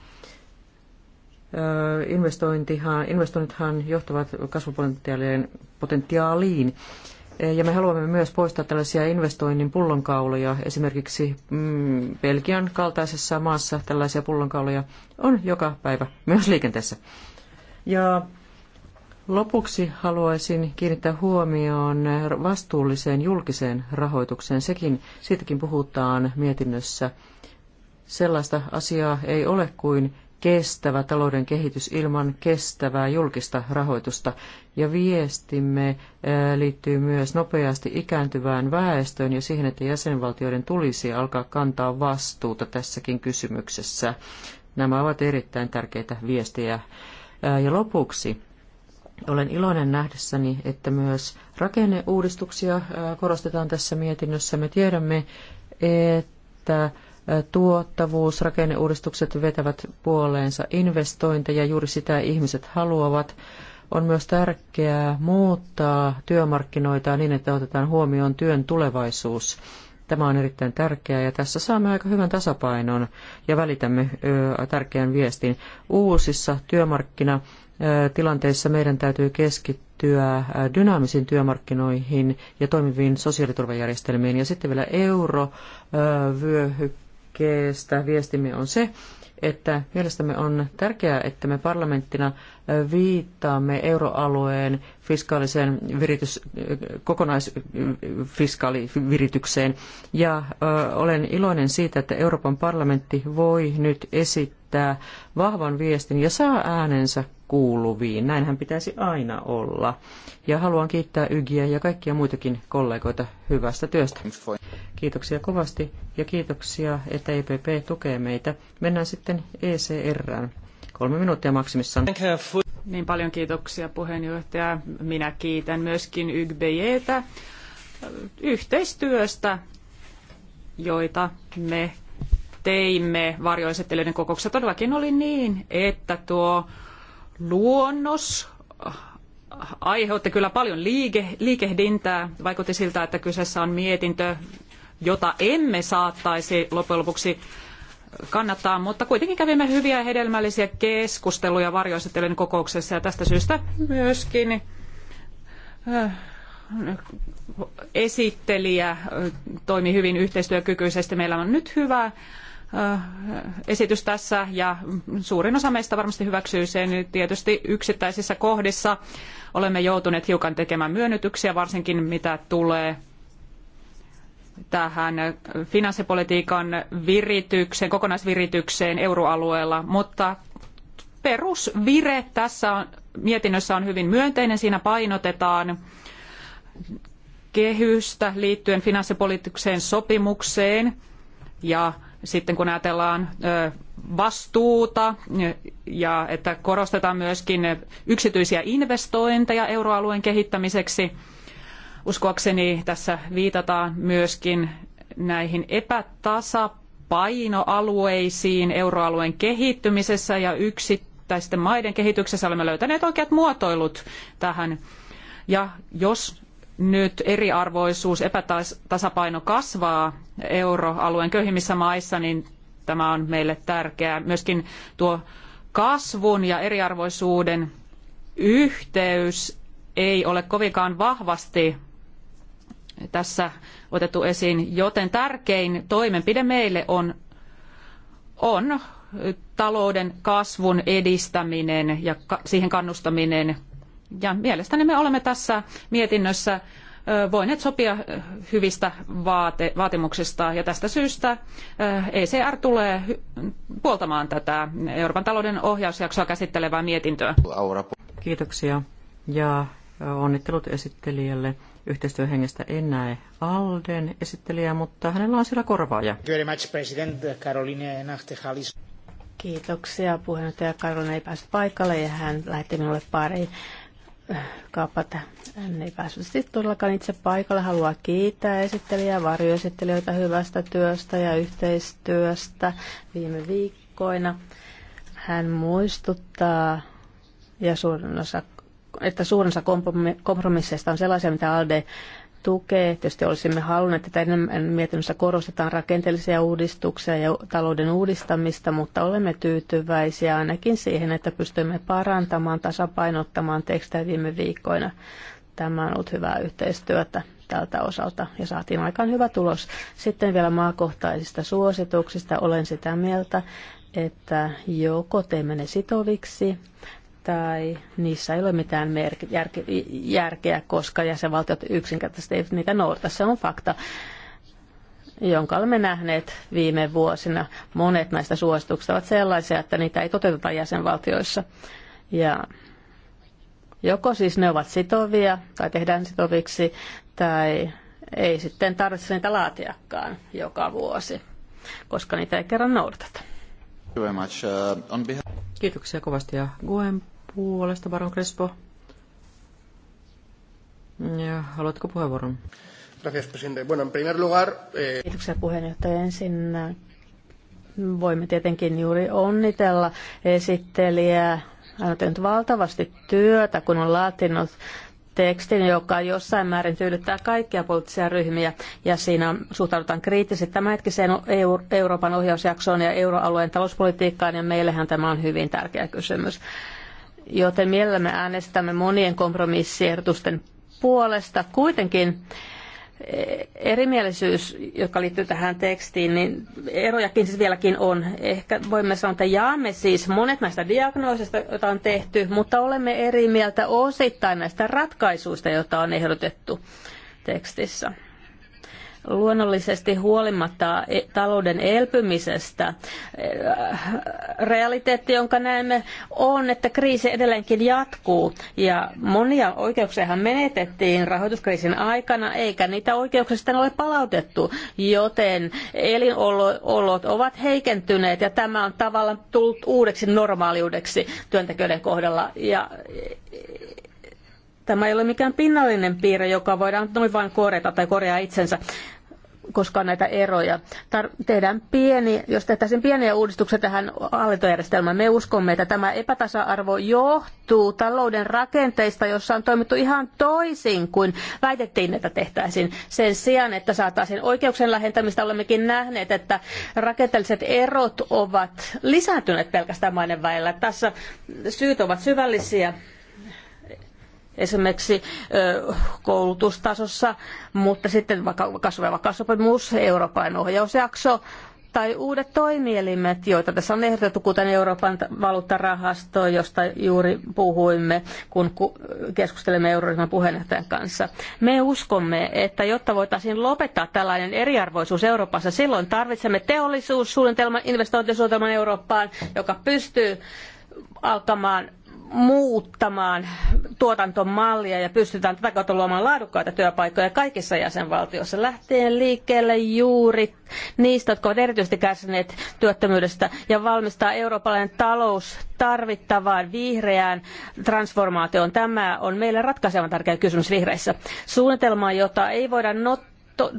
A: Investointihan, investoinnithan johtavat kasvupotentiaaliin, potentiaaliin, Eh, ja me haluamme myös poistaa tällaisia investoinnin pullonkauloja. Esimerkiksi mm, Belgian kaltaisessa maassa tällaisia pullonkauloja on joka päivä myös liikenteessä. Ja lopuksi haluaisin kiinnittää huomioon vastuulliseen julkiseen rahoitukseen. Sekin, siitäkin puhutaan mietinnössä. Sellaista asiaa ei ole kuin kestävä talouden kehitys ilman kestävää julkista rahoitusta. Ja viestimme äh, liittyy myös nopeasti ikääntyvään väestöön ja siihen, että jäsenvaltioiden tulisi alkaa kantaa vastuuta tässäkin kysymyksessä. Nämä ovat erittäin tärkeitä viestejä. Äh, ja lopuksi olen iloinen nähdessäni, että myös rakenneuudistuksia äh, korostetaan tässä mietinnössä. Me tiedämme, että tuottavuus, rakenneuudistukset vetävät puoleensa investointeja, juuri sitä ihmiset haluavat. On myös tärkeää muuttaa työmarkkinoita niin, että otetaan huomioon työn tulevaisuus. Tämä on erittäin tärkeää ja tässä saamme aika hyvän tasapainon ja välitämme tärkeän viestin. Uusissa työmarkkinatilanteissa meidän täytyy keskittyä dynaamisiin työmarkkinoihin ja toimiviin sosiaaliturvajärjestelmiin. Ja sitten vielä eurovyöhykkeeseen liikkeestä viestimme on se, että mielestämme on tärkeää, että me parlamenttina viittaamme euroalueen fiskaaliseen viritys, kokonaisfiskaaliviritykseen. Ja olen iloinen siitä, että Euroopan parlamentti voi nyt esittää vahvan viestin ja saa äänensä kuuluviin. Näinhän pitäisi aina olla. Ja haluan kiittää Ygiä ja kaikkia muitakin kollegoita hyvästä työstä. Kiitoksia kovasti ja kiitoksia, että EPP tukee meitä. Mennään sitten ECRään. Kolme minuuttia maksimissaan.
B: Niin paljon kiitoksia puheenjohtaja. Minä kiitän myöskin YGBJtä äh, yhteistyöstä, joita me teimme varjoisettelijöiden kokouksessa. Todellakin oli niin, että tuo luonnos aiheutti kyllä paljon liike, liikehdintää. Vaikutti siltä, että kyseessä on mietintö, jota emme saattaisi loppujen lopuksi kannattaa, mutta kuitenkin kävimme hyviä ja hedelmällisiä keskusteluja varjoisettelijan kokouksessa ja tästä syystä myöskin äh, esittelijä äh, toimi hyvin yhteistyökykyisesti. Meillä on nyt hyvä esitys tässä ja suurin osa meistä varmasti hyväksyy sen. Tietysti yksittäisissä kohdissa olemme joutuneet hiukan tekemään myönnytyksiä, varsinkin mitä tulee tähän finanssipolitiikan viritykseen, kokonaisviritykseen euroalueella, mutta perusvire tässä on, mietinnössä on hyvin myönteinen. Siinä painotetaan kehystä liittyen finanssipoliittiseen sopimukseen ja sitten kun ajatellaan vastuuta ja että korostetaan myöskin yksityisiä investointeja euroalueen kehittämiseksi, uskoakseni tässä viitataan myöskin näihin epätasapainoalueisiin euroalueen kehittymisessä ja yksittäisten maiden kehityksessä olemme löytäneet oikeat muotoilut tähän. Ja jos nyt eriarvoisuus, epätasapaino kasvaa euroalueen köyhimmissä maissa, niin tämä on meille tärkeää. Myöskin tuo kasvun ja eriarvoisuuden yhteys ei ole kovinkaan vahvasti tässä otettu esiin, joten tärkein toimenpide meille on, on talouden kasvun edistäminen ja siihen kannustaminen ja mielestäni me olemme tässä mietinnössä voineet sopia hyvistä vaate- vaatimuksista ja tästä syystä ECR tulee puoltamaan tätä Euroopan talouden ohjausjaksoa käsittelevää mietintöä.
A: Kiitoksia ja onnittelut esittelijälle. Yhteistyöhengestä en näe Alden esittelijää, mutta hänellä on siellä korvaaja.
D: Kiitoksia. Puheenjohtaja Karolina ei päässyt paikalle ja hän lähetti minulle pari kaapata. Hän ei päässyt sitten todellakaan itse paikalle. Haluaa kiittää esittelijää, varjoesittelijöitä hyvästä työstä ja yhteistyöstä viime viikkoina. Hän muistuttaa, ja suurin osa, että suurin osa kompromisseista on sellaisia, mitä ALDE tukee. Tietysti olisimme halunneet, että enemmän mietinnössä korostetaan rakenteellisia uudistuksia ja talouden uudistamista, mutta olemme tyytyväisiä ainakin siihen, että pystymme parantamaan, tasapainottamaan tekstejä viime viikkoina. Tämä on ollut hyvää yhteistyötä tältä osalta ja saatiin aikaan hyvä tulos. Sitten vielä maakohtaisista suosituksista olen sitä mieltä, että joko teemme ne sitoviksi tai niissä ei ole mitään merk- järkeä, koska jäsenvaltiot yksinkertaisesti eivät niitä noudata. Se on fakta jonka olemme nähneet viime vuosina. Monet näistä suosituksista ovat sellaisia, että niitä ei toteuteta jäsenvaltioissa. Ja joko siis ne ovat sitovia tai tehdään sitoviksi tai ei sitten tarvitse niitä laatiakaan joka vuosi, koska niitä ei kerran noudateta.
A: Uh, Kiitoksia kovasti ja Guen puolesta, Baron Crespo. Ja, haluatko puheenvuoron? Gracias, presidente. Bueno, en primer lugar... Eh...
D: Kiitoksia puheenjohtaja. Ensin äh, voimme tietenkin juuri onnitella esittelijää. Hän on tehnyt valtavasti työtä, kun on laatinut tekstin, joka jossain määrin tyydyttää kaikkia poliittisia ryhmiä, ja siinä suhtaudutaan kriittisesti tämänhetkiseen Euroopan ohjausjaksoon ja euroalueen talouspolitiikkaan, ja meillähän tämä on hyvin tärkeä kysymys joten mielellämme äänestämme monien kompromissiehdotusten puolesta. Kuitenkin eh, erimielisyys, joka liittyy tähän tekstiin, niin erojakin siis vieläkin on. Ehkä voimme sanoa, että jaamme siis monet näistä diagnoosista, joita on tehty, mutta olemme eri mieltä osittain näistä ratkaisuista, joita on ehdotettu tekstissä. Luonnollisesti huolimatta e- talouden elpymisestä, e, realiteetti, jonka näemme, on, että kriisi edelleenkin jatkuu ja monia oikeuksiahan menetettiin rahoituskriisin aikana, eikä niitä oikeuksia sitten ole palautettu, joten elinolot ovat heikentyneet ja tämä on tavallaan tullut uudeksi normaaliudeksi työntekijöiden kohdalla ja Tämä ei ole mikään pinnallinen piirre, joka voidaan noin vain korjata tai korjaa itsensä koska on näitä eroja. Tar- tehdään pieni, jos tehtäisiin pieniä uudistuksia tähän hallintojärjestelmään, me uskomme, että tämä epätasa-arvo johtuu talouden rakenteista, jossa on toimittu ihan toisin kuin väitettiin, että tehtäisiin. Sen sijaan, että saataisiin oikeuksien lähentämistä, olemmekin nähneet, että rakenteelliset erot ovat lisääntyneet pelkästään maiden välillä. Tässä syyt ovat syvällisiä esimerkiksi koulutustasossa, mutta sitten kasvava vakaussopimus, Euroopan ohjausjakso tai uudet toimielimet, joita tässä on ehdotettu, kuten Euroopan valuuttarahasto, josta juuri puhuimme, kun keskustelemme euroryhmän puheenjohtajan kanssa. Me uskomme, että jotta voitaisiin lopettaa tällainen eriarvoisuus Euroopassa, silloin tarvitsemme teollisuussuunnitelman, investointisuunnitelman Eurooppaan, joka pystyy alkamaan muuttamaan tuotantomallia ja pystytään tätä kautta luomaan laadukkaita työpaikkoja kaikissa jäsenvaltioissa lähtien liikkeelle juuri niistä, jotka ovat erityisesti kärsineet työttömyydestä ja valmistaa eurooppalainen talous tarvittavaan vihreään transformaatioon. Tämä on meille ratkaisevan tärkeä kysymys vihreissä. Suunnitelmaa, jota ei voida not- to,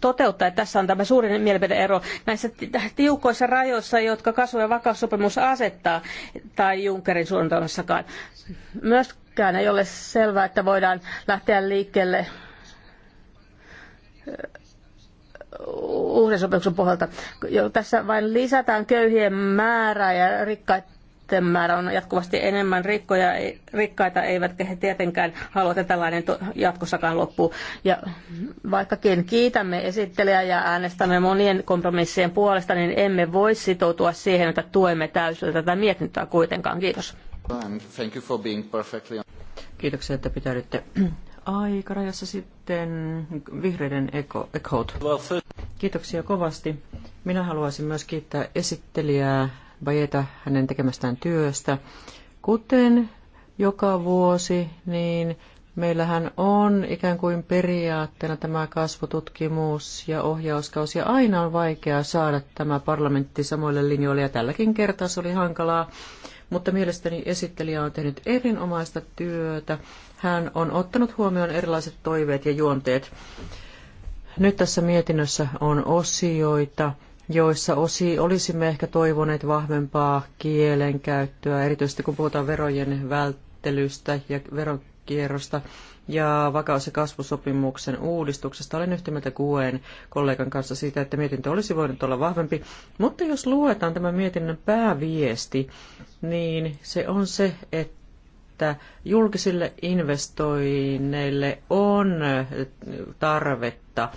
D: toteuttaa. Tässä on tämä suurin mielipideero näissä tiukoissa rajoissa, jotka kasvu- ja vakaussopimus asettaa, tai Junckerin suunnitelmassakaan. Myöskään ei ole selvää, että voidaan lähteä liikkeelle sopimuksen pohjalta. tässä vain lisätään köyhien määrää ja rikkaat lasten määrä on jatkuvasti enemmän. Rikkoja, rikkaita eivätkä he tietenkään halua, että tällainen jatkossakaan loppuu. Ja vaikkakin kiitämme esittelijää ja äänestämme monien kompromissien puolesta, niin emme voi sitoutua siihen, että tuemme täysin
A: tätä mietintöä kuitenkaan. Kiitos. Kiitoksia, että pitäydytte (clears throat) aikarajassa sitten vihreiden Eko, Kiitoksia kovasti. Minä haluaisin myös kiittää esittelijää Bajeta hänen tekemästään työstä. Kuten joka vuosi, niin meillähän on ikään kuin periaatteena tämä kasvututkimus ja ohjauskausi, ja aina on vaikea saada tämä parlamentti samoille linjoille, ja tälläkin kertaa se oli hankalaa, mutta mielestäni esittelijä on tehnyt erinomaista työtä. Hän on ottanut huomioon erilaiset toiveet ja juonteet. Nyt tässä mietinnössä on osioita, joissa osi olisimme ehkä toivoneet vahvempaa kielenkäyttöä, erityisesti kun puhutaan verojen välttelystä ja veronkierrosta ja vakaus- ja kasvusopimuksen uudistuksesta. Olen yhtä mieltä QEn kollegan kanssa siitä, että mietintö olisi voinut olla vahvempi. Mutta jos luetaan tämän mietinnön pääviesti, niin se on se, että että julkisille investoinneille on tarvetta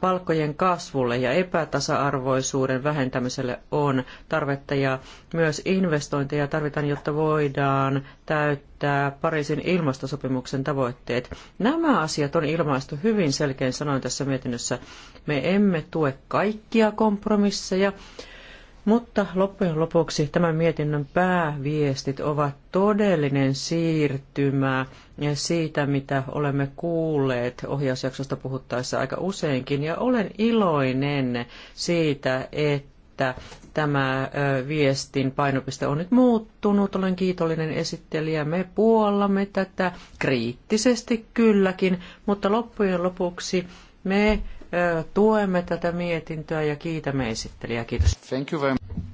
A: palkkojen kasvulle ja epätasa-arvoisuuden vähentämiselle on tarvetta ja myös investointeja tarvitaan, jotta voidaan täyttää Pariisin ilmastosopimuksen tavoitteet. Nämä asiat on ilmaistu hyvin selkein sanoin tässä mietinnössä. Me emme tue kaikkia kompromisseja, mutta loppujen lopuksi tämän mietinnön pääviestit ovat todellinen siirtymä siitä, mitä olemme kuulleet ohjausjaksosta puhuttaessa aika useinkin. Ja olen iloinen siitä, että tämä viestin painopiste on nyt muuttunut. Olen kiitollinen esittelijä. Me puollamme tätä kriittisesti kylläkin, mutta loppujen lopuksi me Tuemme tätä mietintöä ja kiitämme esittelijää. Kiitos. Thank you very much.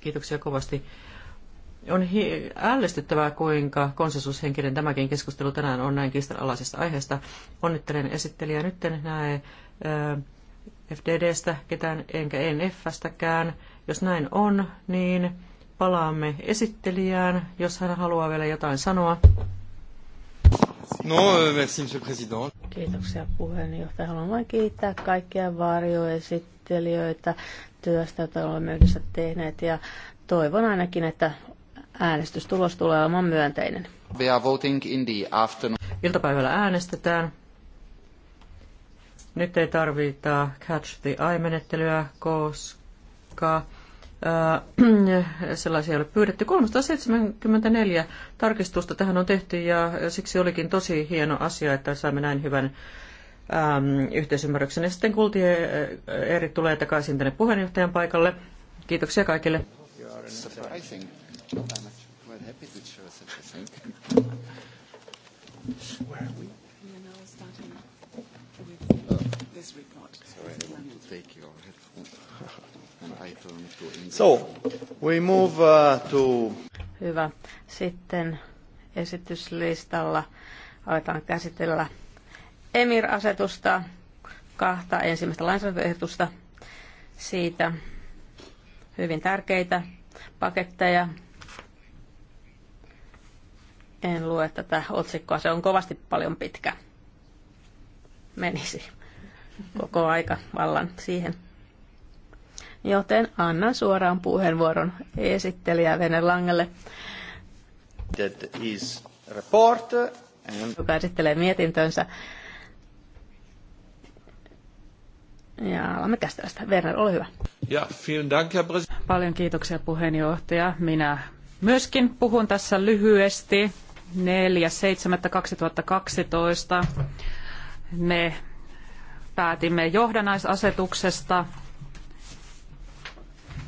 A: Kiitoksia kovasti. On hi- ällistyttävää, kuinka konsensushenkinen tämäkin keskustelu tänään on näin kiistanalaisesta aiheesta. Onnittelen esittelijää. Nyt en näe FDD: FDDstä ketään enkä e stäkään. Jos näin on, niin palaamme esittelijään, jos hän haluaa vielä jotain sanoa. No,
C: euh, merci, monsieur le président.
D: Kiitoksia
A: puheenjohtaja. Haluan vain kiittää kaikkia
D: varjoesittelijöitä työstä, jota olemme yhdessä tehneet ja toivon ainakin, että äänestystulos tulee olemaan myönteinen.
A: We are voting in the afternoon. Iltapäivällä äänestetään. Nyt ei tarvita catch the eye-menettelyä, koska Äh, (clears throat) sellaisia ei ole pyydetty. 374 tarkistusta tähän on tehty ja siksi olikin tosi hieno asia, että saimme näin hyvän äm, yhteisymmärryksen. Ja sitten kultie äh, eri tulee takaisin tänne puheenjohtajan paikalle. Kiitoksia kaikille.
B: Where are we?
C: So, we move uh, to...
D: Hyvä. Sitten esityslistalla aletaan käsitellä Emir-asetusta, kahta ensimmäistä lainsäädäntöehdotusta siitä. Hyvin tärkeitä paketteja. En lue tätä otsikkoa, se on kovasti paljon pitkä. Menisi koko aika vallan siihen joten annan suoraan puheenvuoron esittelijä Vene Langelle,
C: report and...
D: joka esittelee mietintönsä. Ja alamme käsitellä sitä. Werner, ole hyvä.
B: Ja, vielen dank, Herr Paljon kiitoksia puheenjohtaja. Minä myöskin puhun tässä lyhyesti. 4.7.2012 me päätimme johdannaisasetuksesta –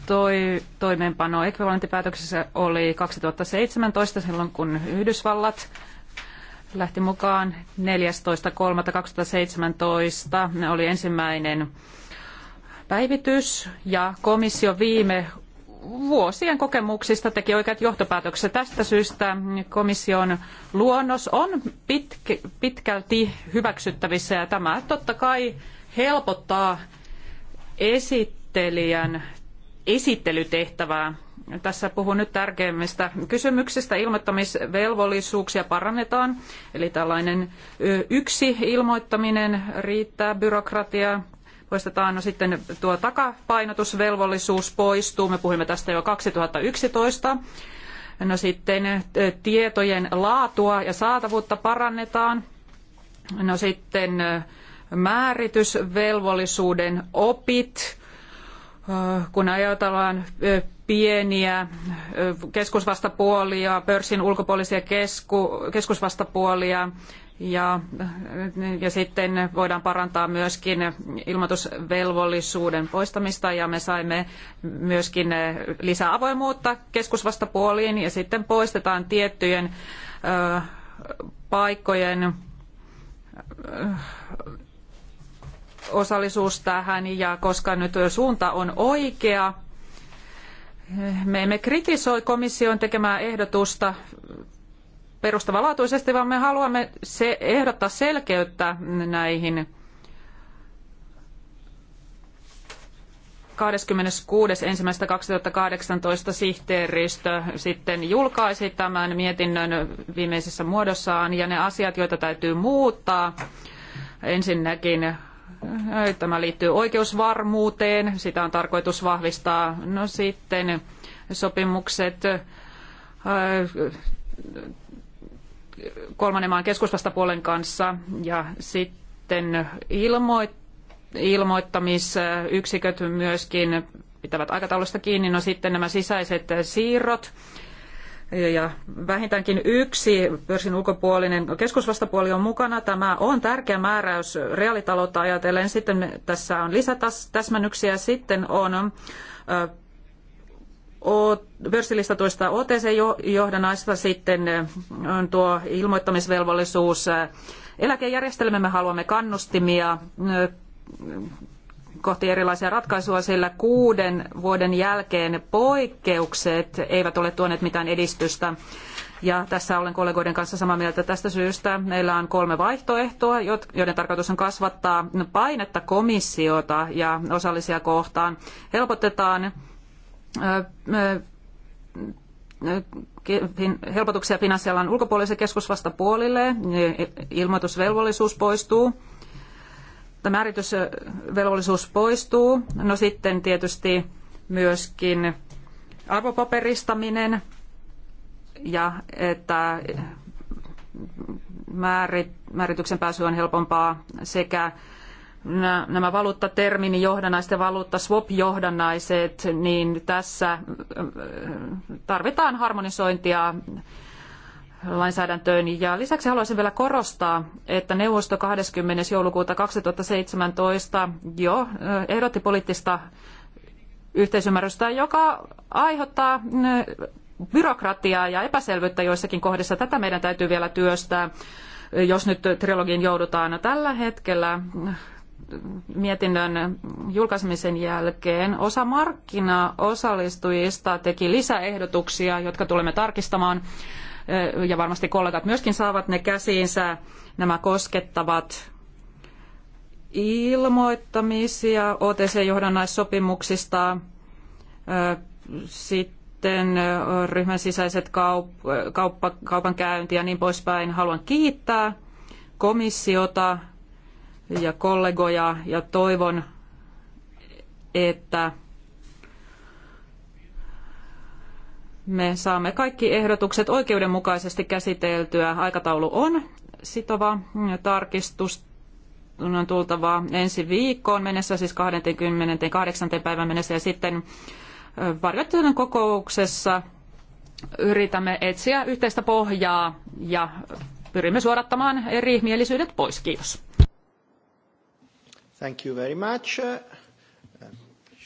B: toi, toimeenpano ekvivalenttipäätöksessä oli 2017, silloin kun Yhdysvallat lähti mukaan 14.3.2017. Ne oli ensimmäinen päivitys ja komissio viime vuosien kokemuksista teki oikeat johtopäätökset. Tästä syystä komission luonnos on pitk- pitkälti hyväksyttävissä ja tämä totta kai helpottaa esittelijän esittelytehtävää. Tässä puhun nyt tärkeimmistä kysymyksistä. Ilmoittamisvelvollisuuksia parannetaan, eli tällainen yksi ilmoittaminen riittää byrokratiaa. Poistetaan no sitten tuo takapainotusvelvollisuus poistuu. Me puhuimme tästä jo 2011. No sitten tietojen laatua ja saatavuutta parannetaan. No sitten määritysvelvollisuuden opit Äh, kun ajatellaan pieniä keskusvastapuolia, pörssin ulkopuolisia kesku, keskusvastapuolia ja, ja sitten voidaan parantaa myöskin ilmoitusvelvollisuuden poistamista ja me saimme myöskin lisää avoimuutta keskusvastapuoliin ja sitten poistetaan tiettyjen ö, paikkojen ö, osallisuus tähän ja koska nyt suunta on oikea, me emme kritisoi komission tekemää ehdotusta perustavanlaatuisesti, vaan me haluamme se ehdottaa selkeyttä näihin 26.1.2018 sihteeristö sitten julkaisi tämän mietinnön viimeisessä muodossaan ja ne asiat, joita täytyy muuttaa. Ensinnäkin Tämä liittyy oikeusvarmuuteen, sitä on tarkoitus vahvistaa. No sitten sopimukset äh, kolmannen maan keskusvastapuolen kanssa ja sitten ilmoittamisyksiköt myöskin pitävät aikataulusta kiinni. No sitten nämä sisäiset siirrot ja vähintäänkin yksi pörssin ulkopuolinen keskusvastapuoli on mukana. Tämä on tärkeä määräys reaalitaloutta ajatellen. Sitten tässä on lisätäsmännyksiä. Sitten on pörssilistatuista OTC-johdannaista sitten on tuo ilmoittamisvelvollisuus. Eläkejärjestelmä me haluamme kannustimia kohti erilaisia ratkaisuja, sillä kuuden vuoden jälkeen poikkeukset eivät ole tuoneet mitään edistystä. Ja tässä olen kollegoiden kanssa samaa mieltä tästä syystä. Meillä on kolme vaihtoehtoa, joiden tarkoitus on kasvattaa painetta komissiota ja osallisia kohtaan. Helpotetaan helpotuksia finanssialan ulkopuolisen keskusvastapuolille, ilmoitusvelvollisuus poistuu, tämä määritysvelvollisuus poistuu. No sitten tietysti myöskin arvopaperistaminen ja että määrityksen pääsy on helpompaa sekä nämä valuuttatermini johdannaiset ja valuutta swap johdannaiset, niin tässä tarvitaan harmonisointia lainsäädäntöön. Ja lisäksi haluaisin vielä korostaa, että neuvosto 20. joulukuuta 2017 jo ehdotti poliittista yhteisymmärrystä, joka aiheuttaa byrokratiaa ja epäselvyyttä joissakin kohdissa. Tätä meidän täytyy vielä työstää, jos nyt trilogiin joudutaan. Tällä hetkellä mietinnön julkaisemisen jälkeen osa markkinaosallistujista teki lisäehdotuksia, jotka tulemme tarkistamaan ja varmasti kollegat myöskin saavat ne käsiinsä, nämä koskettavat ilmoittamisia OTC-johdannaissopimuksista, sitten ryhmän sisäiset kaup- kauppa, kaupankäynti ja niin poispäin. Haluan kiittää komissiota ja kollegoja ja toivon, että me saamme kaikki ehdotukset oikeudenmukaisesti käsiteltyä. Aikataulu on sitova tarkistus on tultava ensi viikkoon mennessä, siis 28. päivän mennessä ja sitten varjoittelun kokouksessa yritämme etsiä yhteistä pohjaa ja pyrimme suodattamaan eri mielisyydet pois. Kiitos.
C: Thank you very much.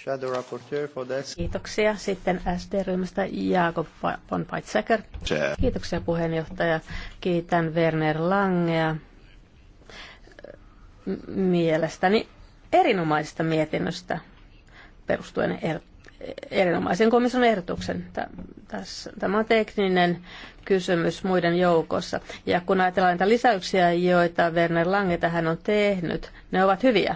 A: Shadow Rapporteur for this.
D: Kiitoksia. Sitten SD-ryhmästä Jaakob von Weizsäcker. Kiitoksia puheenjohtaja. Kiitän Werner Langea mielestäni erinomaisesta mietinnöstä perustuen er, erinomaisen komission ehdotuksen. Tämä on tekninen kysymys muiden joukossa. Ja kun ajatellaan niitä lisäyksiä, joita Werner Lange tähän on tehnyt, ne ovat hyviä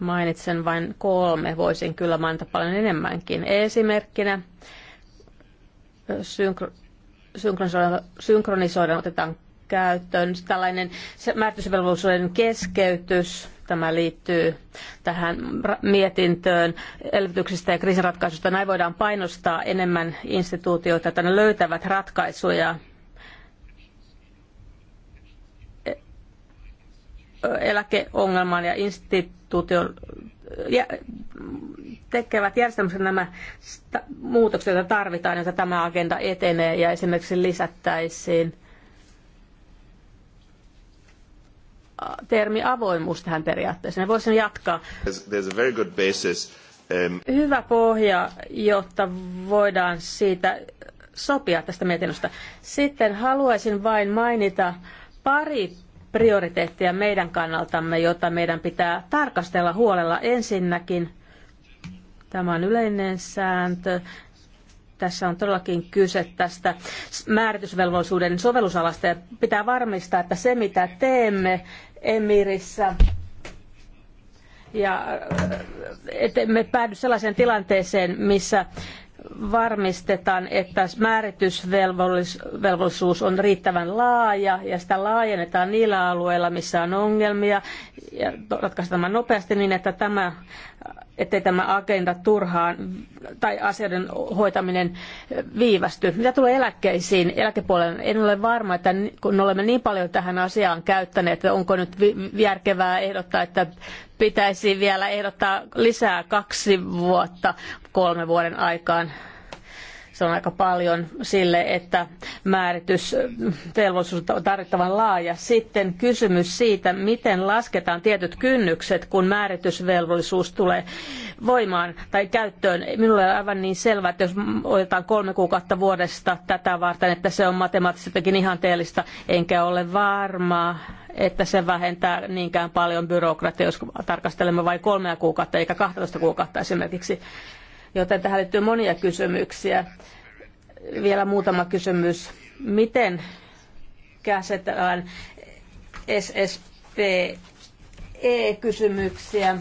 D: Mainitsen vain kolme, voisin kyllä mainita paljon enemmänkin. Esimerkkinä synkro, otetaan käyttöön tällainen määritysvelvollisuuden keskeytys. Tämä liittyy tähän mietintöön elvytyksestä ja kriisinratkaisusta. Näin voidaan painostaa enemmän instituutioita, että ne löytävät ratkaisuja e- eläkeongelmaan ja instituutioon instituution tekevät järjestelmässä nämä muutokset, joita tarvitaan, jotta tämä agenda etenee ja esimerkiksi lisättäisiin termi avoimuus tähän periaatteeseen. Voisin jatkaa.
C: There's a very good basis. Um...
D: Hyvä pohja, jotta voidaan siitä sopia tästä mietinnöstä. Sitten haluaisin vain mainita pari prioriteetteja meidän kannaltamme, jota meidän pitää tarkastella huolella. Ensinnäkin tämä on yleinen sääntö. Tässä on todellakin kyse tästä määritysvelvollisuuden sovellusalasta ja pitää varmistaa, että se mitä teemme Emirissä ja että me päädy sellaiseen tilanteeseen, missä varmistetaan, että määritysvelvollisuus on riittävän laaja ja sitä laajennetaan niillä alueilla, missä on ongelmia ja ratkaistaan tämä nopeasti niin, että tämä, ettei tämä agenda turhaan tai asioiden hoitaminen viivästy. Mitä tulee eläkkeisiin eläkepuolelle, en ole varma, että kun olemme niin paljon tähän asiaan käyttäneet, että onko nyt järkevää ehdottaa, että pitäisi vielä ehdottaa lisää kaksi vuotta kolmen vuoden aikaan. Se on aika paljon sille, että määritys velvollisuus on tarvittavan laaja. Sitten kysymys siitä, miten lasketaan tietyt kynnykset, kun määritysvelvollisuus tulee voimaan tai käyttöön. Minulle on aivan niin selvää, että jos otetaan kolme kuukautta vuodesta tätä varten, että se on matemaattisestikin ihanteellista, enkä ole varma, että se vähentää niinkään paljon byrokratiaa, jos tarkastelemme vain kolmea kuukautta eikä 12 kuukautta esimerkiksi joten tähän liittyy monia kysymyksiä. Vielä muutama kysymys. Miten käsitellään SSPE-kysymyksiä?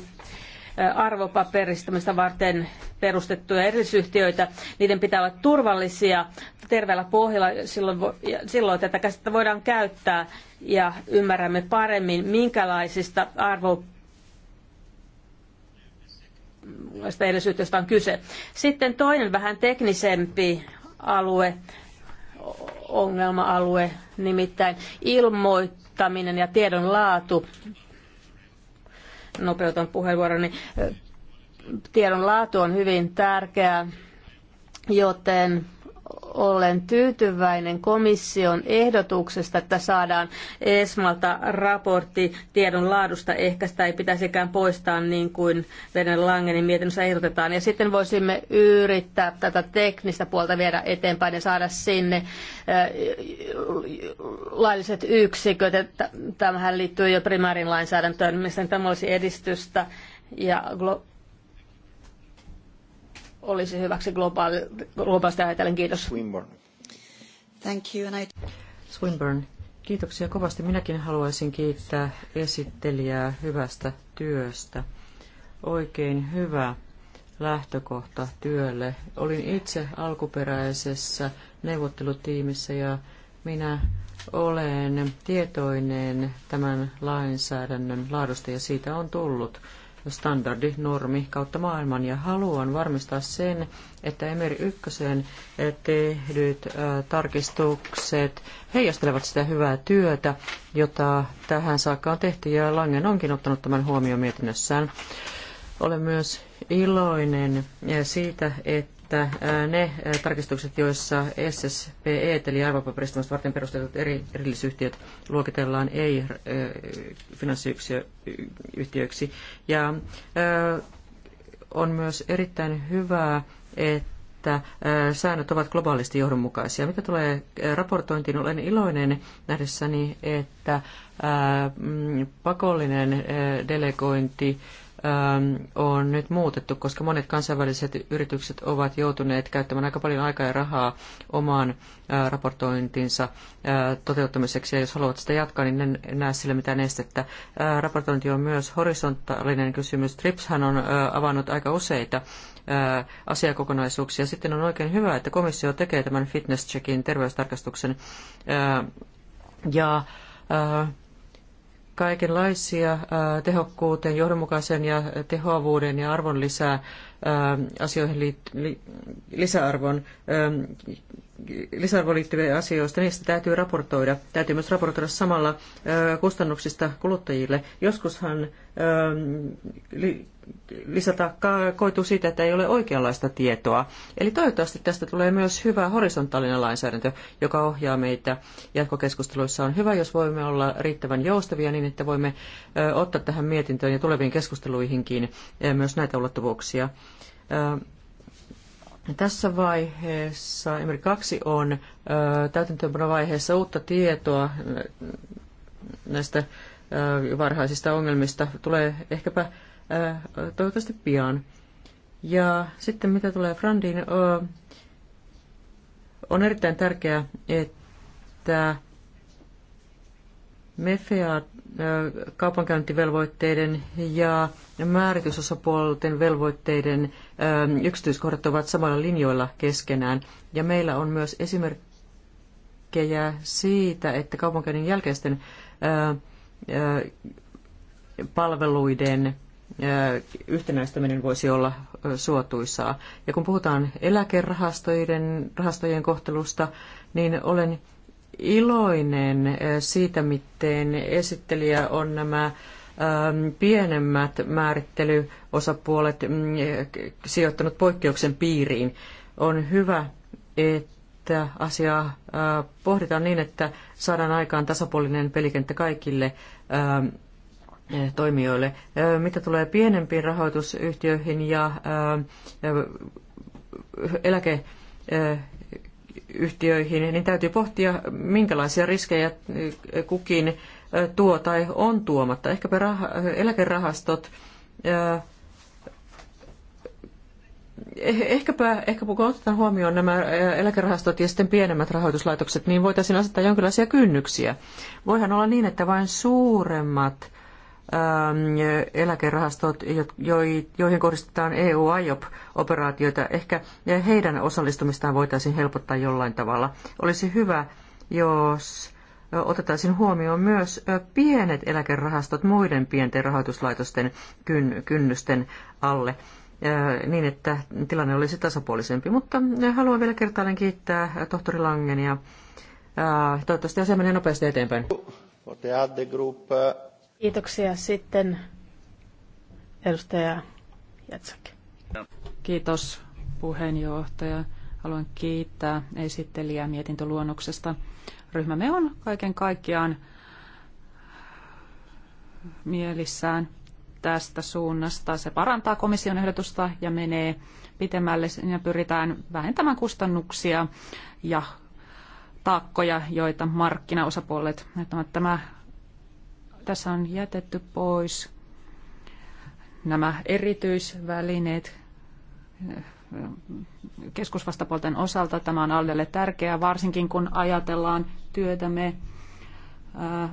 D: arvopaperistamista varten perustettuja erillisyhtiöitä. Niiden pitää olla turvallisia terveellä pohjalla. Silloin, silloin tätä käsitettä voidaan käyttää ja ymmärrämme paremmin, minkälaisista arvo sitä edellisyyttä, on kyse. Sitten toinen vähän teknisempi alue, ongelma-alue, nimittäin ilmoittaminen ja tiedon laatu. Nopeutan puheenvuoroni. Tiedon laatu on hyvin tärkeää, joten olen tyytyväinen komission ehdotuksesta, että saadaan ESMalta raportti tiedon laadusta. Ehkä sitä ei pitäisikään poistaa niin kuin Venen Langenin mietinnössä ehdotetaan. Ja sitten voisimme yrittää tätä teknistä puolta viedä eteenpäin ja saada sinne äh, lailliset yksiköt. Tämähän liittyy jo primäärin lainsäädäntöön, missä tämä olisi edistystä ja olisi hyväksi globaali, globaalista ajatellen. Kiitos. Swinburne.
A: Thank you. And I... Swinburne. Kiitoksia kovasti. Minäkin haluaisin kiittää esittelijää hyvästä työstä. Oikein hyvä lähtökohta työlle. Olin itse alkuperäisessä neuvottelutiimissä ja minä olen tietoinen tämän lainsäädännön laadusta ja siitä on tullut standardi, normi kautta maailman ja haluan varmistaa sen, että Emeri Ykkösen eh, tehdyt eh, tarkistukset heijastelevat sitä hyvää työtä, jota tähän saakka on tehty ja Langen onkin ottanut tämän huomioon mietinnössään. Olen myös iloinen eh, siitä, että että ne tarkistukset, joissa SSPE, eli arvopaperistamista varten perustetut eri, erillisyhtiöt, luokitellaan ei-finanssiyhtiöiksi. Ja on myös erittäin hyvää, että säännöt ovat globaalisti johdonmukaisia. Mitä tulee raportointiin, olen iloinen nähdessäni, että mm, pakollinen delegointi Ähm, on nyt muutettu, koska monet kansainväliset yritykset ovat joutuneet käyttämään aika paljon aikaa ja rahaa oman äh, raportointinsa äh, toteuttamiseksi, ja jos haluavat sitä jatkaa, niin en näe sille mitään estettä. Äh, raportointi on myös horisontaalinen kysymys. TRIPShan on avannut aika useita asiakokonaisuuksia. Sitten on oikein hyvä, että komissio tekee tämän fitness checkin terveystarkastuksen ja kaikenlaisia äh, tehokkuuteen, johdonmukaisen ja tehoavuuden ja arvon lisää äh, asioihin lisäarvon, äh, lisäarvoon liittyviä asioista, niistä täytyy raportoida. Täytyy myös raportoida samalla kustannuksista kuluttajille. Joskushan lisätaakkaa koituu siitä, että ei ole oikeanlaista tietoa. Eli toivottavasti tästä tulee myös hyvä horisontaalinen lainsäädäntö, joka ohjaa meitä jatkokeskusteluissa. On hyvä, jos voimme olla riittävän joustavia niin, että voimme ottaa tähän mietintöön ja tuleviin keskusteluihinkin myös näitä ulottuvuuksia. Tässä vaiheessa, Emri 2 on täytäntöönpanovaiheessa uutta tietoa näistä varhaisista ongelmista. Tulee ehkäpä toivottavasti pian. Ja sitten mitä tulee Frandiin, on erittäin tärkeää, että MEFEA kaupankäyntivelvoitteiden ja määritysosapuolten velvoitteiden yksityiskohdat ovat samalla linjoilla keskenään. Ja meillä on myös esimerkkejä siitä, että kaupankäynnin jälkeisten palveluiden yhtenäistäminen voisi olla suotuisaa. Ja kun puhutaan eläkerahastojen rahastojen kohtelusta, niin olen iloinen siitä, miten esittelijä on nämä pienemmät määrittelyosapuolet mm, sijoittanut poikkeuksen piiriin. On hyvä, että asiaa pohditaan niin, että saadaan aikaan tasapuolinen pelikenttä kaikille toimijoille. Mitä tulee pienempiin rahoitusyhtiöihin ja eläkeyhtiöihin, niin täytyy pohtia, minkälaisia riskejä kukin tuo tai on tuomatta. Ehkäpä eläkerahastot eh, ehkäpä, ehkäpä kun otetaan huomioon nämä eläkerahastot ja sitten pienemmät rahoituslaitokset, niin voitaisiin asettaa jonkinlaisia kynnyksiä. Voihan olla niin, että vain suuremmat Ähm, eläkerahastot, joihin kohdistetaan EU-IOP-operaatioita. Ehkä heidän osallistumistaan voitaisiin helpottaa jollain tavalla. Olisi hyvä, jos otettaisiin huomioon myös pienet eläkerahastot muiden pienten rahoituslaitosten kynnysten alle niin, että tilanne olisi tasapuolisempi. Mutta haluan vielä kertaalleen kiittää tohtori Langenia. Toivottavasti asia menee nopeasti eteenpäin.
C: Group,
B: Kiitoksia sitten edustaja Jatsak. Kiitos puheenjohtaja. Haluan kiittää esittelijää mietintöluonnoksesta. Ryhmämme on kaiken kaikkiaan mielissään tästä suunnasta. Se parantaa komission ehdotusta ja menee pitemmälle ja pyritään vähentämään kustannuksia ja taakkoja, joita markkinaosapuolet. Tämä tässä on jätetty pois nämä erityisvälineet keskusvastapuolten osalta. Tämä on Aldelle tärkeää, varsinkin kun ajatellaan työtämme äh,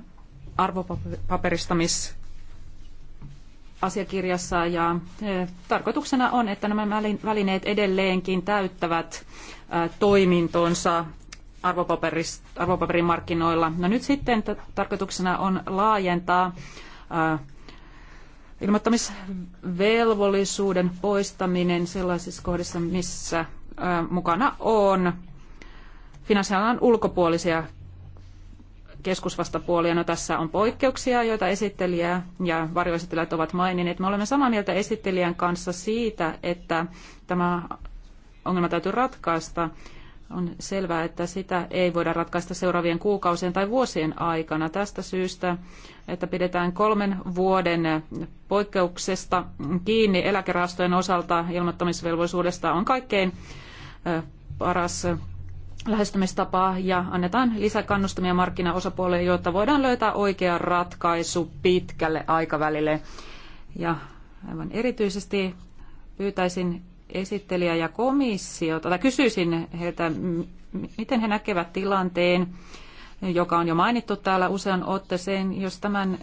B: arvopaperistamisasiakirjassa asiakirjassa ja äh, tarkoituksena on, että nämä välineet edelleenkin täyttävät äh, toimintonsa arvopaperimarkkinoilla. No nyt sitten tarkoituksena on laajentaa äh, ilmoittamisvelvollisuuden poistaminen sellaisissa kohdissa, missä äh, mukana on finanssialan ulkopuolisia keskusvastapuolia. No tässä on poikkeuksia, joita esittelijä ja varjoesittelijät ovat maininneet. Me olemme samaa mieltä esittelijän kanssa siitä, että tämä ongelma täytyy ratkaista on selvää, että sitä ei voida ratkaista seuraavien kuukausien tai vuosien aikana tästä syystä, että pidetään kolmen vuoden poikkeuksesta kiinni eläkerahastojen osalta ilmoittamisvelvollisuudesta on kaikkein paras lähestymistapa ja annetaan lisäkannustamia markkinaosapuolille, jotta voidaan löytää oikea ratkaisu pitkälle aikavälille. Ja aivan erityisesti pyytäisin esittelijä ja komissio. tai kysyisin heiltä, miten he näkevät tilanteen, joka on jo mainittu täällä usean otteeseen, jos tämän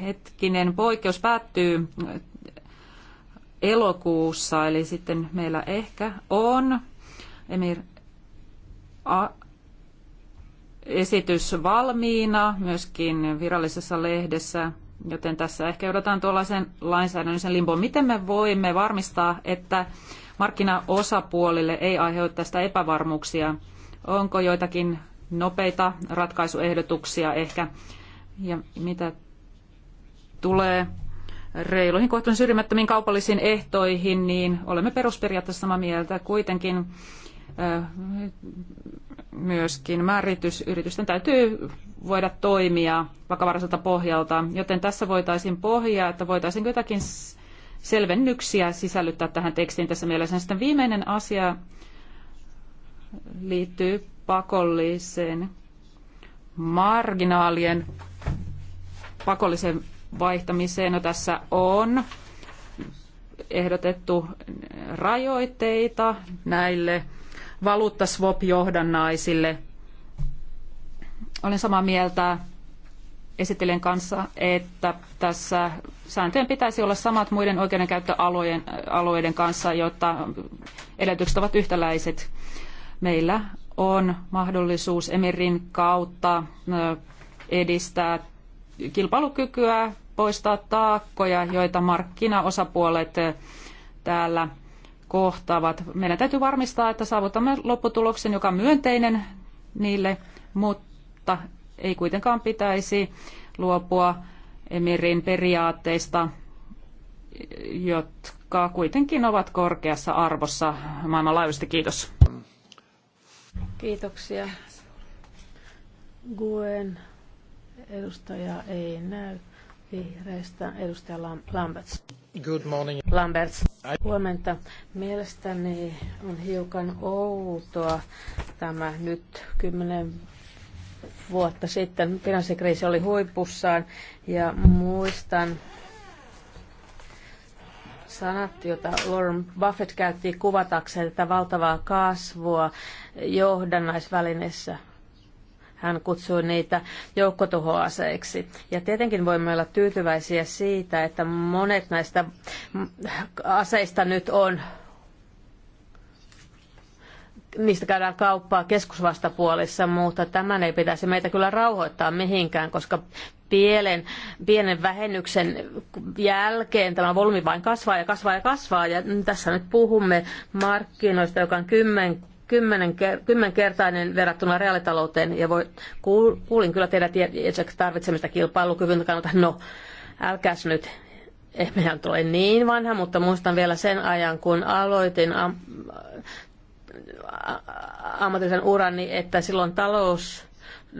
B: hetkinen poikkeus päättyy elokuussa, eli sitten meillä ehkä on Emir A esitys valmiina myöskin virallisessa lehdessä Joten tässä ehkä joudutaan tuollaisen lainsäädännöllisen limpoon. Miten me voimme varmistaa, että markkinaosapuolille ei aiheuta tästä epävarmuuksia? Onko joitakin nopeita ratkaisuehdotuksia ehkä? Ja mitä tulee reiluihin kohtuun syrjimättömiin kaupallisiin ehtoihin, niin olemme perusperiaatteessa samaa mieltä. Kuitenkin myöskin määritysyritysten täytyy voida toimia vakavaraiselta pohjalta, joten tässä voitaisiin pohjaa, että voitaisiin jotakin selvennyksiä sisällyttää tähän tekstiin tässä mielessä. Sitten viimeinen asia liittyy pakolliseen marginaalien pakolliseen vaihtamiseen. No tässä on ehdotettu rajoitteita näille valuuttaswap-johdannaisille. Olen samaa mieltä esittelijän kanssa, että tässä sääntöjen pitäisi olla samat muiden oikeudenkäyttöalueiden kanssa, jotta edellytykset ovat yhtäläiset. Meillä on mahdollisuus Emirin kautta edistää kilpailukykyä, poistaa taakkoja, joita markkinaosapuolet täällä kohtaavat. Meidän täytyy varmistaa, että saavutamme lopputuloksen, joka on myönteinen niille, mutta ei kuitenkaan pitäisi luopua Emirin periaatteista, jotka kuitenkin ovat korkeassa arvossa maailmanlaajuisesti. Kiitos.
D: Kiitoksia. Guen edustaja ei näy vihreistä edustaja Lambertsson. Good morning. Lamberts. Huomenta. Mielestäni on hiukan outoa tämä nyt kymmenen vuotta sitten. Finanssikriisi oli huipussaan ja muistan sanat, joita Warren Buffett käytti kuvatakseen tätä valtavaa kasvua johdannaisvälineissä hän kutsui niitä joukkotuhoaseiksi. Ja tietenkin voimme olla tyytyväisiä siitä, että monet näistä aseista nyt on niistä käydään kauppaa keskusvastapuolissa, mutta tämän ei pitäisi meitä kyllä rauhoittaa mihinkään, koska pienen, pienen vähennyksen jälkeen tämä volyymi vain kasvaa ja kasvaa ja kasvaa. Ja tässä nyt puhumme markkinoista, joka on kymmen kymmenkertainen verrattuna reaalitalouteen. Ja voi, kuulin kyllä teidän tarvitsemista kilpailukyvyn kannalta. No, älkääs nyt ei mehän tule niin vanha, mutta muistan vielä sen ajan, kun aloitin am- ammatillisen urani, että silloin talous,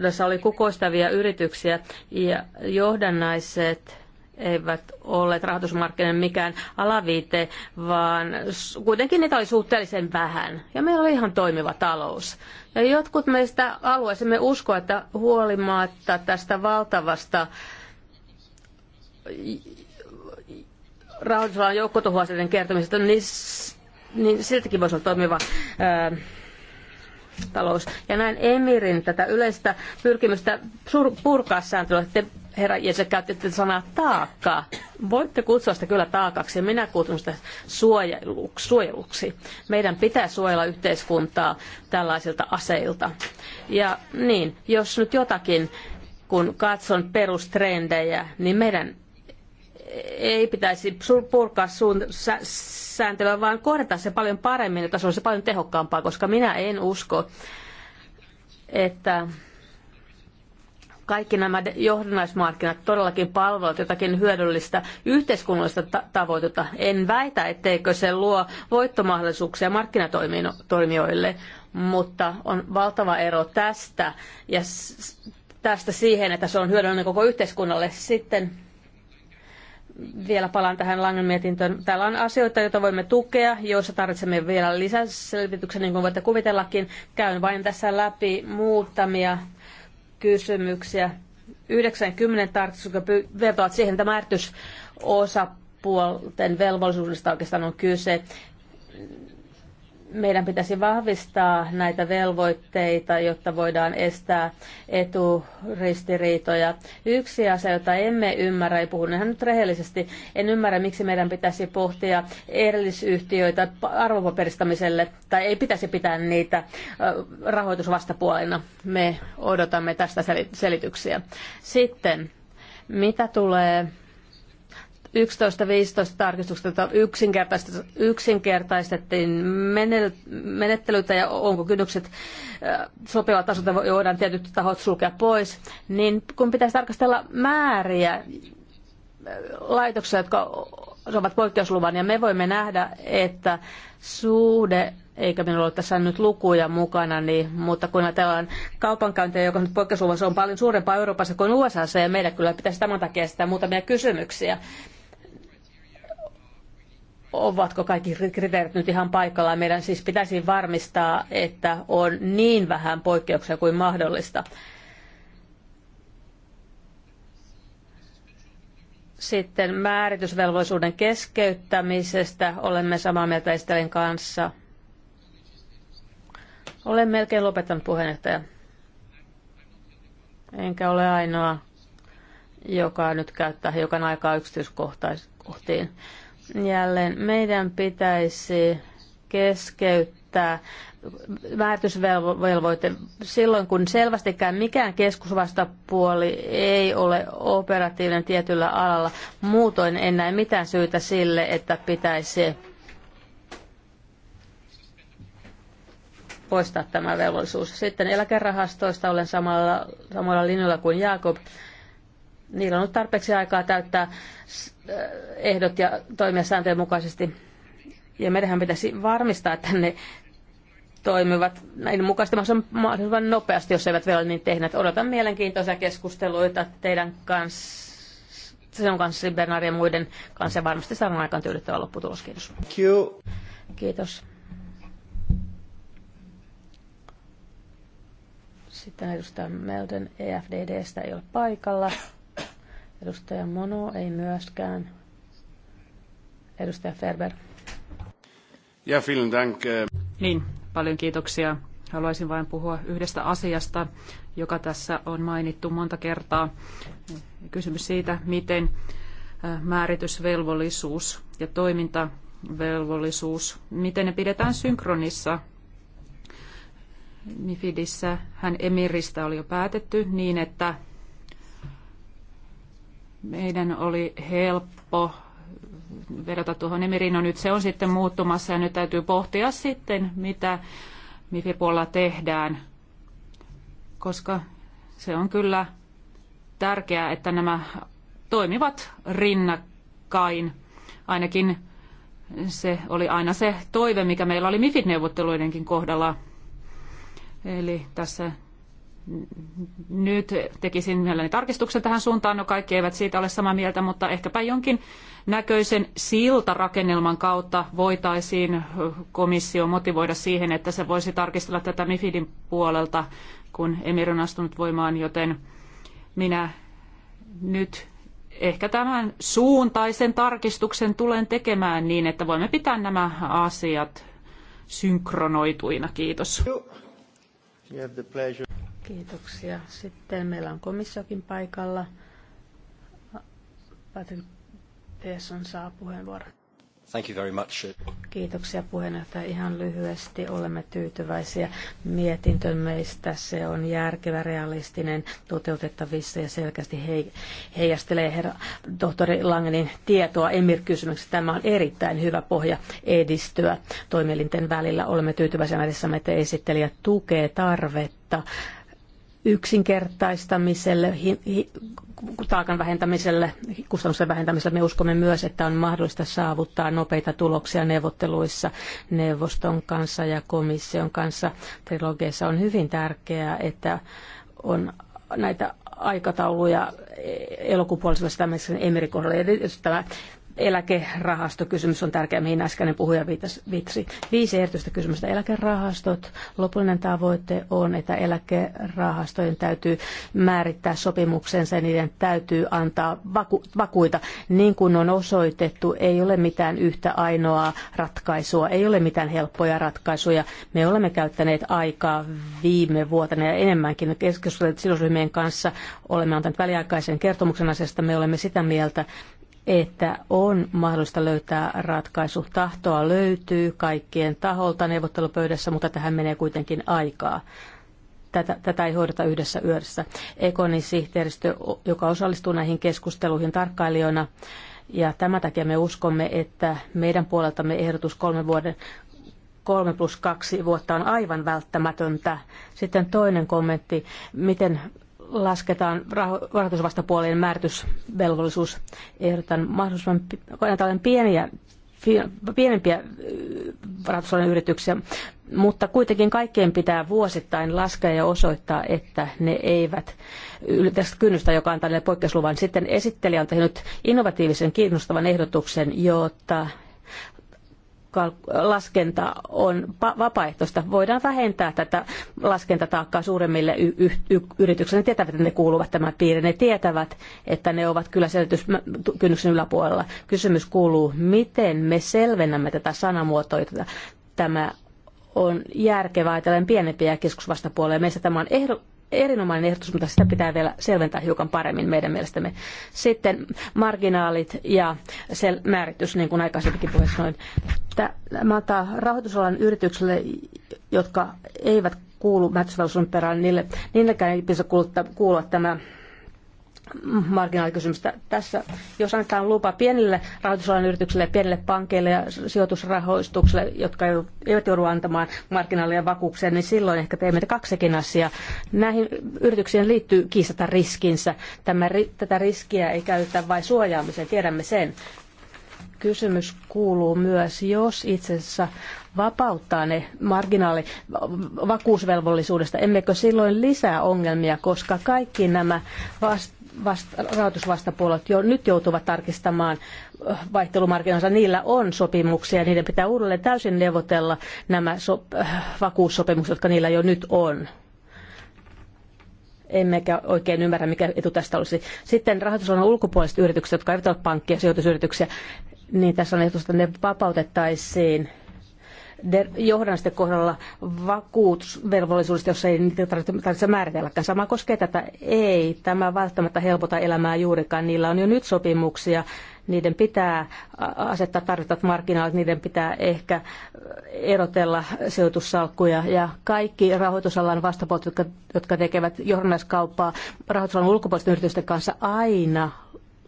D: tässä oli kukoistavia yrityksiä ja johdannaiset eivät olleet rahoitusmarkkinoiden mikään alaviite, vaan kuitenkin niitä oli suhteellisen vähän. Ja meillä oli ihan toimiva talous. Ja jotkut meistä haluaisimme uskoa, että huolimatta tästä valtavasta rahoitusalan joukkotuhoaseiden kertomisesta, niin, niin voisi olla toimiva ää, talous. Ja näin Emirin tätä yleistä pyrkimystä purkaa sääntelyä, herra Jeesus käytti sanaa taakka, Voitte kutsua sitä kyllä taakaksi ja minä kutsun sitä suojeluksi. Meidän pitää suojella yhteiskuntaa tällaisilta aseilta. Ja niin, jos nyt jotakin, kun katson perustrendejä, niin meidän ei pitäisi purkaa suun, sä, sääntelyä, vaan korjata se paljon paremmin, että se olisi paljon tehokkaampaa, koska minä en usko, että kaikki nämä johdannaismarkkinat todellakin palvelevat jotakin hyödyllistä yhteiskunnallista tavoitetta. En väitä, etteikö se luo voittomahdollisuuksia markkinatoimijoille, mutta on valtava ero tästä ja tästä siihen, että se on hyödyllinen koko yhteiskunnalle. Sitten vielä palaan tähän Langen mietintöön. Täällä on asioita, joita voimme tukea, joissa tarvitsemme vielä lisäselvityksen, niin kuin voitte kuvitellakin. Käyn vain tässä läpi muutamia kysymyksiä. 90 tarkistus, joka vetoavat siihen, tämä määritys osapuolten velvollisuudesta oikeastaan on kyse meidän pitäisi vahvistaa näitä velvoitteita, jotta voidaan estää eturistiriitoja. Yksi asia, jota emme ymmärrä, ei puhu nyt rehellisesti, en ymmärrä, miksi meidän pitäisi pohtia erillisyhtiöitä arvopaperistamiselle, tai ei pitäisi pitää niitä rahoitusvastapuolena. Me odotamme tästä selityksiä. Sitten, mitä tulee 11.15 tarkistuksesta yksinkertaistettiin menettelytä ja onko kynnykset sopiva tasolta, voidaan tietyt tahot sulkea pois, niin kun pitäisi tarkastella määriä laitoksia, jotka saavat poikkeusluvan, ja me voimme nähdä, että suhde eikä minulla ole tässä nyt lukuja mukana, niin, mutta kun ajatellaan kaupankäyntiä, joka nyt poikkeusluvassa on paljon suurempaa Euroopassa kuin USAssa, ja meidän kyllä pitäisi tämän takia sitä muutamia kysymyksiä ovatko kaikki kriteerit nyt ihan paikallaan. Meidän siis pitäisi varmistaa, että on niin vähän poikkeuksia kuin mahdollista. Sitten määritysvelvollisuuden keskeyttämisestä olemme samaa mieltä Estelin kanssa. Olen melkein lopettanut puheenjohtaja. Enkä ole ainoa, joka nyt käyttää hiukan aikaa yksityiskohtiin. Jälleen meidän pitäisi keskeyttää määritysvelvoite silloin, kun selvästikään mikään keskusvastapuoli ei ole operatiivinen tietyllä alalla. Muutoin en näe mitään syytä sille, että pitäisi poistaa tämä velvollisuus. Sitten eläkerahastoista olen samalla, samalla linjalla kuin Jaakob. Niillä on ollut tarpeeksi aikaa täyttää eh, ehdot ja toimia sääntöjen mukaisesti. Ja meidän pitäisi varmistaa, että ne toimivat näin mukaisesti mahdollisimman nopeasti, jos eivät vielä ole niin tehneet. Odotan mielenkiintoisia keskusteluita teidän kanssa sinun kanssa, Bernard ja muiden kanssa. Ja varmasti saadaan aikaan tyydyttävä lopputulos. Kiitos. Kiitos. Sitten edustaja Melden EFDDstä ei ole paikalla. Edustaja Mono ei myöskään. Edustaja
B: Ferber. Ja vielen dank. Eh. Niin, paljon kiitoksia. Haluaisin vain puhua yhdestä asiasta, joka tässä on mainittu monta kertaa. Kysymys siitä, miten eh, määritysvelvollisuus ja toimintavelvollisuus, miten ne pidetään synkronissa Mifidissä hän emiristä oli jo päätetty niin, että meidän oli helppo vedota tuohon emiriin. No nyt se on sitten muuttumassa ja nyt täytyy pohtia sitten, mitä MIFI-puolella tehdään, koska se on kyllä tärkeää, että nämä toimivat rinnakkain. Ainakin se oli aina se toive, mikä meillä oli mifi neuvotteluidenkin kohdalla. Eli tässä nyt tekisin mielelläni tarkistuksen tähän suuntaan. No kaikki eivät siitä ole samaa mieltä, mutta ehkäpä jonkin näköisen siltarakennelman kautta voitaisiin komissio motivoida siihen, että se voisi tarkistella tätä MIFIDin puolelta, kun Emir on astunut voimaan, joten minä nyt ehkä tämän suuntaisen tarkistuksen tulen tekemään niin, että voimme pitää nämä asiat synkronoituina. Kiitos.
D: Kiitoksia. Sitten meillä on komissiokin paikalla. Patrick Pearson saa puheenvuoron.
A: Thank you very much.
D: Kiitoksia puheenjohtaja. Ihan lyhyesti olemme tyytyväisiä mietintön meistä. Se on järkevä, realistinen, toteutettavissa ja selkeästi hei, heijastelee herra tohtori Langenin tietoa Emir-kysymyksestä. Tämä on erittäin hyvä pohja edistyä toimielinten välillä. Olemme tyytyväisiä mielessämme, että esittelijä tukee tarvetta yksinkertaistamiselle, hi, hi, taakan vähentämiselle, kustannusten vähentämiselle. Me uskomme myös, että on mahdollista saavuttaa nopeita tuloksia neuvotteluissa neuvoston kanssa ja komission kanssa. Trilogeissa on hyvin tärkeää, että on näitä aikatauluja elokuun puolella esimerkiksi Emerin kohdalla. tämä eläkerahastokysymys on tärkeä, mihin äskeinen puhuja viitasi. Viisi erityistä kysymystä. Eläkerahastot. Lopullinen tavoite on, että eläkerahastojen täytyy määrittää sopimuksensa ja niiden täytyy antaa vaku- vakuita. Niin kuin on osoitettu, ei ole mitään yhtä ainoaa ratkaisua, ei ole mitään helppoja ratkaisuja. Me olemme käyttäneet aikaa viime vuotena ja enemmänkin keskustelut sidosryhmien kanssa. Olemme antaneet väliaikaisen kertomuksen asiasta. Me olemme sitä mieltä, että on mahdollista löytää ratkaisu. Tahtoa löytyy kaikkien taholta neuvottelupöydässä, mutta tähän menee kuitenkin aikaa. Tätä, tätä ei hoideta yhdessä yössä. Ekonin sihteeristö, joka osallistuu näihin keskusteluihin tarkkailijoina, ja tämän takia me uskomme, että meidän puoleltamme ehdotus kolme vuoden 3 plus 2 vuotta on aivan välttämätöntä. Sitten toinen kommentti, miten lasketaan rahoitusvastapuolien määritysvelvollisuus. Ehdotan mahdollisimman tällainen pieniä pienempiä äh, rahoitusalan yrityksiä, mutta kuitenkin kaikkien pitää vuosittain laskea ja osoittaa, että ne eivät ylitä kynnystä, joka antaa niille poikkeusluvan. Sitten esittelijä on tehnyt innovatiivisen kiinnostavan ehdotuksen, jotta laskenta on vapaaehtoista. Voidaan vähentää tätä laskentataakkaa suuremmille y- y- yrityksille. Ne tietävät, että ne kuuluvat tämän piirin. Ne tietävät, että ne ovat kyllä selityskynnyksen yläpuolella. Kysymys kuuluu, miten me selvennämme tätä sanamuotoa, tämä on järkevää ajatellen pienempiä keskusvastapuolia. Meistä tämä on ehdo- erinomainen ehdotus, mutta sitä pitää vielä selventää hiukan paremmin meidän mielestämme. Sitten marginaalit ja sel- määritys, niin kuin aikaisemminkin puheessa sanoin. Tämä antaa rahoitusalan yrityksille, jotka eivät kuulu mätsätalousunperään, niille, niillekään ei pitäisi kuulua tämä marginaalikysymystä. Tässä, jos annetaan lupa pienille rahoitusalan yrityksille, pienille pankeille ja sijoitusrahoitukselle, jotka eivät joudu antamaan marginaaleja vakuuksia, niin silloin ehkä teemme kaksikin asiaa. Näihin yrityksiin liittyy kiistata riskinsä. Tämä, tätä riskiä ei käytetä vain suojaamiseen, tiedämme sen. Kysymys kuuluu myös, jos itse asiassa vapauttaa ne marginaali vakuusvelvollisuudesta, emmekö silloin lisää ongelmia, koska kaikki nämä vast- vasta, rahoitusvastapuolet jo nyt joutuvat tarkistamaan äh, vaihtelumarkkinoissa Niillä on sopimuksia ja niiden pitää uudelleen täysin neuvotella nämä so, äh, vakuussopimukset, jotka niillä jo nyt on. Emmekä oikein ymmärrä, mikä etu tästä olisi. Sitten rahoitusalan ulkopuoliset yritykset, jotka eivät ole pankkia, sijoitusyrityksiä, niin tässä on ehdotus, että ne vapautettaisiin johdannasten kohdalla vakuutusvelvollisuudesta, jos ei niitä tarvitse määritelläkään. Sama koskee tätä. Ei, tämä välttämättä helpota elämää juurikaan. Niillä on jo nyt sopimuksia. Niiden pitää asettaa tarvittavat markkinaat, niiden pitää ehkä erotella sijoitussalkkuja ja kaikki rahoitusalan vastapuolet, jotka, jotka tekevät johdannaiskauppaa rahoitusalan ulkopuolisten yritysten kanssa aina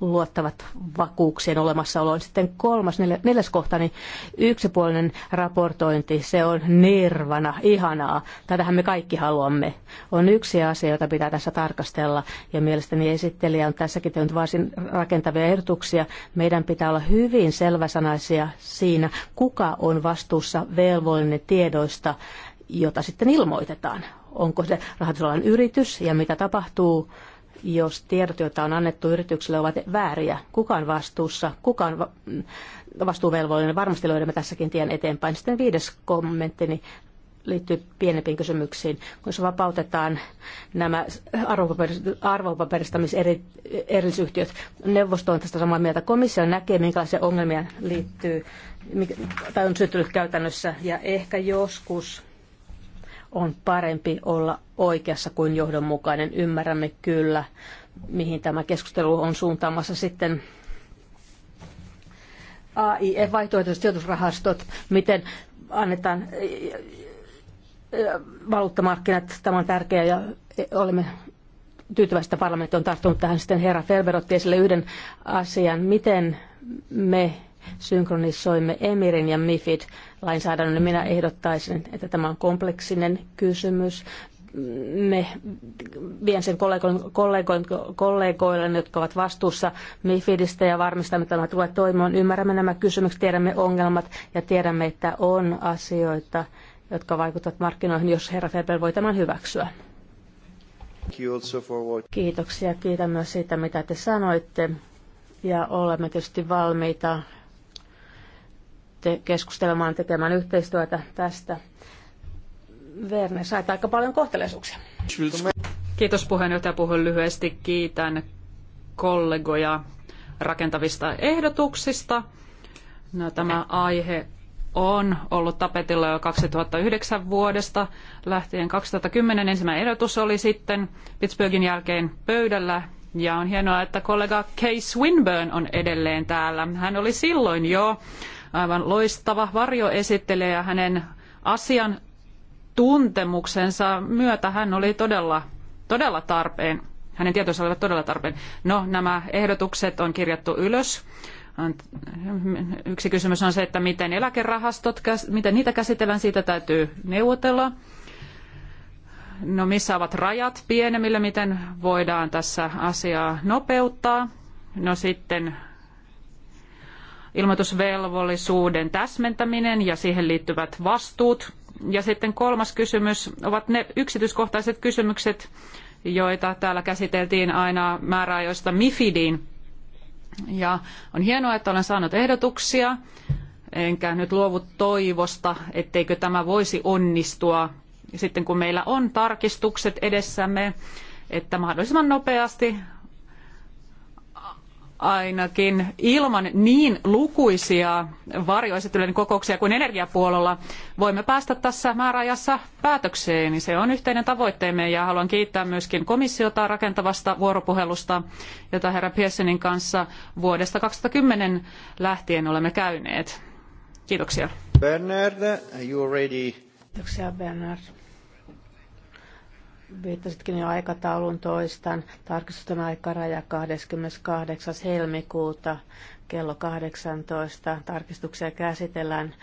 D: luottavat vakuuksien olemassaoloon. Sitten kolmas, neljäs kohta, niin yksipuolinen raportointi, se on nirvana, ihanaa. Tätähän me kaikki haluamme. On yksi asia, jota pitää tässä tarkastella, ja mielestäni esittelijä on tässäkin tehnyt varsin rakentavia ehdotuksia. Meidän pitää olla hyvin selväsanaisia siinä, kuka on vastuussa velvollinen tiedoista, jota sitten ilmoitetaan. Onko se rahoitusalan yritys ja mitä tapahtuu jos tiedot, joita on annettu yrityksille, ovat vääriä. Kukaan vastuussa, kukaan va- mm, vastuuvelvollinen. Varmasti löydämme tässäkin tien eteenpäin. Sitten viides kommenttini liittyy pienempiin kysymyksiin. Kun se vapautetaan nämä arvopaperistamiserillisyhtiöt, neuvosto on tästä samaa mieltä. Komissio näkee, minkälaisia ongelmia liittyy tai on syntynyt käytännössä ja ehkä joskus on parempi olla oikeassa kuin johdonmukainen. Ymmärrämme kyllä, mihin tämä keskustelu on suuntaamassa sitten AIE, vaihtoehtoiset sijoitusrahastot, miten annetaan valuuttamarkkinat, tämä on tärkeää ja olemme tyytyväisiä, että parlamentti on tarttunut tähän sitten herra Ferber otti esille yhden asian, miten me synkronisoimme Emirin ja MIFID lainsäädännön. Minä ehdottaisin, että tämä on kompleksinen kysymys. Me vien sen kollegoille, kollegoille jotka ovat vastuussa MIFIDistä ja varmistamme, että tämä tulee toimimaan. Ymmärrämme nämä kysymykset, tiedämme ongelmat ja tiedämme, että on asioita, jotka vaikuttavat markkinoihin, jos herra Ferber voi tämän hyväksyä. Kiitoksia. Kiitän myös siitä, mitä te sanoitte. Ja olemme tietysti valmiita te- keskustelemaan, tekemään yhteistyötä tästä. Verne, sait aika paljon kohteleisuuksia.
B: Kiitos puheenjohtaja. Puhun lyhyesti. Kiitän kollegoja rakentavista ehdotuksista. No, tämä aihe on ollut tapetilla jo 2009 vuodesta lähtien. 2010 ensimmäinen ehdotus oli sitten Pittsburghin jälkeen pöydällä. Ja on hienoa, että kollega Case Swinburne on edelleen täällä. Hän oli silloin jo aivan loistava varjoesittelijä hänen asian tuntemuksensa myötä hän oli todella, todella tarpeen. Hänen tietonsa olivat todella tarpeen. No, nämä ehdotukset on kirjattu ylös. Yksi kysymys on se, että miten eläkerahastot, miten niitä käsitellään, siitä täytyy neuvotella. No missä ovat rajat pienemmille, miten voidaan tässä asiaa nopeuttaa? No sitten ilmoitusvelvollisuuden täsmentäminen ja siihen liittyvät vastuut. Ja sitten kolmas kysymys ovat ne yksityiskohtaiset kysymykset, joita täällä käsiteltiin aina määräajoista MIFIDiin. Ja on hienoa, että olen saanut ehdotuksia, enkä nyt luovu toivosta, etteikö tämä voisi onnistua. Sitten kun meillä on tarkistukset edessämme, että mahdollisimman nopeasti ainakin ilman niin lukuisia varjoesittelyiden kokouksia kuin energiapuolella voimme päästä tässä määräajassa päätökseen. Se on yhteinen tavoitteemme ja haluan kiittää myöskin komissiota rakentavasta vuoropuhelusta, jota herra Piessenin kanssa vuodesta 2010 lähtien olemme käyneet. Kiitoksia.
C: Bernard, are you ready? Kiitoksia Bernard
D: viittasitkin jo aikataulun toistan. Tarkistusten aikaraja 28. helmikuuta kello 18. Tarkistuksia käsitellään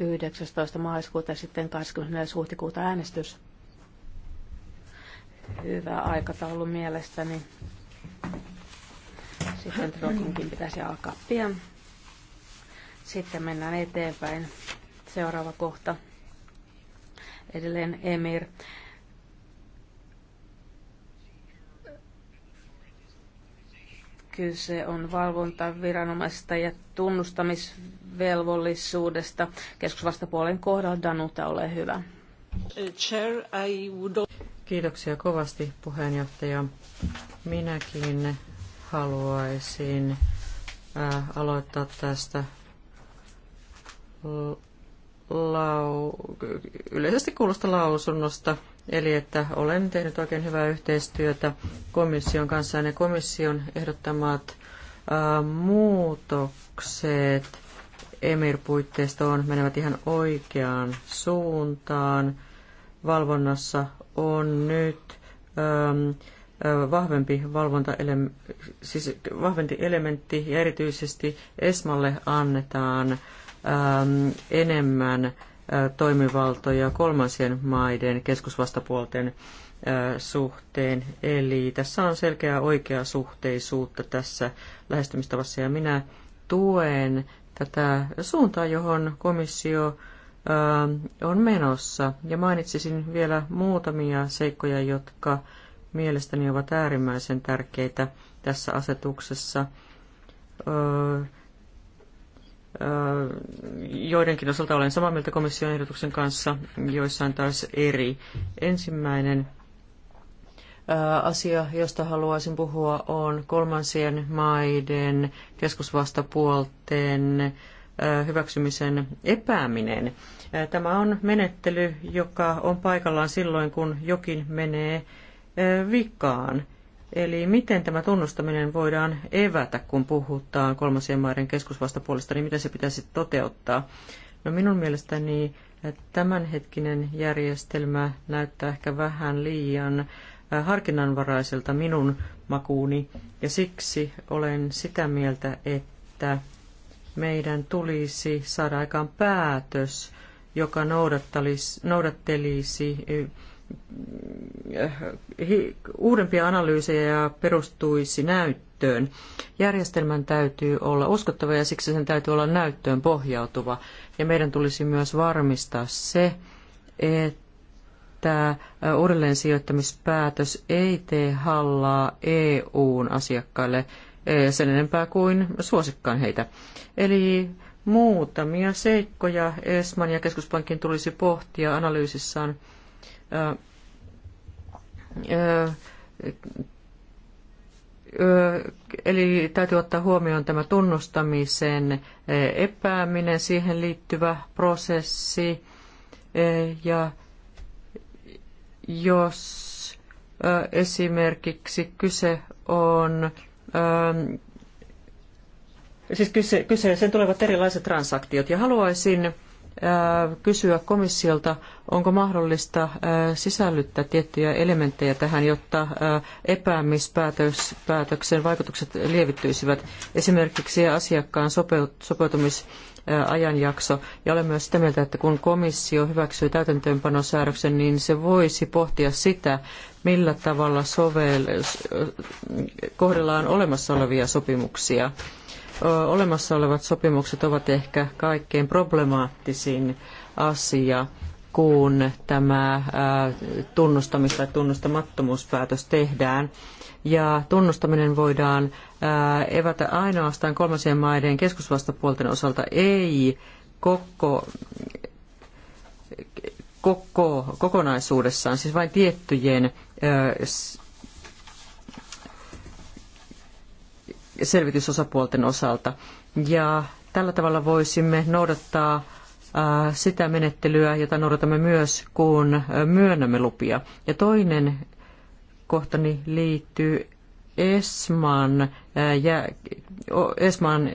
D: 19. maaliskuuta ja sitten 24. huhtikuuta äänestys. Hyvä aikataulu mielestäni. Sitten trokinkin pitäisi alkaa pian. Sitten mennään eteenpäin. Seuraava kohta. Edelleen Emir. Kyse on valvontaviranomaisesta ja tunnustamisvelvollisuudesta. Keskusvastapuolen kohdalla Danuta, ole hyvä.
A: Kiitoksia kovasti puheenjohtaja. Minäkin haluaisin äh, aloittaa tästä lau, yleisesti kuulosta lausunnosta, eli että olen tehnyt oikein hyvää yhteistyötä komission kanssa ja ne komission ehdottamat ää, muutokset emir on menevät ihan oikeaan suuntaan. Valvonnassa on nyt äm, vahvempi valvonta, siis vahvempi elementti ja erityisesti ESMalle annetaan Ähm, enemmän äh, toimivaltoja kolmansien maiden keskusvastapuolten äh, suhteen. Eli tässä on selkeää oikea suhteisuutta tässä lähestymistavassa ja minä tuen tätä suuntaa, johon komissio äh, on menossa. Ja mainitsisin vielä muutamia seikkoja, jotka mielestäni ovat äärimmäisen tärkeitä tässä asetuksessa. Öö, joidenkin osalta olen samaa mieltä komission ehdotuksen kanssa, joissain taas eri. Ensimmäinen asia, josta haluaisin puhua, on kolmansien maiden keskusvastapuolten hyväksymisen epääminen. Tämä on menettely, joka on paikallaan silloin, kun jokin menee vikaan. Eli miten tämä tunnustaminen voidaan evätä, kun puhutaan kolmasien maiden keskusvastapuolesta, niin miten se pitäisi toteuttaa? No minun mielestäni tämänhetkinen järjestelmä näyttää ehkä vähän liian harkinnanvaraiselta minun makuuni, ja siksi olen sitä mieltä, että meidän tulisi saada aikaan päätös, joka noudattelisi uudempia analyysejä perustuisi näyttöön. Järjestelmän täytyy olla uskottava ja siksi sen täytyy olla näyttöön pohjautuva. Ja meidän tulisi myös varmistaa se, että uudelleen sijoittamispäätös ei tee hallaa EUn asiakkaille sen enempää kuin suosikkaan heitä. Eli muutamia seikkoja Esman ja keskuspankin tulisi pohtia analyysissaan Eli täytyy ottaa huomioon tämä tunnustamisen epääminen, siihen liittyvä prosessi. Ja jos esimerkiksi kyse on, siis kyse, kyseeseen tulevat erilaiset transaktiot. Ja haluaisin Äh, kysyä komissiolta, onko mahdollista äh, sisällyttää tiettyjä elementtejä tähän, jotta äh, epäämispäätöksen vaikutukset lievittyisivät. Esimerkiksi asiakkaan sopeutumis ajanjakso. Ja olen myös sitä mieltä, että kun komissio hyväksyy täytäntöönpanosäädöksen, niin se voisi pohtia sitä, millä tavalla sovel- kohdellaan olemassa olevia sopimuksia olemassa olevat sopimukset ovat ehkä kaikkein problemaattisin asia, kun tämä tunnustamis- tai tunnustamattomuuspäätös tehdään. Ja tunnustaminen voidaan evätä ainoastaan kolmansien maiden keskusvastapuolten osalta, ei koko, koko, kokonaisuudessaan, siis vain tiettyjen selvitysosapuolten osalta. Ja tällä tavalla voisimme noudattaa sitä menettelyä, jota noudatamme myös, kun myönnämme lupia. Ja toinen kohtani liittyy ESMAN, ja, ESMAN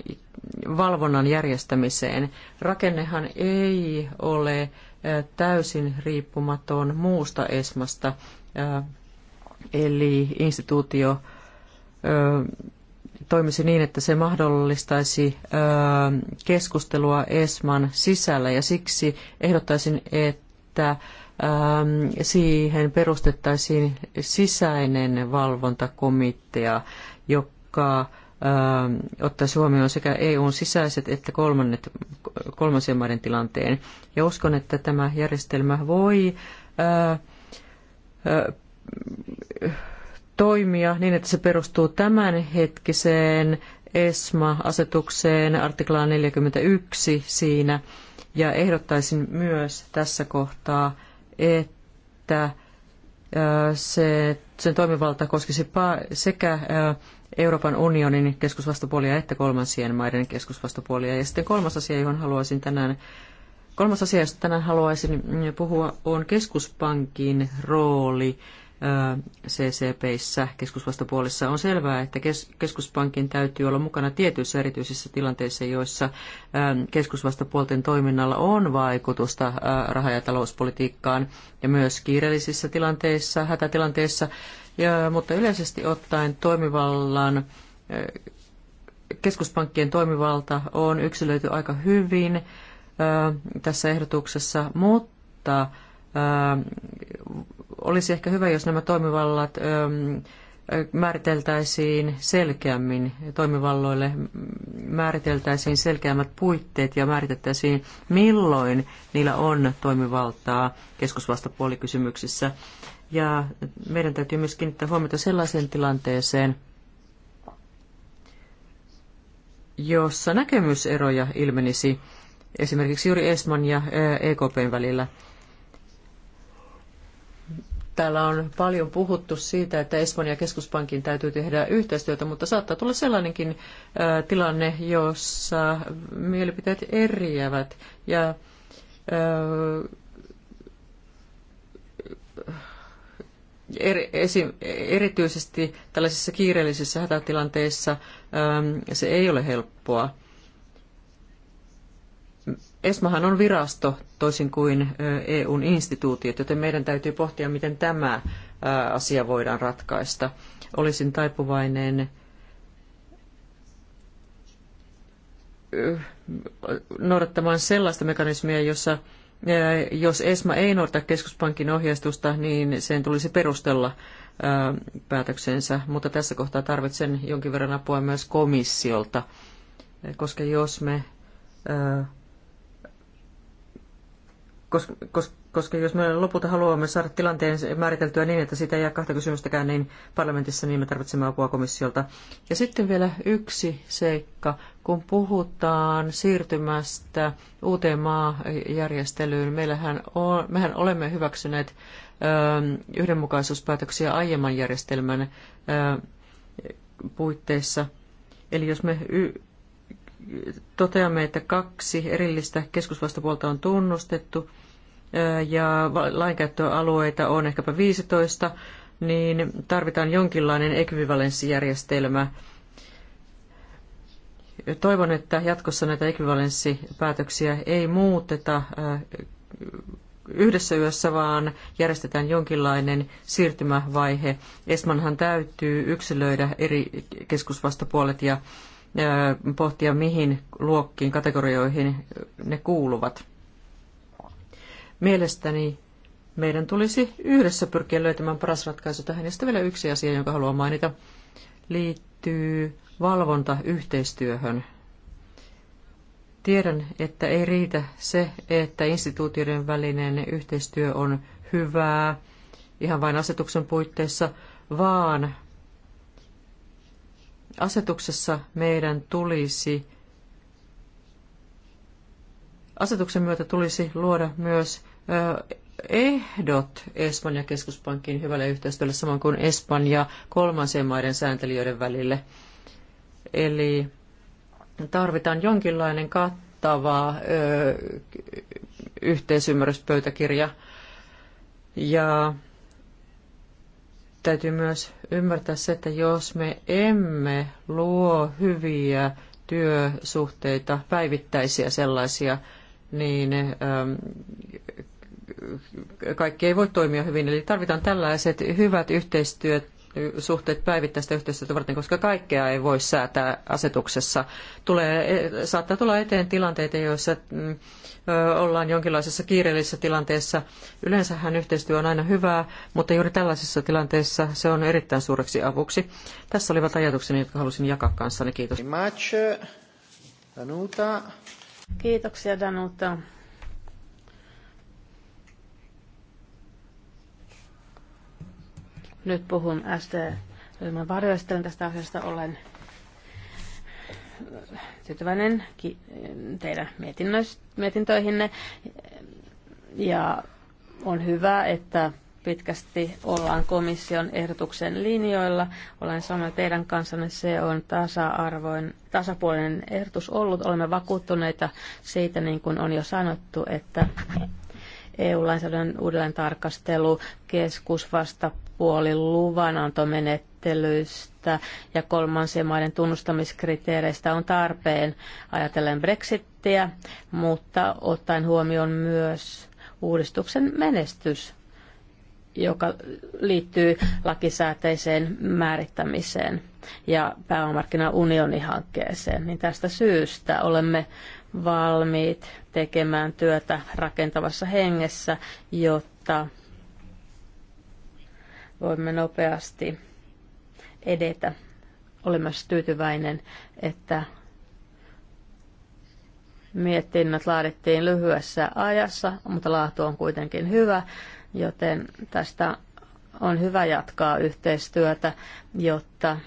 A: valvonnan järjestämiseen. Rakennehan ei ole täysin riippumaton muusta ESMasta, eli instituutio toimisi niin, että se mahdollistaisi keskustelua ESMAn sisällä ja siksi ehdottaisin, että siihen perustettaisiin sisäinen valvontakomitea, joka ottaisi huomioon sekä EUn sisäiset että kolmannet, kolmansien maiden tilanteen. Ja uskon, että tämä järjestelmä voi toimia niin, että se perustuu tämänhetkiseen ESMA-asetukseen artiklaan 41 siinä. Ja ehdottaisin myös tässä kohtaa, että se, sen toimivalta koskisi sekä Euroopan unionin keskusvastapuolia että kolmansien maiden keskusvastapuolia. Ja sitten kolmas asia, johon haluaisin tänään Kolmas asia, josta tänään haluaisin puhua, on keskuspankin rooli CCPissä, keskusvastapuolissa, on selvää, että keskuspankin täytyy olla mukana tietyissä erityisissä tilanteissa, joissa keskusvastapuolten toiminnalla on vaikutusta raha- ja talouspolitiikkaan ja myös kiireellisissä tilanteissa, hätätilanteissa, ja, mutta yleisesti ottaen toimivallan keskuspankkien toimivalta on yksilöity aika hyvin tässä ehdotuksessa, mutta olisi ehkä hyvä, jos nämä toimivallat ähm, äh, määriteltäisiin selkeämmin toimivalloille, määriteltäisiin selkeämmät puitteet ja määritettäisiin, milloin niillä on toimivaltaa keskusvastapuolikysymyksissä. Ja meidän täytyy myös kiinnittää huomiota sellaiseen tilanteeseen, jossa näkemyseroja ilmenisi esimerkiksi juuri ESMAN ja äh, EKPn välillä – Täällä on paljon puhuttu siitä, että Espanjan keskuspankin täytyy tehdä yhteistyötä, mutta saattaa tulla sellainenkin tilanne, jossa mielipiteet eriävät. Ja, eri, esi, erityisesti tällaisissa kiireellisissä hätätilanteissa se ei ole helppoa. ESMAhan on virasto toisin kuin EUn instituutiot, joten meidän täytyy pohtia, miten tämä asia voidaan ratkaista. Olisin taipuvainen noudattamaan sellaista mekanismia, jossa jos ESMA ei noudata keskuspankin ohjeistusta, niin sen tulisi perustella päätöksensä, mutta tässä kohtaa tarvitsen jonkin verran apua myös komissiolta, koska jos me koska jos me lopulta haluamme saada tilanteen määriteltyä niin, että sitä ei jää kahta kysymystäkään, niin parlamentissa niin me tarvitsemme apua komissiolta. Ja sitten vielä yksi seikka. Kun puhutaan siirtymästä uuteen maajärjestelyyn, meillähän on, mehän olemme hyväksyneet ö, yhdenmukaisuuspäätöksiä aiemman järjestelmän ö, puitteissa. Eli jos me y- toteamme, että kaksi erillistä keskusvastapuolta on tunnustettu, ja lainkäyttöalueita on ehkäpä 15, niin tarvitaan jonkinlainen ekvivalenssijärjestelmä. Toivon, että jatkossa näitä ekvivalenssipäätöksiä ei muuteta äh, yhdessä yössä, vaan järjestetään jonkinlainen siirtymävaihe. Esmanhan täytyy yksilöidä eri keskusvastapuolet ja äh, pohtia, mihin luokkiin, kategorioihin ne kuuluvat. Mielestäni meidän tulisi yhdessä pyrkiä löytämään paras ratkaisu tähän. Ja sitten vielä yksi asia, jonka haluan mainita, liittyy valvontayhteistyöhön. Tiedän, että ei riitä se, että instituutioiden välinen yhteistyö on hyvää ihan vain asetuksen puitteissa, vaan asetuksessa meidän tulisi Asetuksen myötä tulisi luoda myös ehdot Espanjan keskuspankin hyvälle yhteistyölle samoin kuin Espanja kolmansien maiden sääntelijöiden välille. Eli tarvitaan jonkinlainen kattava ö, yhteisymmärryspöytäkirja. Ja täytyy myös ymmärtää se, että jos me emme luo hyviä työsuhteita, päivittäisiä sellaisia, niin ähm, kaikki ei voi toimia hyvin. Eli tarvitaan tällaiset hyvät yhteistyöt suhteet päivittäistä yhteistyötä varten, koska kaikkea ei voi säätää asetuksessa. Tulee, saattaa tulla eteen tilanteita, joissa mm, ollaan jonkinlaisessa kiireellisessä tilanteessa. Yleensähän yhteistyö on aina hyvää, mutta juuri tällaisessa tilanteessa se on erittäin suureksi avuksi. Tässä olivat ajatukseni, jotka halusin jakaa kanssanne. Kiitos.
D: Danuta. Kiitoksia Danuta. Nyt puhun ST-ryhmän varjoistelen tästä asiasta. Olen tyytyväinen teidän mietintöihinne ja on hyvä, että pitkästi ollaan komission ehdotuksen linjoilla. Olen samaa teidän kanssanne, se on tasa-arvoin, tasapuolinen ehdotus ollut. Olemme vakuuttuneita siitä, niin kuin on jo sanottu, että EU-lainsäädännön uudelleen tarkastelu, keskusvastapuolin luvanantomenettelyistä ja kolmansien maiden tunnustamiskriteereistä on tarpeen ajatellen Brexittiä, mutta ottaen huomioon myös uudistuksen menestys joka liittyy lakisääteiseen määrittämiseen ja pääomarkkinaunionihankkeeseen. Niin tästä syystä olemme valmiit tekemään työtä rakentavassa hengessä, jotta voimme nopeasti edetä. Olen myös tyytyväinen, että mietinnät laadittiin lyhyessä ajassa, mutta laatu on kuitenkin hyvä joten tästä on hyvä jatkaa yhteistyötä, jotta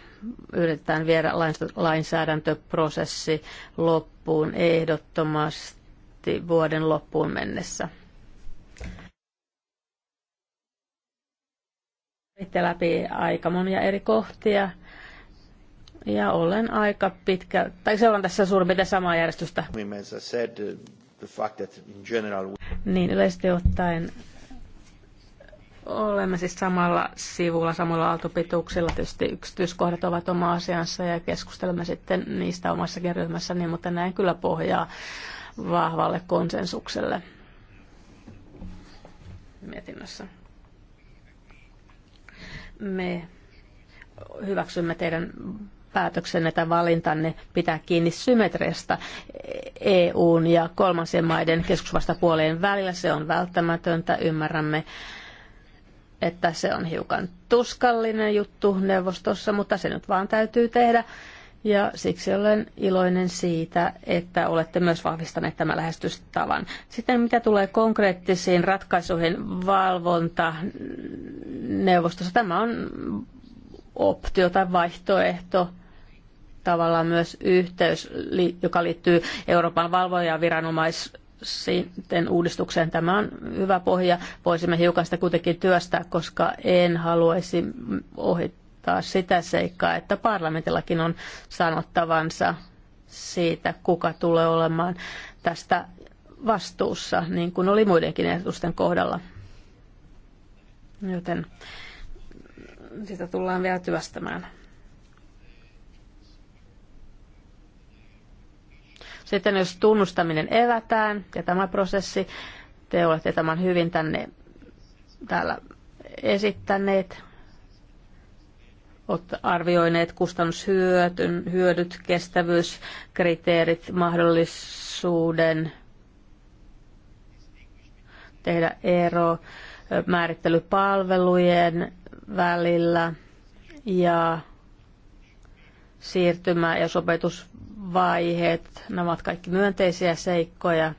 D: yritetään viedä lainsäädäntöprosessi loppuun ehdottomasti vuoden loppuun mennessä. Sitten läpi aika monia eri kohtia. Ja olen aika pitkä, tai se on tässä suurin piirtein samaa järjestystä. Uh, niin yleisesti ottaen Olemme siis samalla sivulla, samalla aaltopituuksella. Tietysti yksityiskohdat ovat oma asiansa ja keskustelemme sitten niistä omassakin ryhmässäni, mutta näin kyllä pohjaa vahvalle konsensukselle mietinnössä. Me hyväksymme teidän päätöksenne tai valintanne pitää kiinni symmetriasta EUn ja kolmansien maiden keskusvastapuolien välillä. Se on välttämätöntä, ymmärrämme että se on hiukan tuskallinen juttu neuvostossa, mutta se nyt vaan täytyy tehdä. Ja siksi olen iloinen siitä, että olette myös vahvistaneet tämän lähestystavan. Sitten mitä tulee konkreettisiin ratkaisuihin valvonta neuvostossa, tämä on optio tai vaihtoehto tavallaan myös yhteys, joka liittyy Euroopan valvojaviranomaisuuteen sitten uudistukseen. Tämä on hyvä pohja. Voisimme hiukan sitä kuitenkin työstää, koska en haluaisi ohittaa sitä seikkaa, että parlamentillakin on sanottavansa siitä, kuka tulee olemaan tästä vastuussa, niin kuin oli muidenkin ehdotusten kohdalla. Joten sitä tullaan vielä työstämään. Sitten jos tunnustaminen evätään ja tämä prosessi, te olette tämän hyvin tänne täällä esittäneet, olette arvioineet kustannushyötyn, hyödyt, kestävyyskriteerit, mahdollisuuden tehdä ero määrittelypalvelujen välillä ja siirtymä- ja sopetusvaiheet, nämä ovat kaikki myönteisiä seikkoja,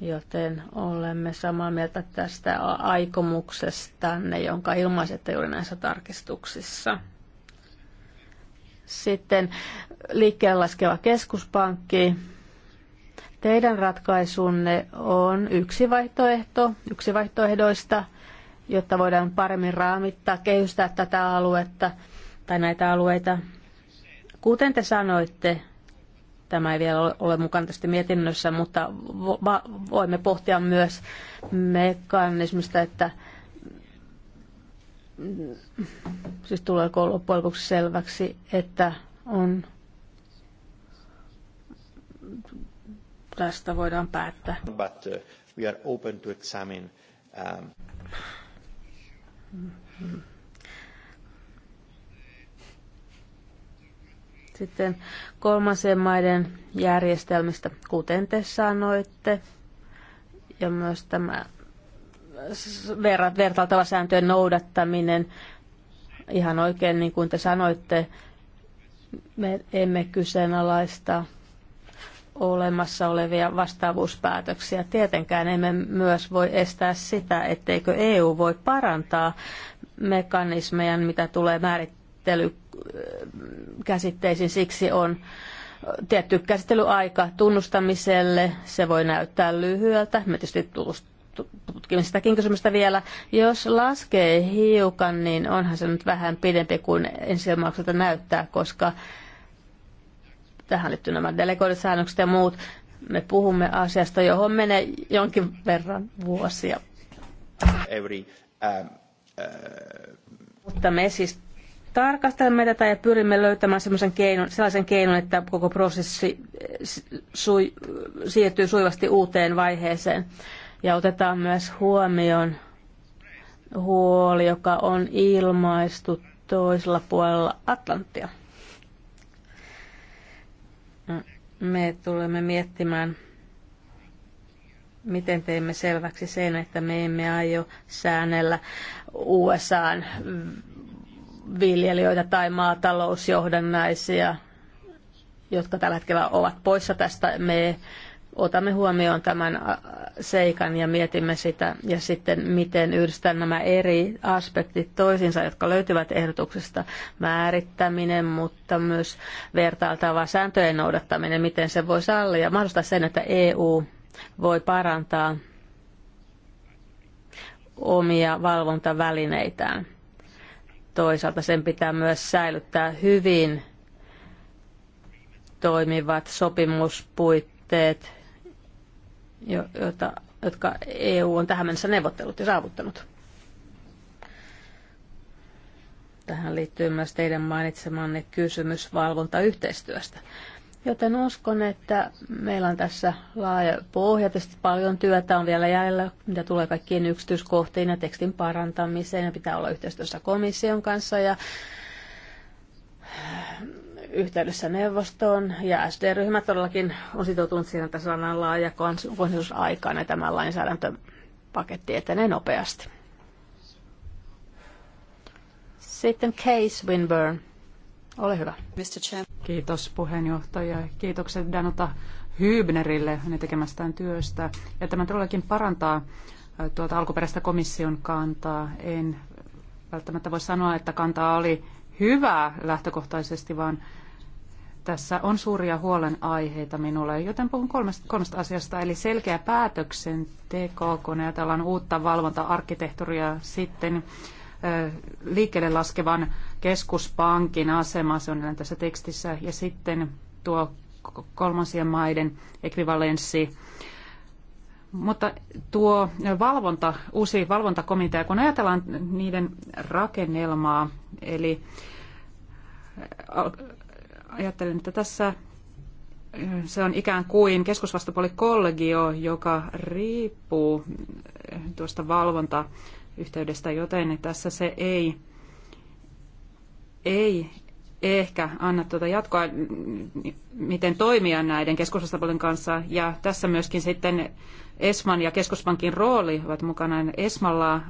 D: joten olemme samaa mieltä tästä aikomuksesta, ne jonka ilmaisette juuri näissä tarkistuksissa. Sitten liikkeen laskeva keskuspankki. Teidän ratkaisunne on yksi vaihtoehto, yksi vaihtoehdoista, jotta voidaan paremmin raamittaa, kehystää tätä aluetta – tai näitä alueita. Kuten te sanoitte, tämä ei vielä ole mukana tästä mietinnössä, mutta voimme pohtia myös mekanismista, että siis tuleeko loppujen lopuksi selväksi, että on
C: tästä voidaan päättää. But uh, we are open to examine um...
D: Sitten kolmansien maiden järjestelmistä, kuten te sanoitte, ja myös tämä vertailtava sääntöjen noudattaminen, ihan oikein niin kuin te sanoitte, me emme kyseenalaista olemassa olevia vastaavuuspäätöksiä. Tietenkään emme myös voi estää sitä, etteikö EU voi parantaa mekanismeja, mitä tulee määrittelyyn käsitteisiin. Siksi on tietty käsittelyaika tunnustamiselle. Se voi näyttää lyhyeltä. Me tietysti tutkimme sitäkin kysymystä vielä. Jos laskee hiukan, niin onhan se nyt vähän pidempi kuin ensilmaukselta näyttää, koska tähän liittyy nämä delegoidut säännökset ja muut. Me puhumme asiasta, johon menee jonkin verran vuosia.
C: Every, um, uh...
D: Mutta me siis tarkastelemme tätä ja pyrimme löytämään sellaisen keinon, sellaisen keinon että koko prosessi sui, siirtyy sujuvasti uuteen vaiheeseen. Ja otetaan myös huomioon huoli, joka on ilmaistu toisella puolella Atlanttia. Me tulemme miettimään, miten teemme selväksi sen, että me emme aio säännellä USAn viljelijöitä tai maatalousjohdannaisia, jotka tällä hetkellä ovat poissa tästä. Me otamme huomioon tämän seikan ja mietimme sitä ja sitten miten yhdistetään nämä eri aspektit toisiinsa, jotka löytyvät ehdotuksesta. Määrittäminen, mutta myös vertailtava sääntöjen noudattaminen, miten se voi sallia. Mahdollistaa sen, että EU voi parantaa omia valvontavälineitään Toisaalta sen pitää myös säilyttää hyvin toimivat sopimuspuitteet, joita, jotka EU on tähän mennessä neuvottelut ja saavuttanut. Tähän liittyy myös teidän mainitsemanne kysymys valvontayhteistyöstä. yhteistyöstä Joten uskon, että meillä on tässä laaja pohja. Tietysti paljon työtä on vielä jäljellä, mitä tulee kaikkiin yksityiskohtiin ja tekstin parantamiseen. Ja pitää olla yhteistyössä komission kanssa ja äh, yhteydessä neuvostoon. Ja SD-ryhmä todellakin on sitoutunut siihen, että saadaan laaja konsensus aikaan ja tämä lainsäädäntöpaketti etenee nopeasti.
B: Sitten Case Winburn. Ole hyvä. Mr. Chair. Kiitos puheenjohtaja. Kiitokset Danuta Hybnerille hänen tekemästään työstä. Ja tämä todellakin parantaa tuota alkuperäistä komission kantaa. En välttämättä voi sanoa, että kantaa oli hyvä lähtökohtaisesti, vaan tässä on suuria huolenaiheita minulle, joten puhun kolmesta, kolmesta asiasta, eli selkeä päätöksenteko, kun ajatellaan uutta valvonta-arkkitehtuuria sitten liikkeelle laskevan keskuspankin asema, se on tässä tekstissä, ja sitten tuo kolmansien maiden ekvivalenssi. Mutta tuo valvonta, uusi valvontakomitea, kun ajatellaan niiden rakennelmaa, eli ajattelen, että tässä se on ikään kuin keskusvastapuoli kollegio, joka riippuu tuosta valvonta yhteydestä, joten tässä se ei, ei ehkä anna tuota jatkoa, miten toimia näiden keskusosapuolen kanssa. Ja tässä myöskin sitten ESMAN ja keskuspankin rooli ovat mukana. ESMalla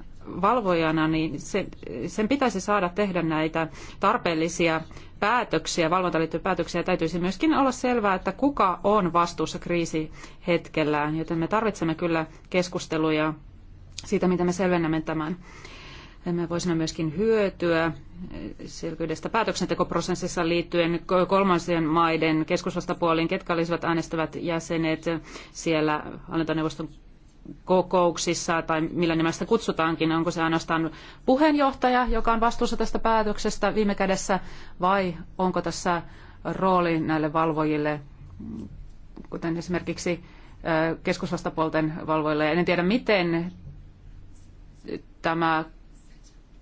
B: valvojana, niin se, sen pitäisi saada tehdä näitä tarpeellisia päätöksiä, valvontaan liittyviä päätöksiä. Täytyisi myöskin olla selvää, että kuka on vastuussa kriisihetkellään, joten me tarvitsemme kyllä keskusteluja siitä, mitä me selvennämme tämän. Me voisimme myöskin hyötyä selkyydestä päätöksentekoprosessissa liittyen kolmansien maiden keskusvastapuoliin, ketkä olisivat äänestävät jäsenet siellä hallintoneuvoston kokouksissa tai millä nimellä kutsutaankin. Onko se ainoastaan puheenjohtaja, joka on vastuussa tästä päätöksestä viime kädessä vai onko tässä rooli näille valvojille, kuten esimerkiksi keskusvastapuolten valvoille. En tiedä, miten tämä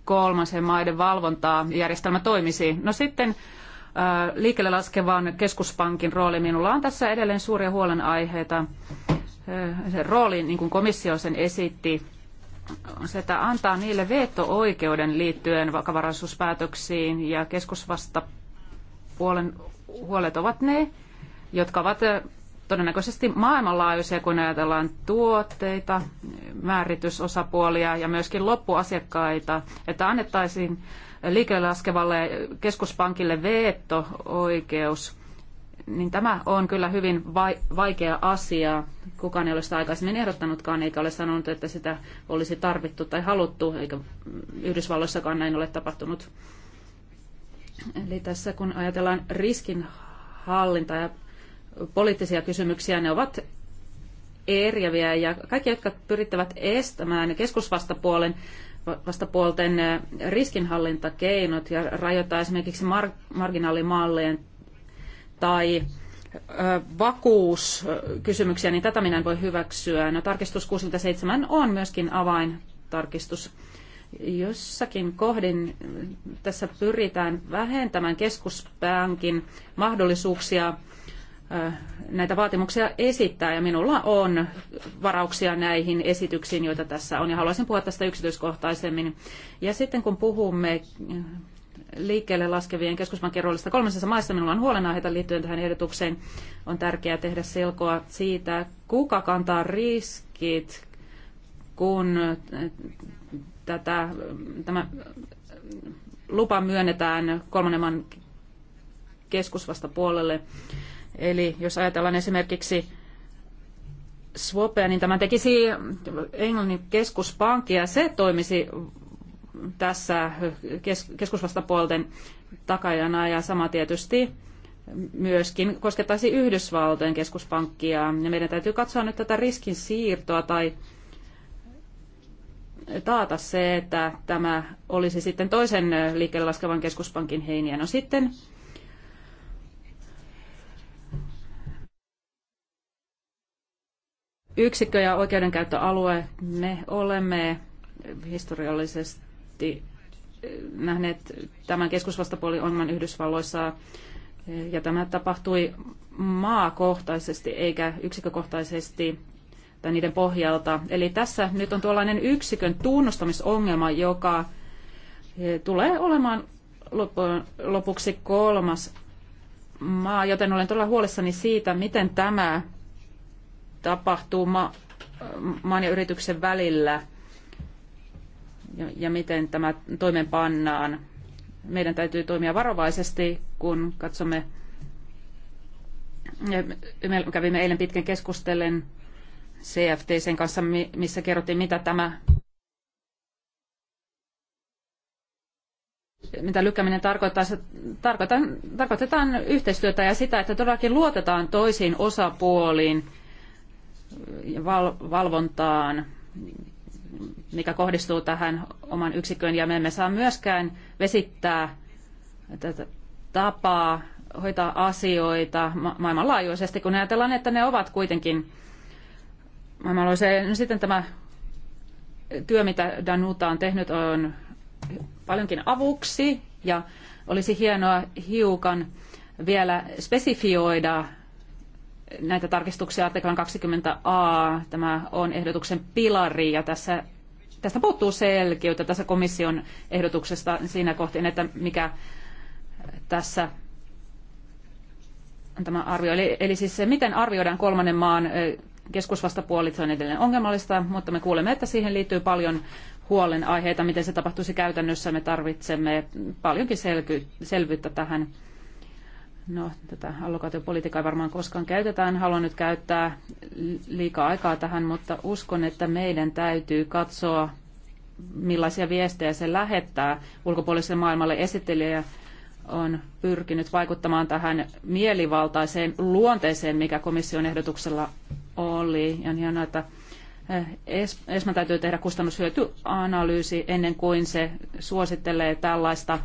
B: kolmansien maiden valvontaa järjestelmä toimisi. No sitten liikkeelle laskevan keskuspankin rooli. Minulla on tässä edelleen suuria huolenaiheita. Se rooli, niin kuin komissio sen esitti, on se, että antaa niille veto-oikeuden liittyen vakavaraisuuspäätöksiin ja keskusvastapuolen huolet ovat ne, jotka ovat todennäköisesti maailmanlaajuisia, kun ajatellaan tuotteita, määritysosapuolia ja myöskin loppuasiakkaita, että annettaisiin liikkeelle laskevalle keskuspankille veetto-oikeus, niin tämä on kyllä hyvin vaikea asia. Kukaan ei ole sitä aikaisemmin ehdottanutkaan, eikä ole sanonut, että sitä olisi tarvittu tai haluttu, eikä Yhdysvalloissakaan näin ole tapahtunut. Eli tässä kun ajatellaan riskin hallinta ja poliittisia kysymyksiä, ne ovat eriäviä ja kaikki, jotka pyrittävät estämään keskusvastapuolen vastapuolten äh, riskinhallintakeinot ja rajoittaa esimerkiksi mar- marginaalimallien tai äh, vakuuskysymyksiä, niin tätä minä en voi hyväksyä. No, tarkistus 67 on myöskin avaintarkistus. Jossakin kohdin äh, tässä pyritään vähentämään keskuspäänkin mahdollisuuksia näitä vaatimuksia esittää ja minulla on varauksia näihin esityksiin, joita tässä on ja haluaisin puhua tästä yksityiskohtaisemmin. Ja sitten kun puhumme liikkeelle laskevien keskuspankkien kolmessa maissa, minulla on huolenaiheita liittyen tähän ehdotukseen. On tärkeää tehdä selkoa siitä, kuka kantaa riskit, kun tätä, tämä lupa myönnetään kolmannen maan keskusvastapuolelle. puolelle Eli jos ajatellaan esimerkiksi swapia, niin tämä tekisi Englannin keskuspankki ja se toimisi tässä keskusvastapuolten takajana ja sama tietysti myöskin koskettaisi Yhdysvaltojen keskuspankkia. Ja meidän täytyy katsoa nyt tätä riskin siirtoa tai taata se, että tämä olisi sitten toisen liikkeelle laskevan keskuspankin heiniä. No sitten yksikkö ja oikeudenkäyttöalue, me olemme historiallisesti eh, nähneet tämän ongelman Yhdysvalloissa eh, ja tämä tapahtui maakohtaisesti eikä yksikkökohtaisesti tai niiden pohjalta. Eli tässä nyt on tuollainen yksikön tunnustamisongelma, joka eh, tulee olemaan lopuksi kolmas maa, joten olen todella huolissani siitä, miten tämä tapahtuu ma- maan ja yrityksen välillä ja, ja miten tämä toimeenpannaan. Meidän täytyy toimia varovaisesti, kun katsomme. Me kävimme eilen pitkän keskustellen CFT sen kanssa, missä kerrottiin, mitä tämä mitä lykkäminen tarkoittaa, se tarkoitetaan yhteistyötä ja sitä, että todellakin luotetaan toisiin osapuoliin val- valvontaan, mikä kohdistuu tähän oman yksikön, ja me emme saa myöskään vesittää tätä tapaa hoitaa asioita ma- maailmanlaajuisesti, kun ajatellaan, että ne ovat kuitenkin maailmanlaajuisia. No, sitten tämä työ, mitä Danuta on tehnyt, on paljonkin avuksi, ja olisi hienoa hiukan vielä spesifioida näitä tarkistuksia artiklan 20a. Tämä on ehdotuksen pilari ja tässä, tästä puuttuu selkeyttä tässä komission ehdotuksesta siinä kohtiin, että mikä tässä tämä arvio. Eli, eli siis se, miten arvioidaan kolmannen maan keskusvastapuolit, se on edelleen ongelmallista, mutta me kuulemme, että siihen liittyy paljon huolenaiheita, miten se tapahtuisi käytännössä. Me tarvitsemme paljonkin selky, selvyyttä tähän No, tätä allokaatiopolitiikkaa ei varmaan koskaan käytetään. Haluan nyt käyttää liikaa aikaa tähän, mutta uskon, että meidän täytyy katsoa, millaisia viestejä se lähettää ulkopuoliselle maailmalle. Esittelijä on pyrkinyt vaikuttamaan tähän mielivaltaiseen luonteeseen, mikä komission ehdotuksella oli. Ja on hienoa, että eh, ESMA täytyy tehdä kustannushyötyanalyysi ennen kuin se suosittelee tällaista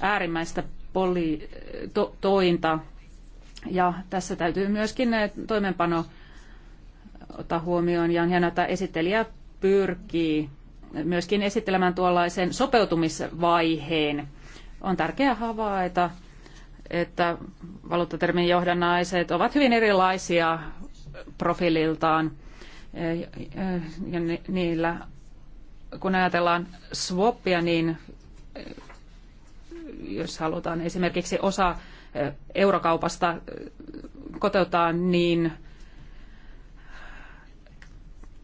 B: äärimmäistä poli, to, tointa. Ja tässä täytyy myöskin toimenpano ottaa huomioon. Ja on hienoa, että esittelijä pyrkii myöskin esittelemään tuollaisen sopeutumisvaiheen. On tärkeää havaita, että valuuttatermin johdannaiset ovat hyvin erilaisia profiililtaan. Ja niillä, kun ajatellaan swappia, niin jos halutaan esimerkiksi osa eurokaupasta koteuttaa, niin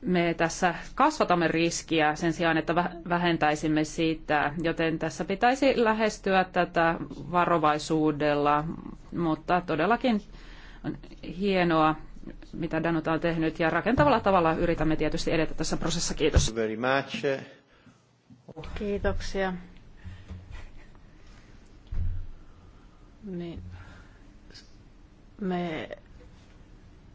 B: me tässä kasvatamme riskiä sen sijaan, että vähentäisimme siitä, joten tässä pitäisi lähestyä tätä varovaisuudella, mutta todellakin on hienoa, mitä Danuta on tehnyt ja rakentavalla tavalla yritämme tietysti edetä tässä prosessissa. Kiitos. Kiitoksia.
D: niin me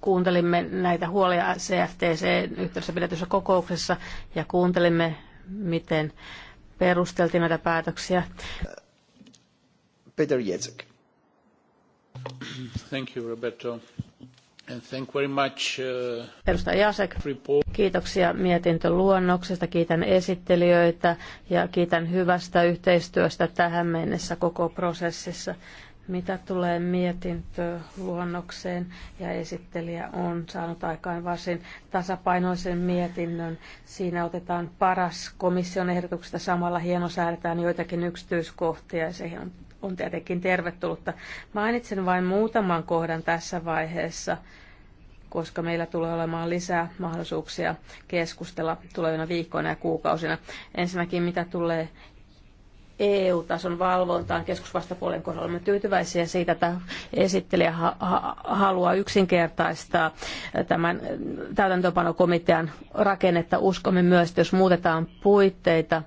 D: kuuntelimme näitä huolia CFTC-yhteydessä pidetyssä kokouksessa ja kuuntelimme, miten perusteltiin näitä päätöksiä.
C: Peter Jezek. Thank you, Roberto. And thank very much, uh, Edustaja
D: Jasek, kiitoksia mietintöluonnoksesta, kiitän esittelijöitä ja kiitän hyvästä yhteistyöstä tähän mennessä koko prosessissa. Mitä tulee mietintöluonnokseen ja esittelijä on saanut aikaan varsin tasapainoisen mietinnön. Siinä otetaan paras komission ehdotuksesta samalla hienosäädetään joitakin yksityiskohtia ja se on, on tietenkin tervetullutta. Mainitsen vain muutaman kohdan tässä vaiheessa koska meillä tulee olemaan lisää mahdollisuuksia keskustella tulevina viikkoina ja kuukausina. Ensinnäkin mitä tulee EU-tason valvontaan keskusvastapuolen kohdalla. Olemme tyytyväisiä siitä, että esittelijä ha- ha- haluaa yksinkertaistaa tämän täytäntöpanokomitean rakennetta. Uskomme myös, että jos muutetaan puitteita,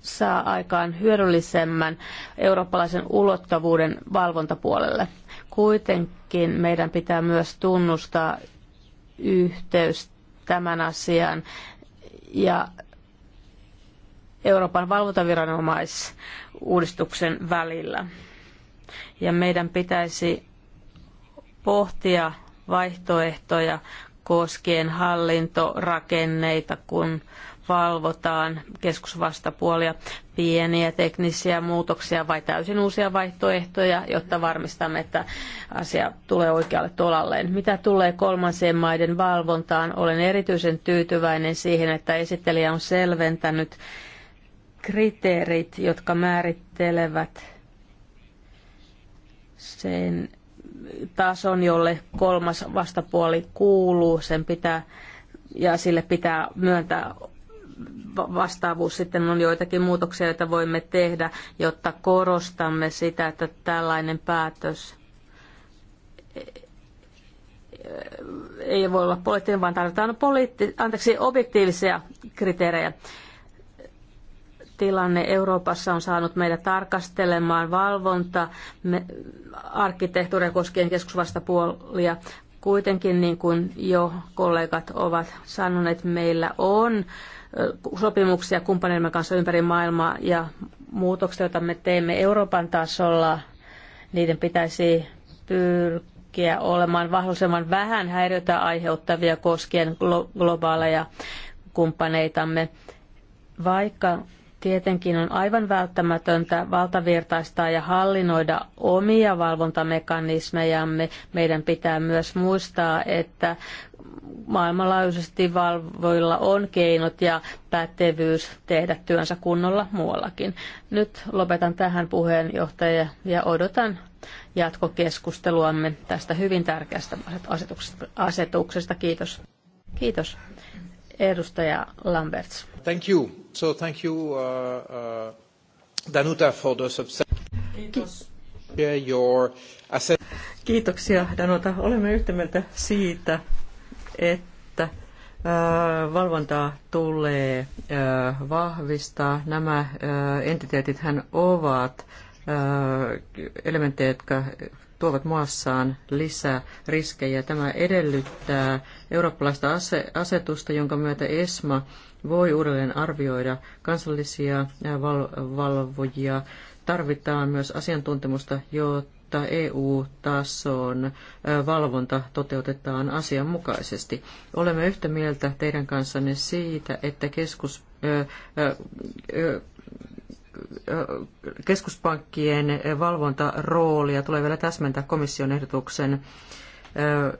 D: saa aikaan hyödyllisemmän eurooppalaisen ulottuvuuden valvontapuolelle. Kuitenkin meidän pitää myös tunnustaa yhteys tämän asian ja Euroopan valvontaviranomaisuudistuksen välillä. Ja meidän pitäisi pohtia vaihtoehtoja koskien hallintorakenneita, kun valvotaan keskusvastapuolia pieniä teknisiä muutoksia vai täysin uusia vaihtoehtoja, jotta varmistamme, että asia tulee oikealle tolalleen. Mitä tulee kolmansien maiden valvontaan, olen erityisen tyytyväinen siihen, että esittelijä on selventänyt kriteerit, jotka määrittelevät sen tason, jolle kolmas vastapuoli kuuluu. Sen pitää ja sille pitää myöntää vastaavuus sitten on joitakin muutoksia, joita voimme tehdä, jotta korostamme sitä, että tällainen päätös ei voi olla poliittinen, vaan tarvitaan poliitti, anteeksi, objektiivisia kriteerejä. Tilanne Euroopassa on saanut meidät tarkastelemaan valvonta, me, arkkitehtuuria koskien keskusvastapuolia. Kuitenkin, niin kuin jo kollegat ovat sanoneet, meillä on äh, sopimuksia kumppaneiden kanssa ympäri maailmaa ja muutokset, joita me teemme Euroopan tasolla, niiden pitäisi pyrkiä olemaan mahdollisimman vähän häiriötä aiheuttavia koskien globaaleja kumppaneitamme. Vaikka Tietenkin on aivan välttämätöntä valtavirtaistaa ja hallinnoida omia valvontamekanismejamme. Meidän pitää myös muistaa, että maailmanlaajuisesti valvoilla on keinot ja pätevyys tehdä työnsä kunnolla muuallakin. Nyt lopetan tähän puheenjohtaja ja odotan jatkokeskusteluamme tästä hyvin tärkeästä asetuksesta. Kiitos. Kiitos. Edustaja Lamberts.
C: Thank you. So thank you, uh, uh, Danuta, for the Kiitos. Your
A: Kiitoksia, Danuta. Olemme yhtä mieltä siitä, että valvontaa tulee vahvistaa. Nämä entiteetit hän ovat elementtejä, jotka tuovat maassaan lisää riskejä. Tämä edellyttää eurooppalaista asetusta, jonka myötä ESMA voi uudelleen arvioida kansallisia valvojia. Tarvitaan myös asiantuntemusta, jotta EU-tason valvonta toteutetaan asianmukaisesti. Olemme yhtä mieltä teidän kanssanne siitä, että keskus, keskuspankkien valvontaroolia tulee vielä täsmentää komission ehdotuksen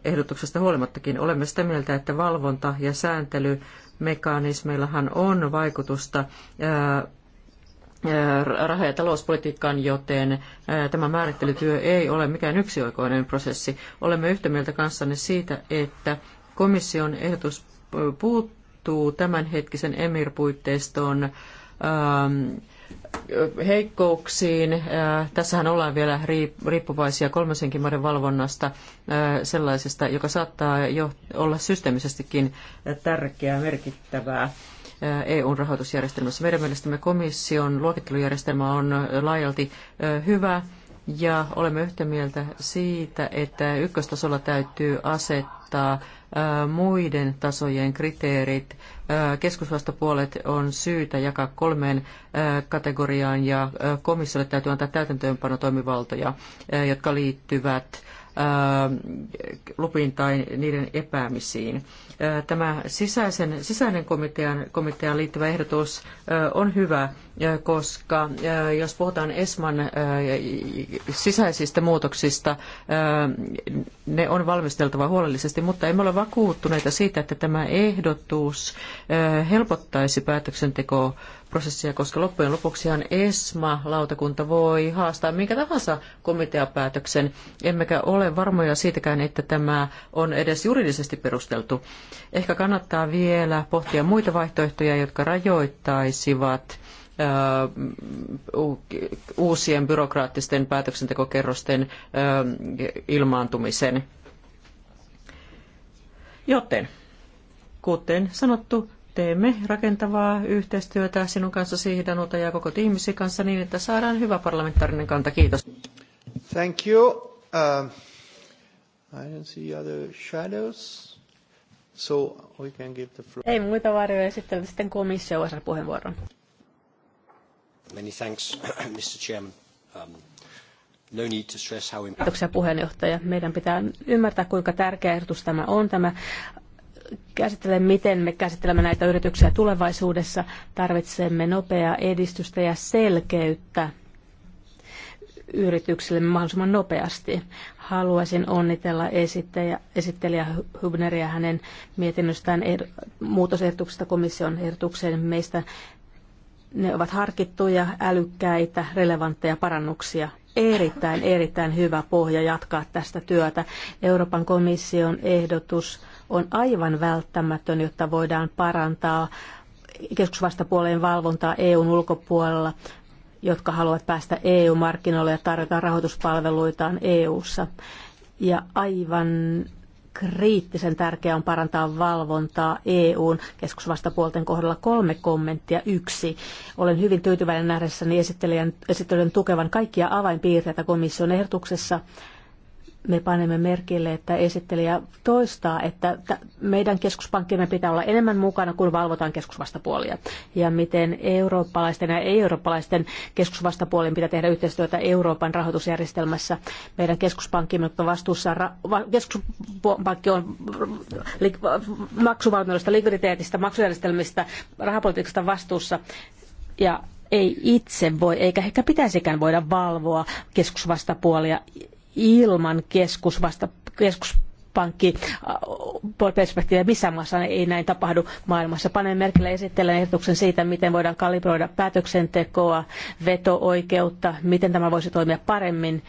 A: ehdotuksesta huolimattakin olemme sitä mieltä, että valvonta ja sääntely mekanismeillahan on vaikutusta raha- ja talouspolitiikkaan, joten tämä määrittelytyö ei ole mikään yksioikoinen prosessi. Olemme yhtä mieltä kanssanne siitä, että komission ehdotus puuttuu tämänhetkisen EMIR-puitteiston heikkouksiin. Äh, tässähän ollaan vielä riippuvaisia kolmasenkin maiden valvonnasta äh, sellaisesta, joka saattaa jo olla systeemisestikin tärkeää, merkittävää äh, eu rahoitusjärjestelmässä. Meidän mielestämme komission luokittelujärjestelmä on laajalti hyvä ja olemme yhtä mieltä siitä, että ykköstasolla täytyy asettaa muiden tasojen kriteerit keskusvastapuolet on syytä jakaa kolmeen kategoriaan ja komissiolle täytyy antaa täytäntöönpanotoimivaltoja, jotka liittyvät lupiin tai niiden epäämisiin tämä sisäisen, sisäinen komitean, komitean liittyvä ehdotus on hyvä, koska jos puhutaan ESMAn sisäisistä muutoksista, ne on valmisteltava huolellisesti, mutta emme ole vakuuttuneita siitä, että tämä ehdotus helpottaisi päätöksentekoa prosessia, koska loppujen lopuksihan ESMA-lautakunta voi haastaa minkä tahansa komiteapäätöksen, emmekä ole varmoja siitäkään, että tämä on edes juridisesti perusteltu. Ehkä kannattaa vielä pohtia muita vaihtoehtoja, jotka rajoittaisivat uusien byrokraattisten päätöksentekokerrosten ilmaantumisen. Joten, kuten sanottu, teemme rakentavaa yhteistyötä sinun kanssasi, Danuta, ja koko tiimisi kanssa niin, että saadaan hyvä parlamentaarinen kanta. Kiitos.
C: Thank you. Uh, I don't see other shadows. So we can give the floor. Ei
D: muita varjoja esittelyä, sitten komissio osa puheenvuoron.
C: Many thanks, (clears throat) Mr. Chairman. Um, no need to stress how Kiitoksia
D: puheenjohtaja. Meidän pitää ymmärtää, kuinka tärkeä ehdotus tämä on. Tämä käsittelee, miten me käsittelemme näitä yrityksiä tulevaisuudessa. Tarvitsemme nopeaa edistystä ja selkeyttä yrityksille mahdollisimman nopeasti. Haluaisin onnitella esittäjä, esittelijä Hübneriä hänen mietinnöstään er, muutosehdotuksesta komission ehdotukseen. Meistä ne ovat harkittuja, älykkäitä, relevantteja parannuksia. Erittäin, erittäin hyvä pohja jatkaa tästä työtä. Euroopan komission ehdotus on aivan välttämätön, jotta voidaan parantaa keskusvastapuoleen valvontaa EUn ulkopuolella jotka haluavat päästä EU-markkinoille ja tarjota rahoituspalveluitaan EU-ssa. Ja aivan kriittisen tärkeää on parantaa valvontaa EUn keskusvastapuolten kohdalla kolme kommenttia. Yksi. Olen hyvin tyytyväinen nähdessäni esittelijän, esittelijän tukevan kaikkia avainpiirteitä komission ehdotuksessa me panemme merkille, että esittelijä toistaa, että meidän keskuspankkimme pitää olla enemmän mukana, kun valvotaan keskusvastapuolia. Ja miten eurooppalaisten ja ei-eurooppalaisten keskusvastapuolien pitää tehdä yhteistyötä Euroopan rahoitusjärjestelmässä. Meidän keskuspankkimme on vastuussa, keskuspankki on maksuvalmiudesta, likviditeetistä, maksujärjestelmistä, rahapolitiikasta vastuussa. Ja ei itse voi, eikä ehkä pitäisikään voida valvoa keskusvastapuolia ilman keskusvasta, keskuspankki äh, perspektiiviä missään maassa ei näin tapahdu maailmassa. Panen merkille esittelen ehdotuksen siitä, miten voidaan kalibroida päätöksentekoa, veto-oikeutta, miten tämä voisi toimia paremmin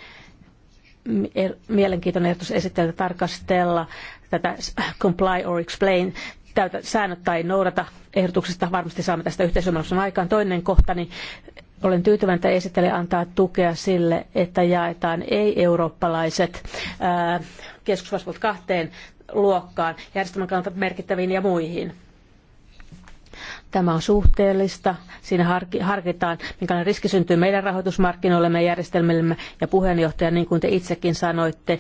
D: er- mielenkiintoinen ehdotus esittää tarkastella tätä comply or explain täytä säännöt tai noudata ehdotuksesta. Varmasti saamme tästä yhteisymmärryksen aikaan. Toinen kohta, niin olen tyytyväinen, että esittelijä antaa tukea sille, että jaetaan ei-eurooppalaiset keskusvastuut kahteen luokkaan, järjestelmän kannalta merkittäviin ja muihin Tämä on suhteellista. Siinä harkitaan, minkälainen riski syntyy meidän rahoitusmarkkinoillemme, järjestelmillemme ja puheenjohtaja, niin kuin te itsekin sanoitte,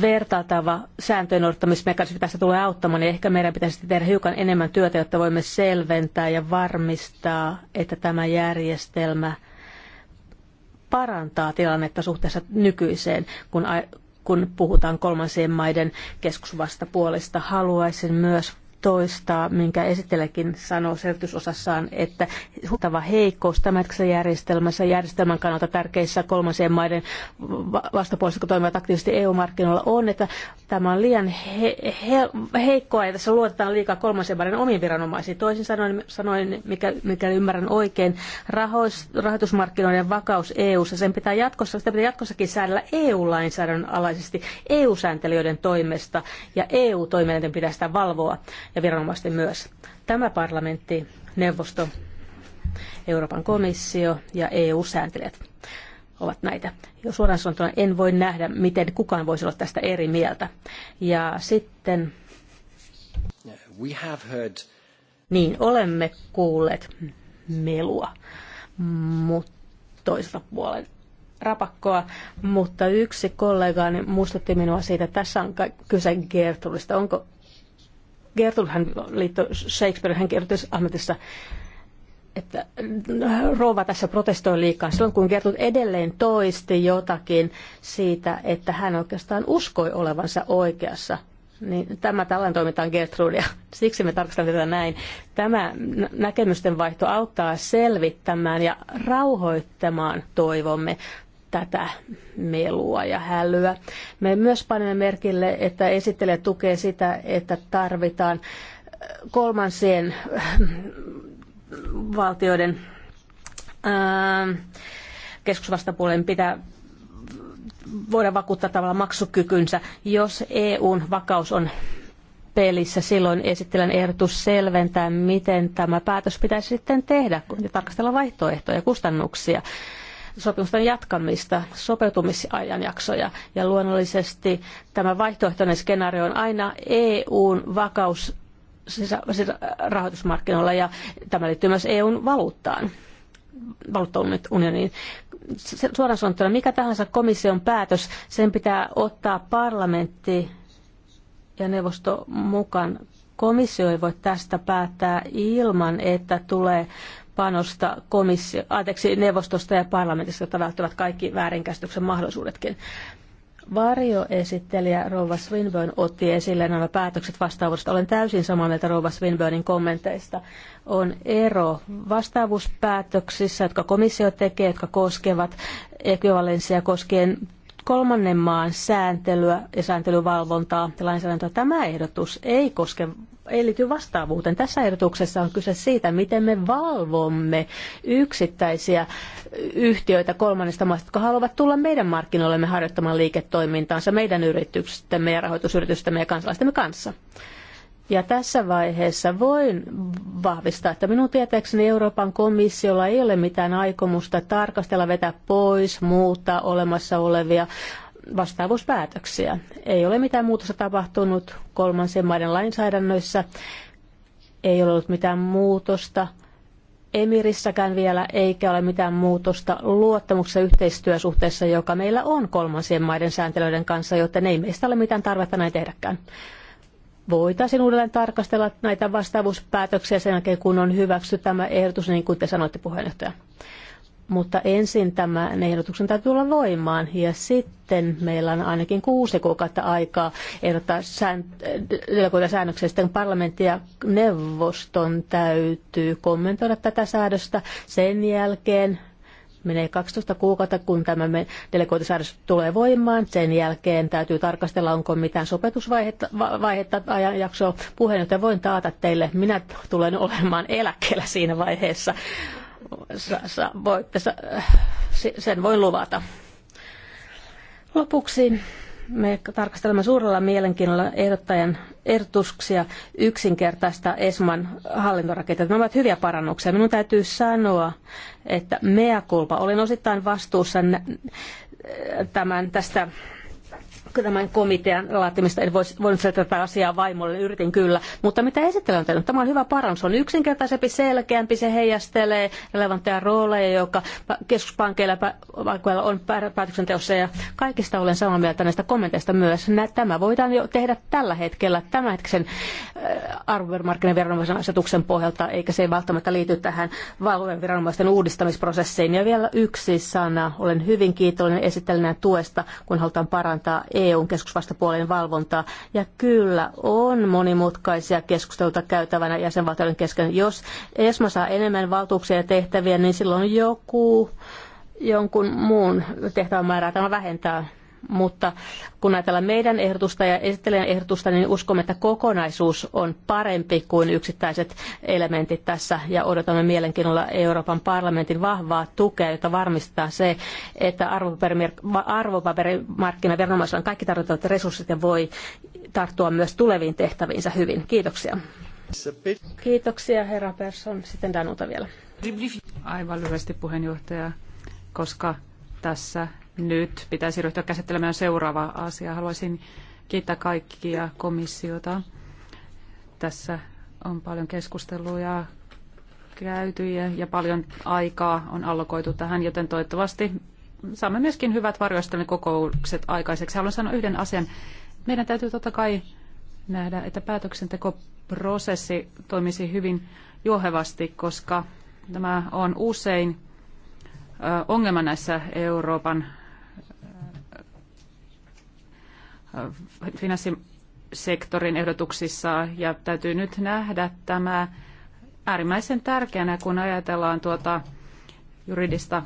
D: vertailtava sääntöjen noudattamismekanismi tässä tulee auttamaan, niin ehkä meidän pitäisi tehdä hiukan enemmän työtä, jotta voimme selventää ja varmistaa, että tämä järjestelmä parantaa tilannetta suhteessa nykyiseen, kun, kun puhutaan kolmansien maiden keskusvastapuolista. Haluaisin myös toista, minkä esittelekin sanoo selvitysosassaan, että huomattava heikkous tämänhetkisessä järjestelmässä järjestelmän kannalta tärkeissä kolmansien maiden vastapuolissa, jotka toimivat aktiivisesti EU-markkinoilla, on, että tämä on liian he, he, heikkoa ja tässä luotetaan liikaa kolmansien maiden omiin viranomaisiin. Toisin sanoen, sanoen mikä, mikä ymmärrän oikein, rahois, rahoitusmarkkinoiden vakaus EU-ssa, sen pitää, jatkossa, sitä pitää jatkossakin säädellä EU-lainsäädännön alaisesti EU-sääntelijöiden toimesta ja EU-toimijoiden pitää sitä valvoa ja viranomaisten myös. Tämä parlamentti, neuvosto, Euroopan komissio ja EU-sääntelijät ovat näitä. Jo suoraan sanottuna en voi nähdä, miten kukaan voisi olla tästä eri mieltä. Ja sitten...
C: We have heard...
D: Niin, olemme kuulleet melua, mutta toiselta rapakkoa, mutta yksi kollegani muistutti minua siitä, että tässä on kyse Gertrudista. Onko Gertrude, hän liittoi Shakespeare, hän kertoi ammatissa, että rouva tässä protestoi liikaa silloin, kun Gertrude edelleen toisti jotakin siitä, että hän oikeastaan uskoi olevansa oikeassa. Niin tämä tällainen toiminta on Gertrudea. Siksi me tarkastamme tätä näin. Tämä näkemysten vaihto auttaa selvittämään ja rauhoittamaan toivomme tätä melua ja hälyä. Me myös panemme merkille, että esittelijä tukee sitä, että tarvitaan äh, kolmansien äh, valtioiden äh, keskusvastapuolen pitää voida vakuuttaa tavallaan maksukykynsä, jos EUn vakaus on pelissä. Silloin esittelen ehdotus selventää, miten tämä päätös pitäisi sitten tehdä ja tarkastella vaihtoehtoja ja kustannuksia sopimusten jatkamista, sopeutumisajanjaksoja. Ja luonnollisesti tämä vaihtoehtoinen skenaario on aina EUn vakaus rahoitusmarkkinoilla ja tämä liittyy myös EUn valuuttaan valuuttaunioniin. Suoraan sanottuna, mikä tahansa komission päätös, sen pitää ottaa parlamentti ja neuvosto mukaan. Komissio ei voi tästä päättää ilman, että tulee panosta komissio, anteeksi, neuvostosta ja parlamentista, jotta välttävät kaikki väärinkäsityksen mahdollisuudetkin. Varjoesittelijä Rova Swinburne otti esille nämä päätökset vastaavuudesta. Olen täysin samaa mieltä Rova Swinburnein kommenteista. On ero vastaavuuspäätöksissä, jotka komissio tekee, jotka koskevat ekvivalenssia koskien kolmannen maan sääntelyä ja sääntelyvalvontaa ja lainsäädäntöä. Tämä ehdotus ei koske ei liity vastaavuuteen. Tässä ehdotuksessa on kyse siitä, miten me valvomme yksittäisiä yhtiöitä kolmannesta maasta, jotka haluavat tulla meidän markkinoillemme harjoittamaan liiketoimintaansa meidän yritystemme ja rahoitusyritystemme ja kansalaistemme kanssa. Ja tässä vaiheessa voin vahvistaa, että minun tietääkseni Euroopan komissiolla ei ole mitään aikomusta tarkastella, vetää pois, muuttaa olemassa olevia vastaavuuspäätöksiä. Ei ole mitään muutosta tapahtunut kolmansien maiden lainsäädännöissä, ei ole ollut mitään muutosta Emirissäkään vielä, eikä ole mitään muutosta luottamuksessa yhteistyösuhteessa, joka meillä on kolmansien maiden sääntelyiden kanssa, joten ei meistä ole mitään tarvetta näin tehdäkään. Voitaisiin uudelleen tarkastella näitä vastaavuuspäätöksiä sen jälkeen, kun on hyväksytty tämä ehdotus, niin kuin te sanoitte puheenjohtaja mutta ensin tämän ehdotuksen täytyy tulla voimaan ja sitten meillä on ainakin kuusi kuukautta aikaa ehdottaa säänt- säännöksiä. Sitten parlamentti ja neuvoston täytyy kommentoida tätä säädöstä. Sen jälkeen menee 12 kuukautta, kun tämä delegoitusäädös tulee voimaan. Sen jälkeen täytyy tarkastella, onko mitään sopetusvaihetta vaihetta, ajanjaksoa puheenjohtaja. Voin taata teille, minä tulen olemaan eläkkeellä siinä vaiheessa voitte, sen voin luvata. Lopuksi me tarkastelemme suurella mielenkiinnolla ehdottajan ehdotuksia yksinkertaista ESMAn hallintorakenteita. Nämä ovat hyviä parannuksia. Minun täytyy sanoa, että mea kulpa. Olin osittain vastuussa tämän tästä tämän komitean laatimista. En voisi, voinut selittää tätä asiaa vaimolle, yritin kyllä. Mutta mitä esittely on tehnyt? Tämä on hyvä parannus. On yksinkertaisempi, selkeämpi, se heijastelee relevantteja rooleja, joka keskuspankkeilla on päätöksenteossa. Ja kaikista olen samaa mieltä näistä kommenteista myös. Tämä voidaan jo tehdä tällä hetkellä, tämänhetkisen äh, arvopaperimarkkinaviranomaisen asetuksen pohjalta, eikä se välttämättä liity tähän valvojen viranomaisten uudistamisprosessiin. Ja vielä yksi sana. Olen hyvin kiitollinen esittelijän tuesta, kun halutaan parantaa EUn keskusvastapuolen valvontaa. Ja kyllä on monimutkaisia keskusteluita käytävänä jäsenvaltioiden kesken. Jos ESMA saa enemmän valtuuksia ja tehtäviä, niin silloin joku jonkun muun tehtävän määrää tämä vähentää mutta kun ajatellaan meidän ehdotusta ja esittelijän ehdotusta, niin uskomme, että kokonaisuus on parempi kuin yksittäiset elementit tässä ja odotamme mielenkiinnolla Euroopan parlamentin vahvaa tukea, jota varmistaa se, että arvopaperimarkkinaviranomaisilla on kaikki tarvittavat resurssit ja voi tarttua myös tuleviin tehtäviinsä hyvin. Kiitoksia. Kiitoksia herra Persson. Sitten Danuta vielä.
B: Aivan lyhyesti puheenjohtaja, koska tässä nyt pitäisi ryhtyä käsittelemään seuraava asia. Haluaisin kiittää kaikkia komissiota. Tässä on paljon keskusteluja käyty ja, ja paljon aikaa on allokoitu tähän, joten toivottavasti saamme myöskin hyvät varjoistamme kokoukset aikaiseksi. Haluan sanoa yhden asian. Meidän täytyy totta kai nähdä, että päätöksentekoprosessi toimisi hyvin juohevasti, koska tämä on usein ongelma näissä Euroopan finanssisektorin ehdotuksissa ja täytyy nyt nähdä tämä äärimmäisen tärkeänä, kun ajatellaan tuota juridista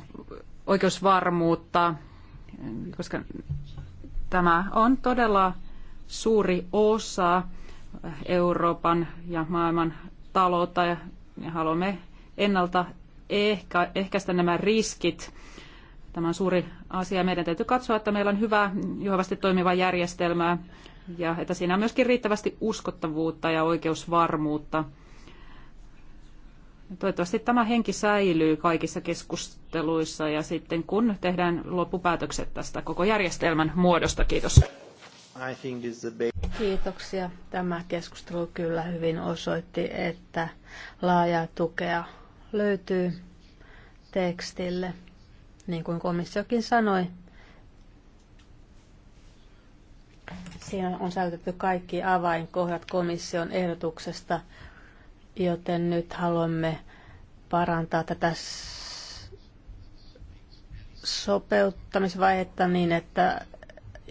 B: oikeusvarmuutta, koska tämä on todella suuri osa Euroopan ja maailman taloutta ja haluamme ennalta ehkä, ehkäistä nämä riskit Tämä on suuri asia. Meidän täytyy katsoa, että meillä on hyvä, juhavasti toimiva järjestelmä ja että siinä on myöskin riittävästi uskottavuutta ja oikeusvarmuutta. Toivottavasti tämä henki säilyy kaikissa keskusteluissa ja sitten kun tehdään loppupäätökset tästä koko järjestelmän muodosta. Kiitos.
D: Kiitoksia. Tämä keskustelu kyllä hyvin osoitti, että laajaa tukea löytyy tekstille. Niin kuin komissiokin sanoi, siinä on säilytetty kaikki avainkohdat komission ehdotuksesta, joten nyt haluamme parantaa tätä sopeuttamisvaihetta niin, että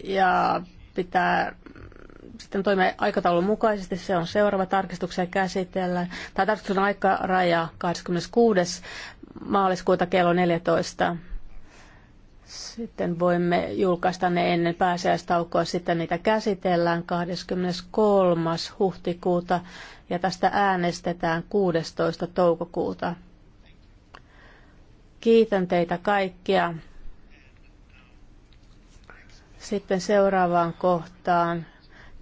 D: ja pitää sitten toimia aikataulun mukaisesti. Se on seuraava tarkistuksia käsitellä. Tämä aika aikaraja 26. maaliskuuta kello 14. Sitten voimme julkaista ne ennen pääsiäistaukoa, sitten niitä käsitellään 23. huhtikuuta ja tästä äänestetään 16. toukokuuta. Kiitän teitä kaikkia. Sitten seuraavaan kohtaan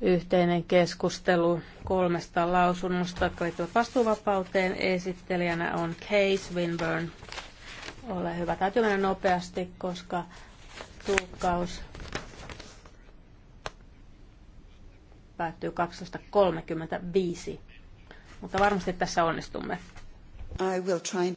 D: yhteinen keskustelu kolmesta lausunnosta, vastuuvapauteen. Esittelijänä on Case Winburn. Ole hyvä. Täytyy mennä nopeasti, koska tulkkaus päättyy 12.35. Mutta varmasti tässä onnistumme.
A: I will try.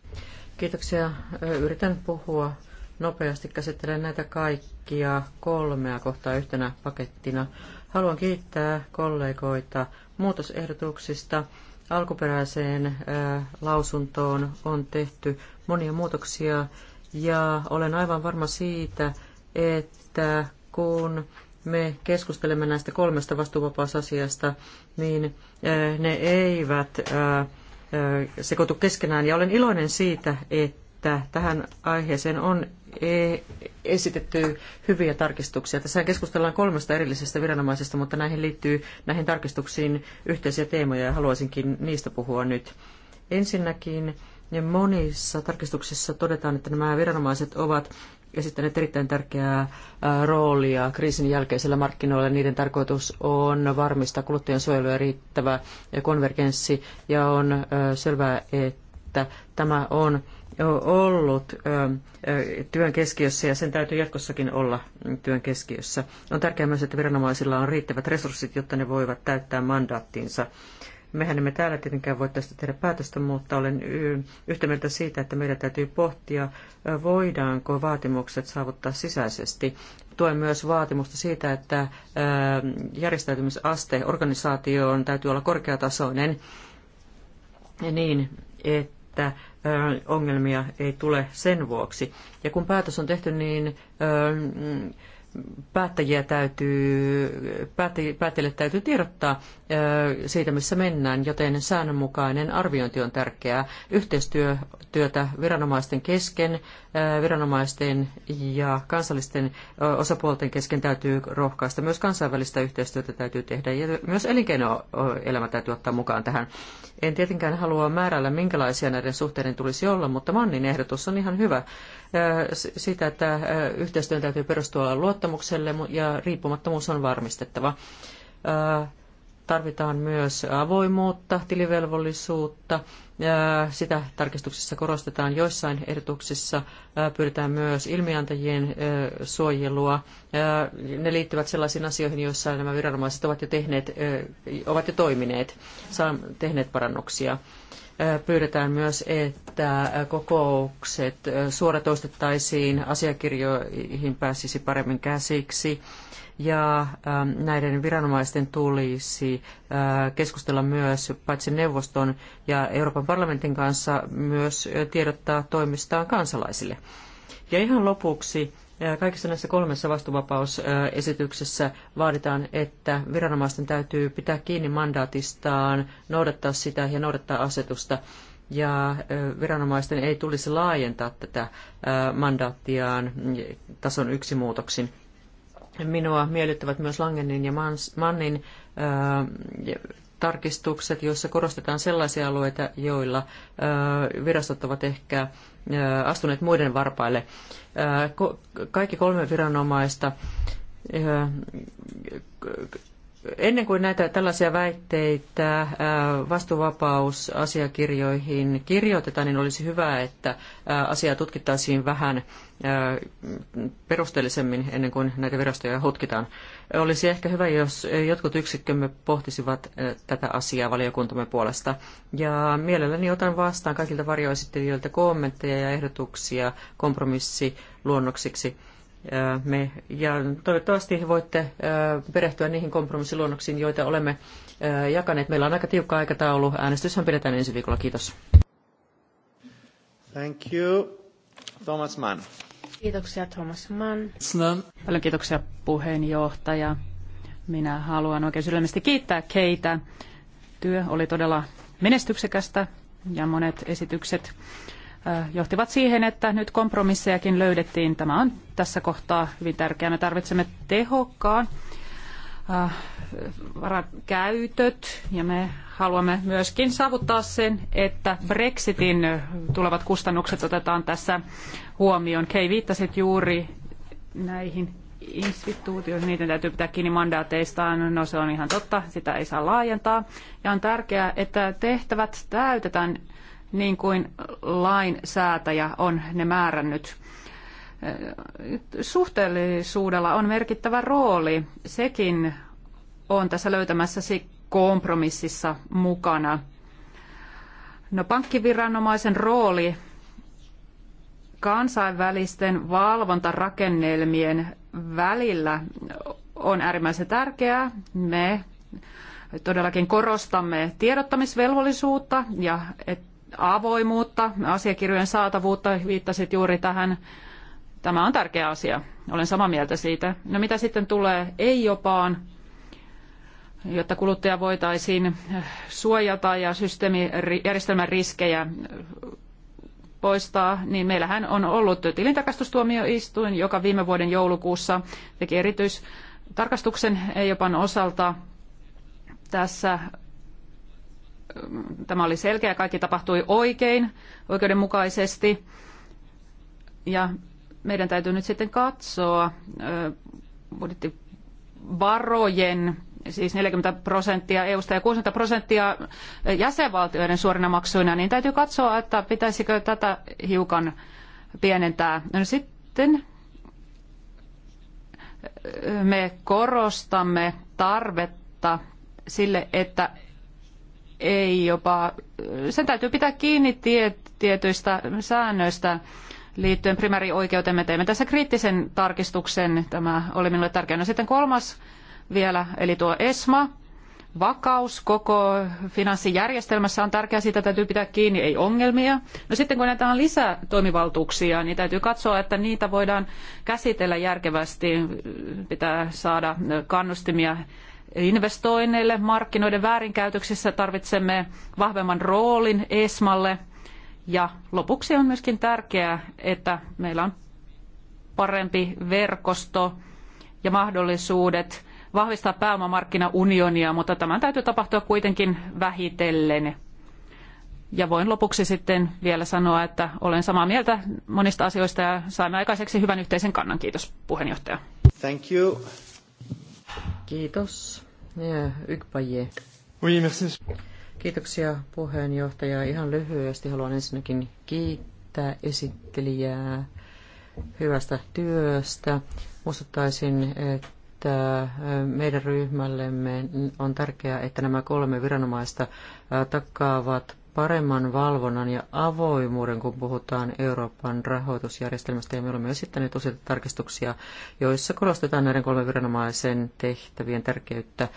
A: Kiitoksia. Yritän puhua nopeasti. Käsittelen näitä kaikkia kolmea kohtaa yhtenä pakettina. Haluan kiittää kollegoita muutosehdotuksista alkuperäiseen lausuntoon on tehty monia muutoksia ja olen aivan varma siitä, että kun me keskustelemme näistä kolmesta vastuuvapausasiasta, niin ne eivät sekoitu keskenään. Ja olen iloinen siitä, että tähän aiheeseen on E, esitetty hyviä tarkistuksia. Tässä keskustellaan kolmesta erillisestä viranomaisesta, mutta näihin liittyy näihin tarkistuksiin yhteisiä teemoja ja haluaisinkin niistä puhua nyt. Ensinnäkin monissa tarkistuksissa todetaan, että nämä viranomaiset ovat esittäneet erittäin tärkeää roolia kriisin jälkeisellä markkinoilla. Niiden tarkoitus on varmistaa kuluttajan suojelu ja riittävä konvergenssi ja on selvää, että tämä on ollut työn keskiössä ja sen täytyy jatkossakin olla työn keskiössä. On tärkeää myös, että viranomaisilla on riittävät resurssit, jotta ne voivat täyttää mandaattinsa. Mehän emme täällä tietenkään voi tästä tehdä päätöstä, mutta olen yhtä mieltä siitä, että meidän täytyy pohtia, voidaanko vaatimukset saavuttaa sisäisesti. Tuen myös vaatimusta siitä, että järjestäytymisaste organisaatioon täytyy olla korkeatasoinen niin, että ongelmia ei tule sen vuoksi. Ja kun päätös on tehty, niin mm, päättäjiä täytyy, päättäjille täytyy tiedottaa siitä, missä mennään, joten säännönmukainen arviointi on tärkeää. Yhteistyötä viranomaisten kesken, viranomaisten ja kansallisten osapuolten kesken täytyy rohkaista. Myös kansainvälistä yhteistyötä täytyy tehdä ja myös elinkeinoelämä täytyy ottaa mukaan tähän. En tietenkään halua määrällä minkälaisia näiden suhteiden tulisi olla, mutta Mannin ehdotus on ihan hyvä. Sitä, että yhteistyön täytyy perustua luottamukselle ja riippumattomuus on varmistettava Tarvitaan myös avoimuutta, tilivelvollisuutta. Sitä tarkistuksessa korostetaan joissain ehdotuksissa. Pyritään myös ilmiantajien suojelua. Ne liittyvät sellaisiin asioihin, joissa nämä viranomaiset ovat jo, tehneet, ovat jo toimineet, tehneet parannuksia. Pyydetään myös, että kokoukset suoratoistettaisiin, asiakirjoihin pääsisi paremmin käsiksi ja ähm, näiden viranomaisten tulisi äh, keskustella myös paitsi neuvoston ja Euroopan parlamentin kanssa myös äh, tiedottaa toimistaan kansalaisille. Ja ihan lopuksi äh, Kaikissa näissä kolmessa vastuvapausesityksessä vaaditaan, että viranomaisten täytyy pitää kiinni mandaatistaan, noudattaa sitä ja noudattaa asetusta. Ja viranomaisten ei tulisi laajentaa tätä mandaattiaan mm, tason yksi muutoksin. Minua miellyttävät myös Langenin ja Mannin tarkistukset, joissa korostetaan sellaisia alueita, joilla virastot ovat ehkä astuneet muiden varpaille. Kaikki kolme viranomaista ennen kuin näitä tällaisia väitteitä äh, vastuvapausasiakirjoihin kirjoitetaan, niin olisi hyvä, että äh, asiaa tutkittaisiin vähän äh, perusteellisemmin ennen kuin näitä virastoja hutkitaan. Olisi ehkä hyvä, jos jotkut yksikkömme pohtisivat tätä asiaa valiokuntamme puolesta. Ja mielelläni otan vastaan kaikilta varjoesittelijöiltä kommentteja ja ehdotuksia kompromissiluonnoksiksi. luonnoksiksi me, ja toivottavasti voitte perehtyä niihin kompromissiluonnoksiin, joita olemme jakaneet. Meillä on aika tiukka aikataulu. Äänestyshän pidetään ensi viikolla. Kiitos. Thank you. Thomas Mann.
D: Kiitoksia Thomas Mann.
B: Paljon kiitoksia puheenjohtaja. Minä haluan oikein sydämesti kiittää Keitä. Työ oli todella menestyksekästä ja monet esitykset johtivat siihen, että nyt kompromissejakin löydettiin. Tämä on tässä kohtaa hyvin tärkeää. Me tarvitsemme tehokkaan varakäytöt ja me haluamme myöskin saavuttaa sen, että Brexitin tulevat kustannukset otetaan tässä huomioon. Kei, viittasit juuri näihin instituutioihin, niiden täytyy pitää kiinni mandaateistaan, no se on ihan totta, sitä ei saa laajentaa. Ja on tärkeää, että tehtävät täytetään niin kuin lainsäätäjä on ne määrännyt. Suhteellisuudella on merkittävä rooli. Sekin on tässä löytämässäsi kompromississa mukana. No, pankkiviranomaisen rooli kansainvälisten valvontarakennelmien välillä on äärimmäisen tärkeää. Me todellakin korostamme tiedottamisvelvollisuutta ja et, avoimuutta, asiakirjojen saatavuutta, viittasit juuri tähän. Tämä on tärkeä asia. Olen samaa mieltä siitä. No mitä sitten tulee ei-jopaan, jotta kuluttaja voitaisiin suojata ja järjestelmän riskejä poistaa, niin meillähän on ollut tilintarkastustuomioistuin, joka viime vuoden joulukuussa teki erityistarkastuksen EIOPAN osalta. Tässä tämä oli selkeä, kaikki tapahtui oikein, oikeudenmukaisesti. Ja meidän täytyy nyt sitten katsoa budjettivarojen, siis 40 prosenttia EUsta ja 60 prosenttia jäsenvaltioiden suorina maksuina, niin täytyy katsoa, että pitäisikö tätä hiukan pienentää. No sitten me korostamme tarvetta sille, että ei jopa, sen täytyy pitää kiinni tie, tietyistä säännöistä liittyen primäärioikeuteen. Me teimme tässä kriittisen tarkistuksen, tämä oli minulle tärkeä. No sitten kolmas vielä, eli tuo ESMA, vakaus koko finanssijärjestelmässä on tärkeää, siitä täytyy pitää kiinni, ei ongelmia. No sitten kun näitä on lisää toimivaltuuksia, niin täytyy katsoa, että niitä voidaan käsitellä järkevästi, pitää saada kannustimia investoinneille, markkinoiden väärinkäytöksissä tarvitsemme vahvemman roolin ESMalle. Ja lopuksi on myöskin tärkeää, että meillä on parempi verkosto ja mahdollisuudet vahvistaa pääomamarkkinaunionia, mutta tämän täytyy tapahtua kuitenkin vähitellen. Ja voin lopuksi sitten vielä sanoa, että olen samaa mieltä monista asioista ja saimme aikaiseksi hyvän yhteisen kannan. Kiitos puheenjohtaja. Thank you.
A: Kiitos. Ykpaje. Oui, merci. Kiitoksia puheenjohtaja. Ihan lyhyesti haluan ensinnäkin kiittää esittelijää hyvästä työstä. Muistuttaisin, että meidän ryhmällemme on tärkeää, että nämä kolme viranomaista äh, takaavat paremman valvonnan ja avoimuuden, kun puhutaan Euroopan rahoitusjärjestelmästä, ja me olemme esittäneet useita tarkistuksia, joissa korostetaan näiden kolmen viranomaisen tehtävien tärkeyttä.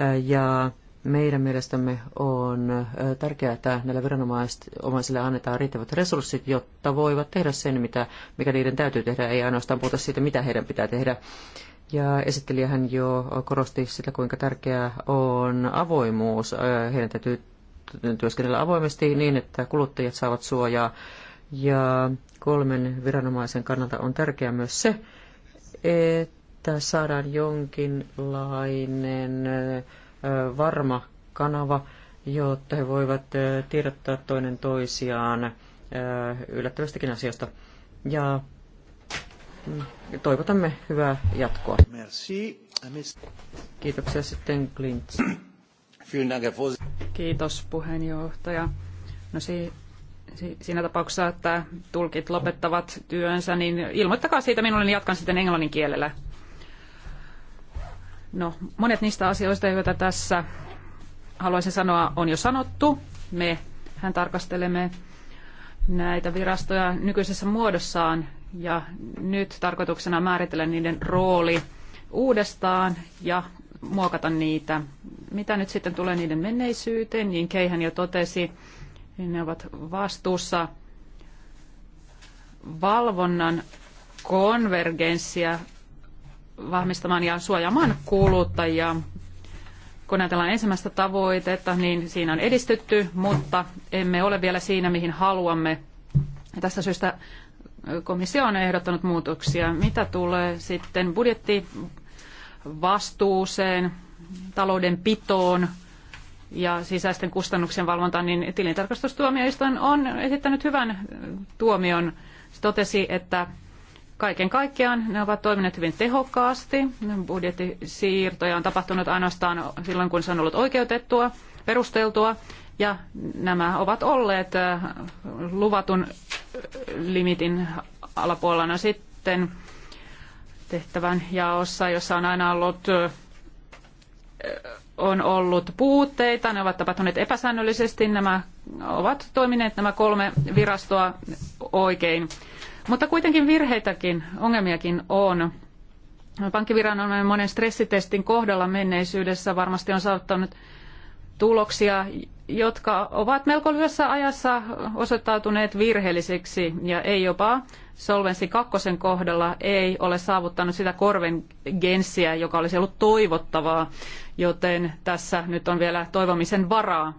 A: Äh, ja meidän mielestämme on äh, tärkeää, että näillä viranomaisille annetaan riittävät resurssit, jotta voivat tehdä sen, mitä, mikä niiden täytyy tehdä, ei ainoastaan puhuta siitä, mitä heidän pitää tehdä. Ja esittelijähän jo korosti sitä, kuinka tärkeää on avoimuus. Äh, heidän täytyy työskennellä avoimesti niin, että kuluttajat saavat suojaa. Ja kolmen viranomaisen kannalta on tärkeää myös se, että saadaan jonkinlainen varma kanava, jotta he voivat tiedottaa toinen toisiaan yllättävästäkin asiasta. Ja mm, toivotamme hyvää jatkoa. Merci. Kiitoksia
B: sitten Klintz. Kiitos puheenjohtaja. No si- si- siinä tapauksessa, että tulkit lopettavat työnsä, niin ilmoittakaa siitä minulle, niin jatkan sitten englannin kielellä. No, monet niistä asioista, joita tässä haluaisin sanoa, on jo sanottu. Me hän tarkastelemme näitä virastoja nykyisessä muodossaan ja nyt tarkoituksena määritellä niiden rooli uudestaan ja muokata niitä. Mitä nyt sitten tulee niiden menneisyyteen, niin Keihän jo totesi, niin ne ovat vastuussa valvonnan konvergenssia vahvistamaan ja suojaamaan kuluttajia. Kun ajatellaan ensimmäistä tavoitetta, niin siinä on edistytty, mutta emme ole vielä siinä, mihin haluamme. Ja tästä syystä komissio on ehdottanut muutoksia. Mitä tulee sitten budjetti vastuuseen, taloudenpitoon ja sisäisten kustannuksien valvontaan, niin tilintarkastustuomioistuin on esittänyt hyvän tuomion. Se totesi, että kaiken kaikkiaan ne ovat toimineet hyvin tehokkaasti. Budjettisiirtoja on tapahtunut ainoastaan silloin, kun se on ollut oikeutettua, perusteltua, ja nämä ovat olleet äh, luvatun limitin alapuolella no sitten tehtävän jaossa, jossa on aina ollut on ollut puutteita, ne ovat tapahtuneet epäsäännöllisesti, nämä ovat toimineet nämä kolme virastoa oikein. Mutta kuitenkin virheitäkin, ongelmiakin on. Pankkiviranomainen monen stressitestin kohdalla menneisyydessä varmasti on saattanut tuloksia, jotka ovat melko lyhyessä ajassa osoittautuneet virheellisiksi ja ei jopa Solvensi kakkosen kohdalla ei ole saavuttanut sitä korvengenssiä, joka olisi ollut toivottavaa, joten tässä nyt on vielä toivomisen varaa.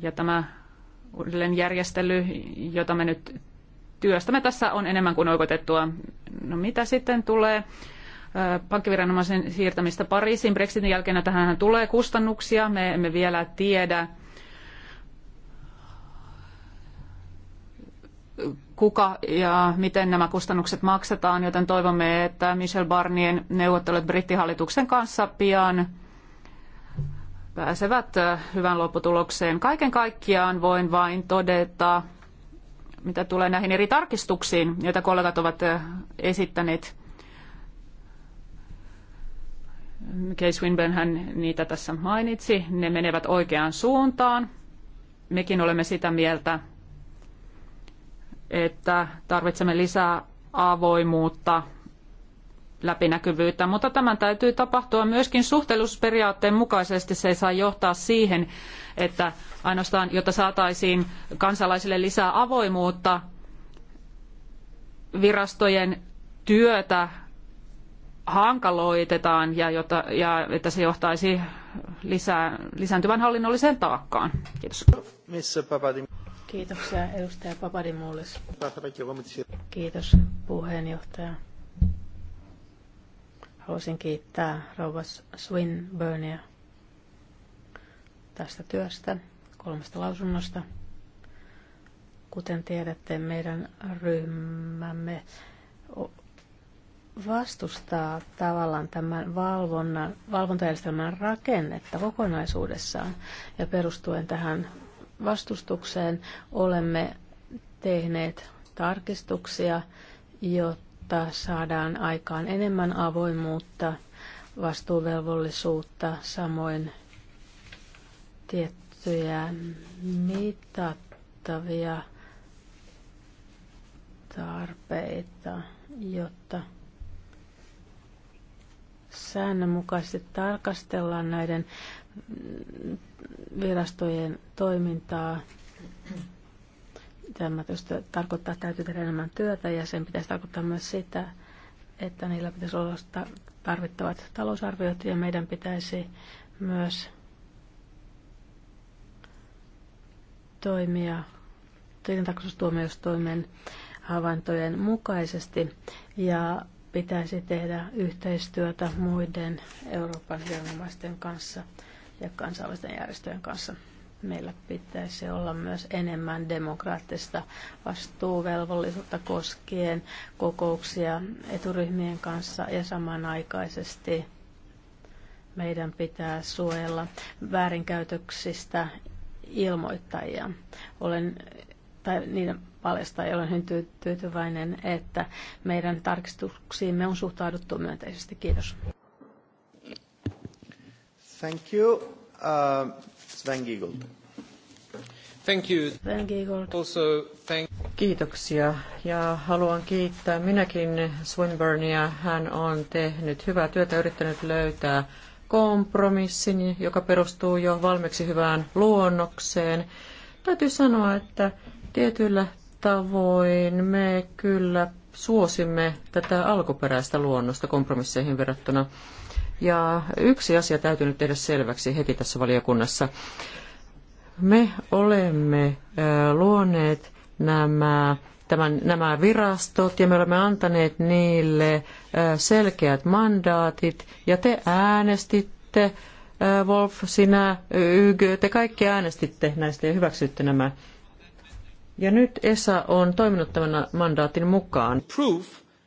B: Ja tämä uudelleenjärjestely, jota me nyt työstämme tässä on enemmän kuin oikeutettua. No mitä sitten tulee pankkiviranomaisen siirtämistä Pariisiin Brexitin jälkeen, no tähän tulee kustannuksia. Me emme vielä tiedä, kuka ja miten nämä kustannukset maksetaan, joten toivomme, että Michel Barnien neuvottelut brittihallituksen kanssa pian pääsevät äh, hyvän lopputulokseen. Kaiken kaikkiaan voin vain todeta, mitä tulee näihin eri tarkistuksiin, joita kollegat ovat äh, esittäneet. Case Winburn hän niitä tässä mainitsi. Ne menevät oikeaan suuntaan. Mekin olemme sitä mieltä, että tarvitsemme lisää avoimuutta, läpinäkyvyyttä, mutta tämän täytyy tapahtua myöskin suhteellisuusperiaatteen mukaisesti. Se ei saa johtaa siihen, että ainoastaan, jotta saataisiin kansalaisille lisää avoimuutta, virastojen työtä hankaloitetaan ja, jotta ja että se johtaisi lisää, lisääntyvän hallinnolliseen taakkaan. Kiitos.
D: Kiitoksia edustaja Papadimoulis. Kiitos puheenjohtaja. Haluaisin kiittää rouva Swinburnia tästä työstä, kolmesta lausunnosta. Kuten tiedätte, meidän ryhmämme vastustaa tavallaan tämän valvonnan, valvontajärjestelmän rakennetta kokonaisuudessaan ja perustuen tähän vastustukseen olemme tehneet tarkistuksia, jotta saadaan aikaan enemmän avoimuutta, vastuuvelvollisuutta, samoin tiettyjä mitattavia tarpeita, jotta säännönmukaisesti tarkastellaan näiden virastojen toimintaa. Tämä tietysti tarkoittaa, että täytyy tehdä enemmän työtä ja sen pitäisi tarkoittaa myös sitä, että niillä pitäisi olla tarvittavat talousarviot ja meidän pitäisi myös toimia tilintarkastustuomioistuimen havaintojen mukaisesti ja pitäisi tehdä yhteistyötä muiden Euroopan viranomaisten kanssa ja kansallisten järjestöjen kanssa. Meillä pitäisi olla myös enemmän demokraattista vastuuvelvollisuutta koskien kokouksia eturyhmien kanssa ja samanaikaisesti meidän pitää suojella väärinkäytöksistä ilmoittajia. Olen, tai niiden paljastajia olen hyvin tyytyväinen, että meidän tarkistuksiimme on suhtauduttu myönteisesti. Kiitos.
C: Thank you. Uh, Sven Giegold. Thank you. Sven Giegold. Also, thank...
A: Kiitoksia ja haluan kiittää minäkin Swinburnia. Hän on tehnyt hyvää työtä, yrittänyt löytää kompromissin, joka perustuu jo valmiiksi hyvään luonnokseen. Täytyy sanoa, että tietyllä tavoin me kyllä suosimme tätä alkuperäistä luonnosta kompromisseihin verrattuna. Ja yksi asia täytyy nyt tehdä selväksi heti tässä valiokunnassa. Me olemme luoneet nämä, tämän, nämä virastot ja me olemme antaneet niille selkeät mandaatit ja te äänestitte, Wolf, sinä, YG, te kaikki äänestitte näistä ja hyväksytte nämä. Ja nyt ESA on toiminut tämän mandaatin mukaan. Proof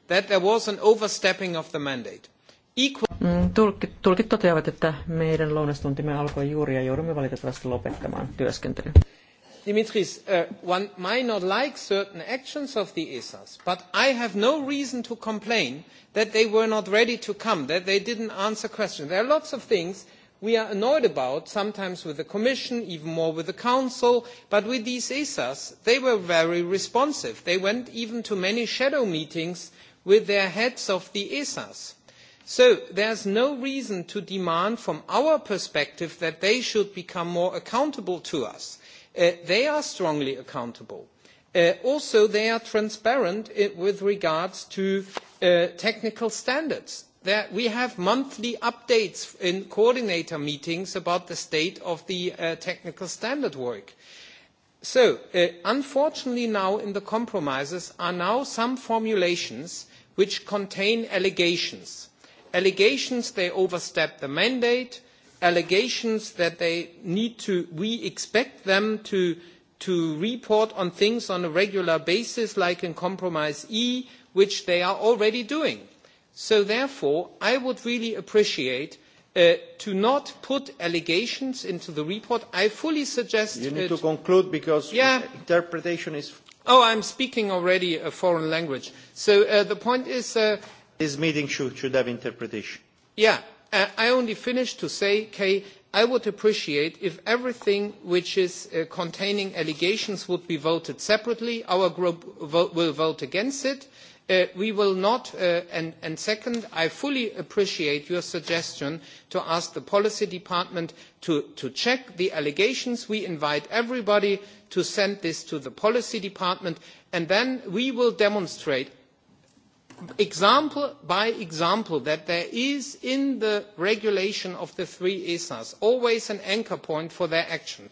C: that there was an overstepping of the mandate
A: Mm, tulkit, tulkit toteavat, että meidän lounastuntimme alkoi juuri ja joudumme valitettavasti lopettamaan työskentelyn.
C: Dimitris, uh, one might not like certain actions of the ESAs, but I have no reason to complain that they were not ready to come, that they didn't answer questions. There are lots of things we are annoyed about, sometimes with the Commission, even more with the Council, but with these ESAs, they were very responsive. They went even to many shadow meetings with their heads of the ESAs So there is no reason to demand from our perspective that they should become more accountable to us. Uh, they are strongly accountable. Uh, also, they are transparent uh, with regards to uh, technical standards. There, we have monthly updates in coordinator meetings about the state of the uh, technical standard work. So, uh, unfortunately now in the compromises are now some formulations which contain allegations allegations they overstep the mandate, allegations that they need to, we expect them to, to report on things on a regular basis, like in Compromise E, which they are already doing. So therefore, I would really appreciate Uh, to not put allegations into the report. I fully suggest you need to conclude because yeah. interpretation is. Oh, I'm speaking already a foreign language. So uh, the point is, uh, This meeting should, should have interpretation. Yeah, uh, I only finished to say, Kay, I would appreciate if everything which is uh, containing allegations would be voted separately. Our group vote, will vote against it. Uh, we will not, uh, and, and second, I fully appreciate your suggestion to ask the policy department to, to check the allegations. We invite everybody to send this to the policy department, and then we will demonstrate example by example that there is in the regulation of the three esas always an anchor point for their action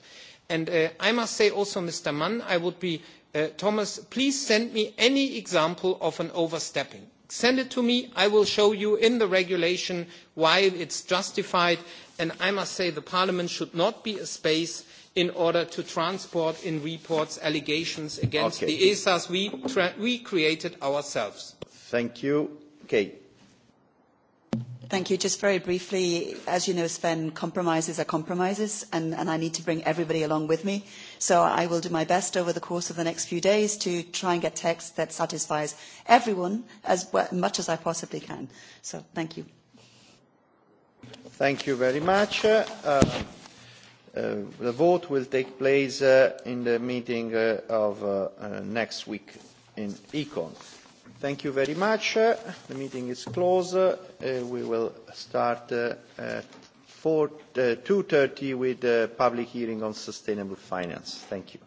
C: and uh, i must say also mr mann i would be uh, thomas please send me any example of an overstepping send it to me i will show you in the regulation why it's justified and i must say the parliament should not be a space in order to transport in reports allegations against okay. the esas we, we created ourselves Thank you. Kay.
B: Thank you. Just very briefly, as you know, Sven, compromises are compromises, and, and I need to bring everybody along with me. So I will do my best over the course of the next few days to try and get text that satisfies everyone as well, much as I possibly can. So thank you.
C: Thank you very much. Uh, uh, the vote will take place uh, in the meeting uh, of uh, uh, next week in Econ. Thank you very much. The meeting is closed. Uh, we will start uh, at 2:30 uh, 2.30 with the public hearing on sustainable finance. Thank you.